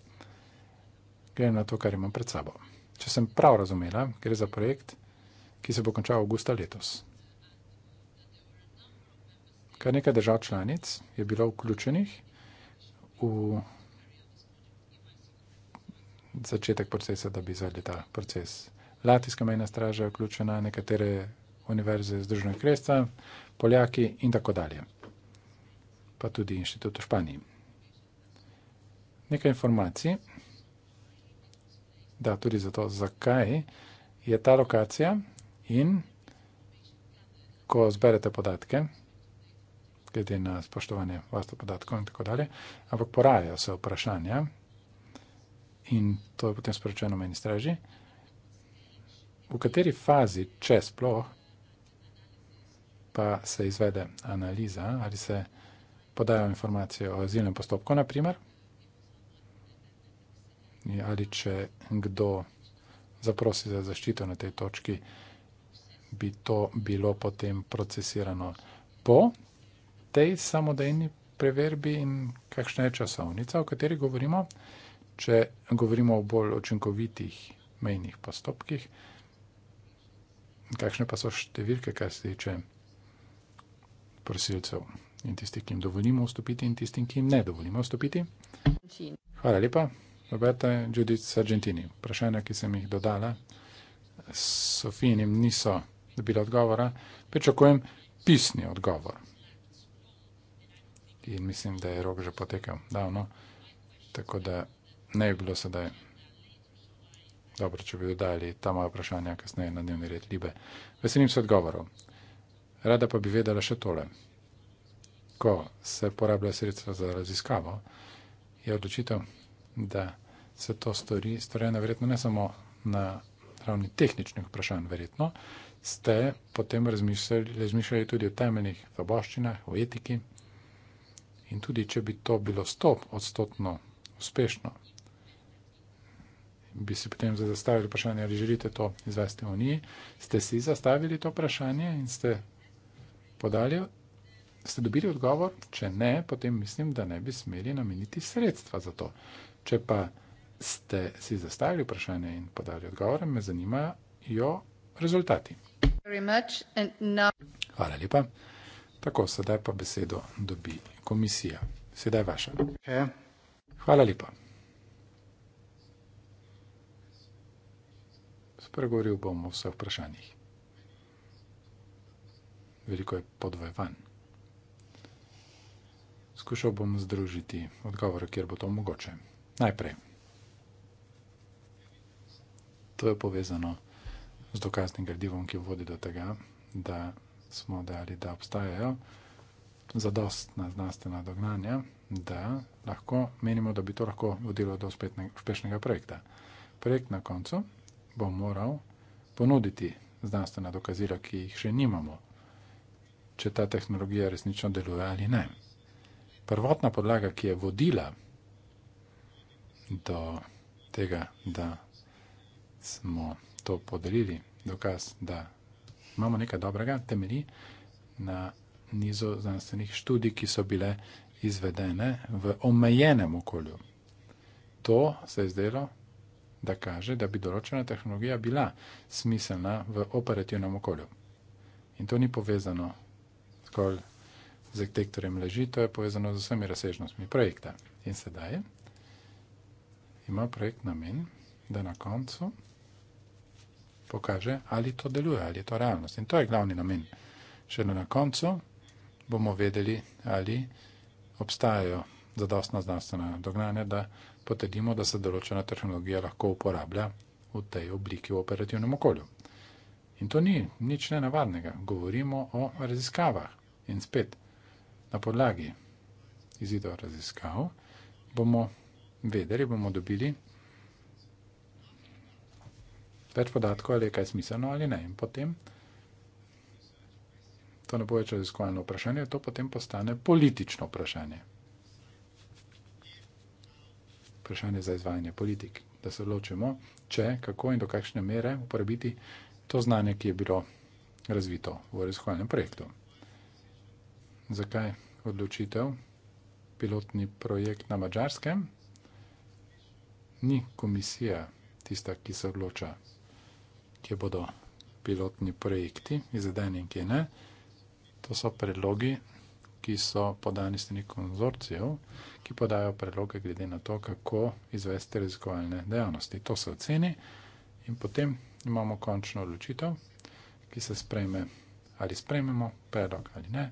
Gre na to, kar imam pred sabo. Če sem prav razumela, gre za projekt ki se bo končal avgusta letos. Kar nekaj držav članic je bilo vključenih v začetek procesa, da bi izvedli ta proces. Latvijska mejna straža je vključena, nekatere univerze Združenih kresta, Poljaki in tako dalje. Pa tudi inštitut v Španiji. Nekaj informacij, da tudi za to, zakaj je ta lokacija In ko zberete podatke, glede na spoštovanje vlastnih podatkov in tako dalje, ampak porajajo se vprašanja in to je potem sporočeno meni straži, v kateri fazi, če sploh, pa se izvede analiza ali se podajo informacije o azilnem postopku, naprimer, ali če kdo zaprosi za zaščito na tej točki, bi to bilo potem procesirano po tej samodejni preverbi in kakšna je časovnica, o kateri govorimo, če govorimo o bolj očinkovitih mejnih postopkih, kakšne pa so številke, kar se tiče prosilcev in tistih, ki jim dovolimo vstopiti in tistih, ki jim ne dovolimo vstopiti. Hvala lepa, Roberta Judith Sargentini. Vprašanja, ki sem jih dodala, Sofijinim niso dobila odgovor, pričakujem pisni odgovor. In mislim, da je rok že potekel davno, tako da ne bi bilo sedaj dobro, če bi dodali ta moja vprašanja kasneje na dnevni red Libe. Veselim se odgovorov. Rada pa bi vedela še tole. Ko se porablja sredstva za raziskavo, je odločitev, da se to stori, storjena verjetno ne samo na ravni tehničnih vprašanj, verjetno, ste potem razmišljali, razmišljali tudi o temeljnih zaboščinah, o etiki. In tudi, če bi to bilo stop odstotno uspešno, bi si potem zastavili vprašanje, ali želite to izvesti v Uniji. Ste si zastavili to vprašanje in ste podali, ste dobili odgovor, če ne, potem mislim, da ne bi smeli nameniti sredstva za to. Če pa ste si zastavili vprašanje in podali odgovore, me zanimajo rezultati. Hvala lepa. Tako, sedaj pa besedo dobi komisija. Sedaj vaša. Hvala lepa. Spregovoril bom o vseh vprašanjih. Veliko je podvojevanj. Skušal bom združiti odgovore, kjer bo to mogoče. Najprej. To je povezano s z dokaznim gradivom, ki vodi do tega, da smo dejali, da obstajajo zadostna znanstvena dognanja, da lahko menimo, da bi to lahko vodilo do uspešnega projekta. Projekt na koncu bo moral ponuditi znanstvena dokazila, ki jih še nimamo, če ta tehnologija resnično deluje ali ne. Prvotna podlaga, ki je vodila do tega, da smo to podelili, dokaz, da imamo nekaj dobrega, temelji na nizu znanstvenih študij, ki so bile izvedene v omejenem okolju. To se je zdelo, da kaže, da bi določena tehnologija bila smiselna v operativnem okolju. In to ni povezano zgolj z detektorjem leži, to je povezano z vsemi razsežnostmi projekta. In sedaj ima projekt namen, da na koncu pokaže, ali to deluje, ali je to realnost. In to je glavni namen. Še na koncu bomo vedeli, ali obstajajo zadostna znanstvena dognanja, da potrdimo, da se določena tehnologija lahko uporablja v tej obliki v operativnem okolju. In to ni nič nenavadnega. Govorimo o raziskavah. In spet, na podlagi izidov raziskav bomo vedeli, bomo dobili več podatkov, ali je kaj smiselno ali ne. In potem, to ne bo več raziskovalno vprašanje, to potem postane politično vprašanje. Vprašanje za izvajanje politik, da se odločimo, če, kako in do kakšne mere uporabiti to znanje, ki je bilo razvito v raziskovalnem projektu. Zakaj odločitev? Pilotni projekt na Mačarskem. Ni komisija tista, ki se odloča kje bodo pilotni projekti izvedeni in kje ne. To so predlogi, ki so podani strani konzorcijev, ki podajo predloge glede na to, kako izvesti raziskovalne dejavnosti. To se oceni in potem imamo končno odločitev, ki se sprejme ali sprejmemo predlog ali ne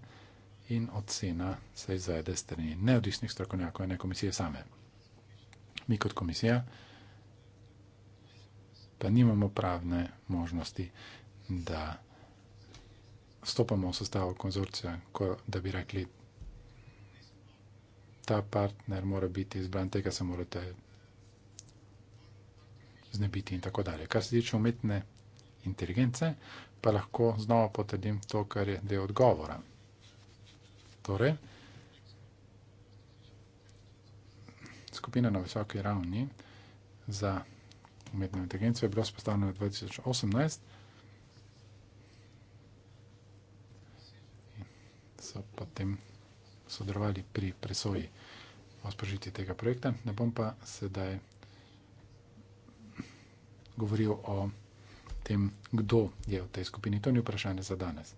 in ocena se izvede strani neodvisnih strokovnjakov in ne komisije same. Mi kot komisija pa nimamo pravne možnosti, da stopamo v sestavo konzorcija, ko, da bi rekli, ta partner mora biti izbran, tega se morate znebiti in tako dalje. Kar se tiče umetne inteligence, pa lahko znova potrdim to, kar je del odgovora. Torej, skupina na visoki ravni za umetne inteligence je bilo spostavljeno v 2018. In so potem sodelovali pri presoji o sprožitvi tega projekta. Ne bom pa sedaj govoril o tem, kdo je v tej skupini. To ni vprašanje za danes.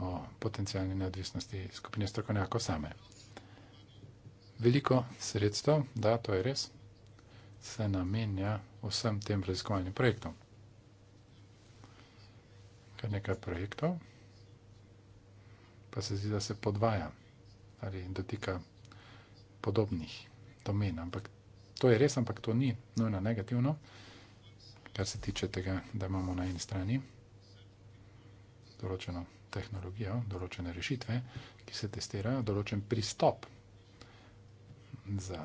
O potencijalni neodvisnosti skupine strokovnjakov same. Veliko sredstev, da, to je res se namenja vsem tem raziskovalnim projektom. Kar nekaj projektov, pa se zdi, da se podvaja ali dotika podobnih domen. Ampak to je res, ampak to ni nujno negativno, kar se tiče tega, da imamo na eni strani določeno tehnologijo, določene rešitve, ki se testirajo, določen pristop za,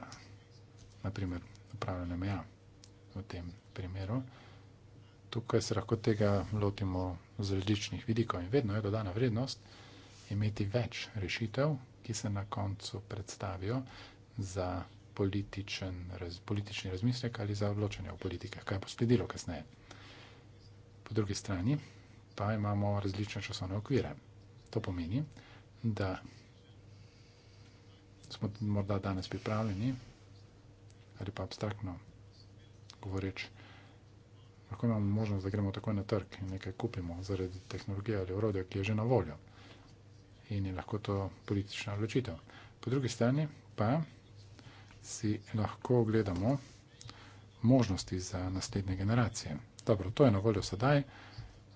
naprimer, upravljanje meja v tem primeru. Tukaj se lahko tega lotimo z različnih vidikov in vedno je dodana vrednost imeti več rešitev, ki se na koncu predstavijo za političen, raz, politični razmislek ali za odločanje o politikah, kaj bo sledilo kasneje. Po drugi strani pa imamo različne časovne okvire. To pomeni, da smo morda danes pripravljeni ali pa abstraktno govoreč, lahko imamo možnost, da gremo takoj na trg in nekaj kupimo zaradi tehnologije ali urodja, ki je že na voljo. In je lahko to politična odločitev. Po drugi strani pa si lahko gledamo možnosti za naslednje generacije. Dobro, to je na voljo sedaj,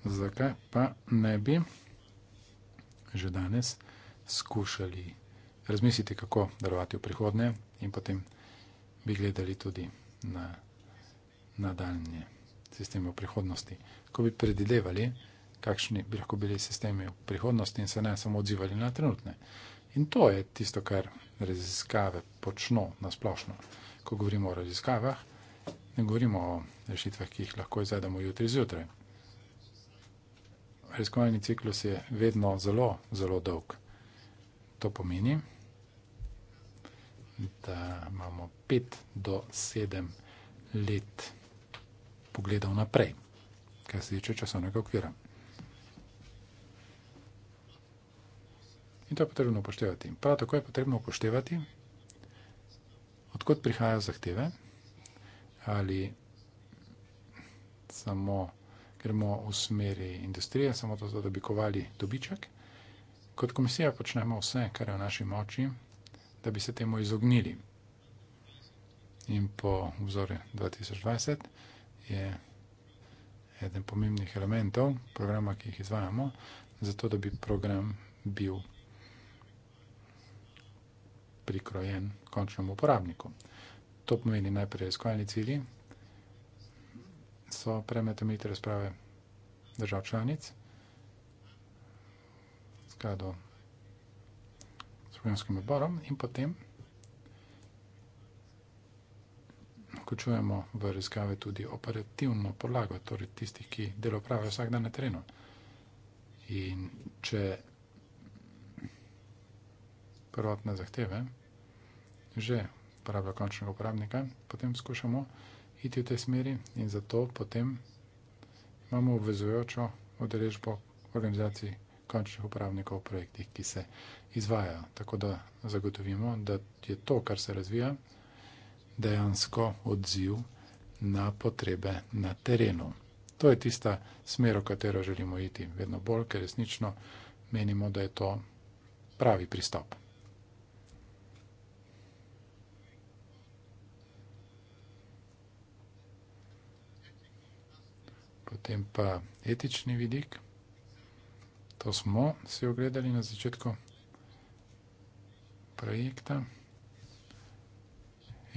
zakaj pa ne bi že danes skušali razmisliti, kako darovati v prihodnje in potem vsega bi gledali tudi na nadaljne sisteme v prihodnosti. Ko bi predidevali, kakšni bi lahko bili sistemi v prihodnosti in se ne samo odzivali na trenutne. In to je tisto, kar raziskave počno na splošno. Ko govorimo o raziskavah, ne govorimo o rešitvah, ki jih lahko izvedemo jutri zjutraj. Raziskovalni ciklus je vedno zelo, zelo dolg. To pomeni, da imamo pet do sedem let pogledov naprej, kar se tiče časovnega okvira. In to je potrebno upoštevati. Prav tako je potrebno upoštevati, odkot prihajajo zahteve, ali samo gremo v smeri industrije, samo to, da bi kovali dobiček. Kot komisija počnemo vse, kar je v naši moči, da bi se temu izognili. In po vzorju 2020 je eden pomembnih elementov programa, ki jih izvajamo, zato da bi program bil prikrojen končnemu uporabniku. To pomeni najprej razkojeni cilji, so premetomite razprave držav članic, skladov strojenskim odborom in potem vključujemo v raziskave tudi operativno podlago, torej tistih, ki delo pravijo vsak dan na terenu. In če prvotne zahteve že uporablja končnega uporabnika, potem skušamo iti v tej smeri in zato potem imamo obvezujočo odrežbo organizacij končnih uporabnikov v projektih, ki se izvajajo. Tako da zagotovimo, da je to, kar se razvija, dejansko odziv na potrebe na terenu. To je tista smer, v katero želimo iti vedno bolj, ker resnično menimo, da je to pravi pristop. Potem pa etični vidik. To smo si ogledali na začetku projekta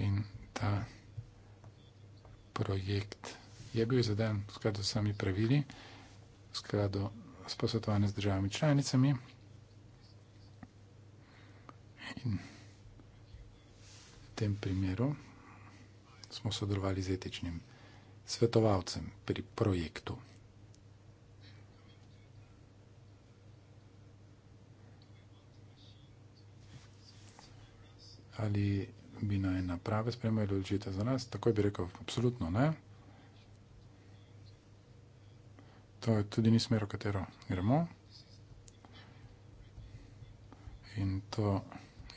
in ta projekt je bil zadan v skladu s sami pravili, v skladu s posvetovanjem z državami članicami. In v tem primeru smo sodelovali z etičnim svetovalcem pri projektu. ali bi naj naprave spremljali odločitve za nas, takoj bi rekel, absolutno ne. To je tudi ni smer, v katero gremo. In to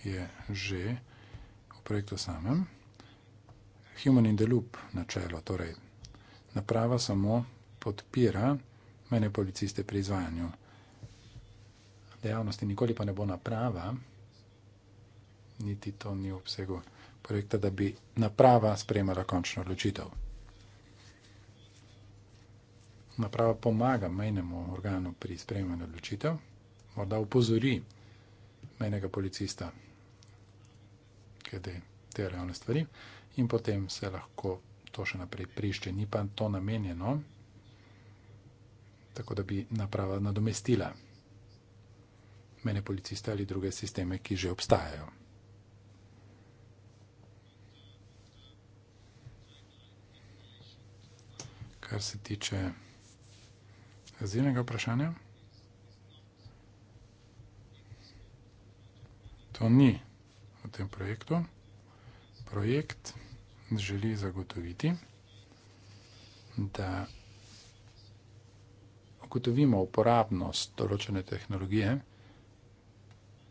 je že v projektu samem. Human in the loop načelo, torej naprava samo podpira mene policiste pri izvajanju dejavnosti, nikoli pa ne bo naprava, niti to ni v obsegu projekta, da bi naprava spremljala končno odločitev. Naprava pomaga menjemu organu pri spremljanju odločitev, morda upozori menjega policista, kaj te realne stvari, in potem se lahko to še naprej prišče. Ni pa to namenjeno, tako da bi naprava nadomestila mene policiste ali druge sisteme, ki že obstajajo. kar se tiče azilnega vprašanja. To ni v tem projektu. Projekt želi zagotoviti, da ugotovimo uporabnost določene tehnologije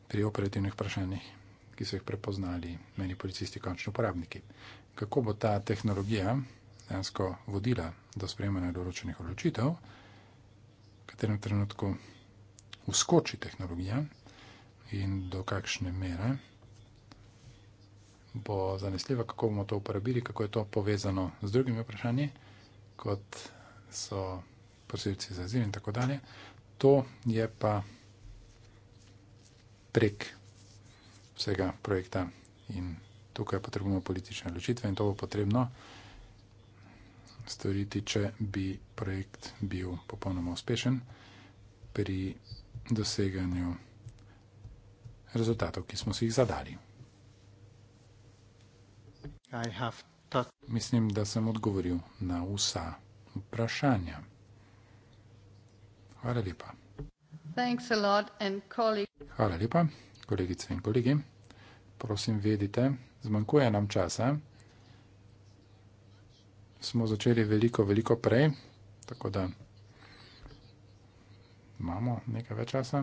pri operativnih vprašanjih, ki so jih prepoznali meni policisti, končni uporabniki. Kako bo ta tehnologija dejansko vodila do sprejemanja določenih odločitev, v katerem trenutku uskoči tehnologija in do kakšne mere bo zanesljiva, kako bomo to uporabili, kako je to povezano z drugimi vprašanji, kot so posilci za zil in tako dalje. To je pa prek vsega projekta in tukaj potrebujemo politične odločitve in to bo potrebno storiti, če bi projekt bil popolnoma uspešen pri doseganju rezultatov, ki smo si jih zadali. Mislim, da sem odgovoril na vsa vprašanja. Hvala lepa. Hvala lepa, kolegice in kolegi. Prosim, vedite, zmanjkuje nam časa smo začeli veliko, veliko prej, tako da imamo nekaj več časa.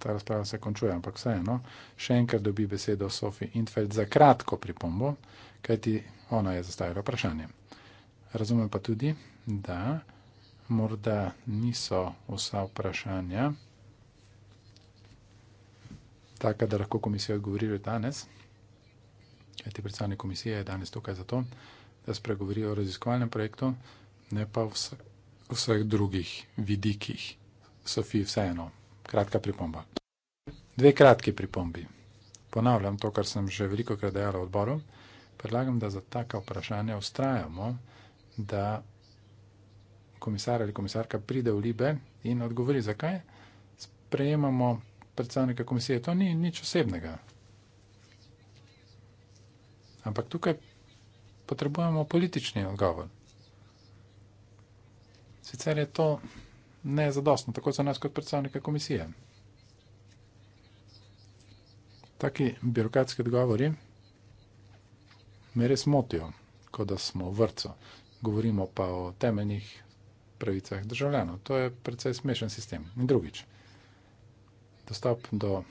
Ta razprava se končuje, ampak vseeno, še enkrat dobi besedo Sofi Intfeld za kratko pripombo, kajti ona je zastavila vprašanje. Razumem pa tudi, da morda niso vsa vprašanja taka, da lahko komisija odgovori že danes, kajti predstavnik komisije je danes tukaj za to da spregovorijo o raziskovalnem projektu, ne pa o vse, vseh drugih vidikih. Sofi, vseeno, kratka pripomba. Dve kratki pripombi. Ponavljam to, kar sem že veliko krat dejala odboru. Predlagam, da za taka vprašanja ustrajamo, da komisar ali komisarka pride v Libe in odgovori, zakaj sprejemamo predstavnika komisije. To ni nič osebnega. Ampak tukaj potrebujemo politični odgovor. Sicer je to nezadostno, tako za nas kot predstavnike komisije. Taki birokratski odgovori me res motijo, kot da smo vrco. Govorimo pa o temeljnih pravicah državljanov. To je precej smešen sistem. In drugič, dostop do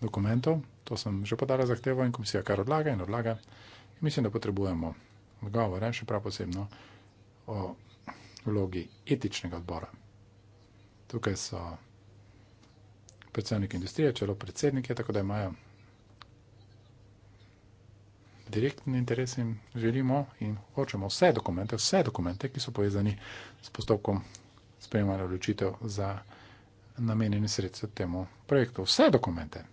dokumentov, to sem že podala zahtevo in komisija kar odlaga in odlaga odlaga mislim, da potrebujemo govor, ne še prav posebno o vlogi etičnega odbora. Tukaj so predstavniki industrije, čelo predsednike, tako da imajo direktni interes in želimo in hočemo vse dokumente, vse dokumente, ki so povezani s postopkom sprejemanja odločitev za namenjene sredstva temu projektu. Vse dokumente.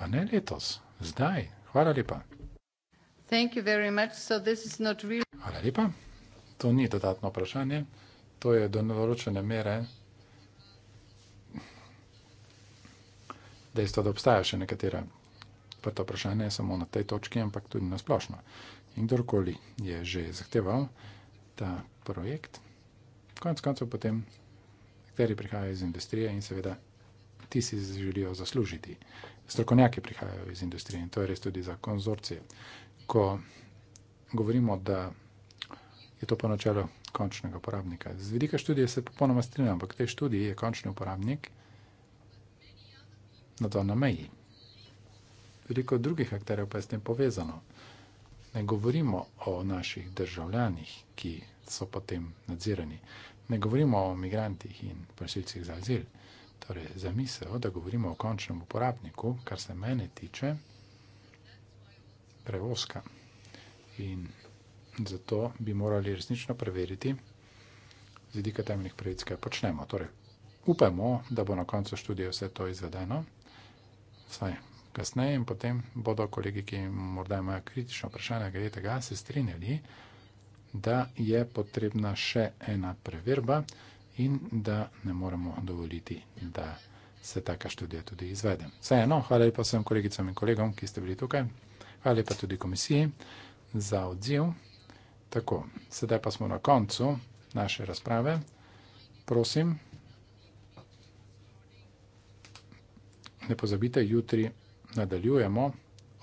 Pa ne letos, zdaj. Hvala lepa. Really... Hvala lepa. To ni dodatno vprašanje, to je do določene mere dejstvo, da obstaja še nekatera prta vprašanja, ne samo na tej točki, ampak tudi na splošno. In kdorkoli je že zahteval ta projekt, konec koncev potem, kateri prihajajo iz industrije in seveda ti si želijo zaslužiti strokovnjaki prihajajo iz industrije in to je res tudi za konzorcije. Ko govorimo, da je to pa načelo končnega uporabnika, z vidika študije se popolnoma strinjam, ampak te študije je končni uporabnik na to na meji. Veliko drugih akterjev pa je s tem povezano. Ne govorimo o naših državljanih, ki so potem nadzirani. Ne govorimo o migrantih in prosilcih za azil. Torej, zamisel, da govorimo o končnem uporabniku, kar se mene tiče, prevozka. In zato bi morali resnično preveriti z vidika temeljnih pravic, kaj počnemo. Torej, upamo, da bo na koncu študije vse to izvedeno, vsaj kasneje in potem bodo kolegi, ki morda imajo kritično vprašanje glede tega, se strinjali, da je potrebna še ena preverba, in da ne moremo dovoliti, da se taka študija tudi izvede. Vseeno, hvala lepa vsem kolegicam in kolegom, ki ste bili tukaj. Hvala lepa tudi komisiji za odziv. Tako, sedaj pa smo na koncu naše razprave. Prosim, ne pozabite, jutri nadaljujemo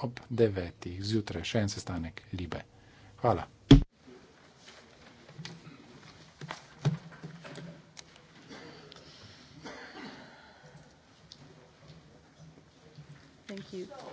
ob devetih zjutraj še en sestanek Libe. Hvala. you.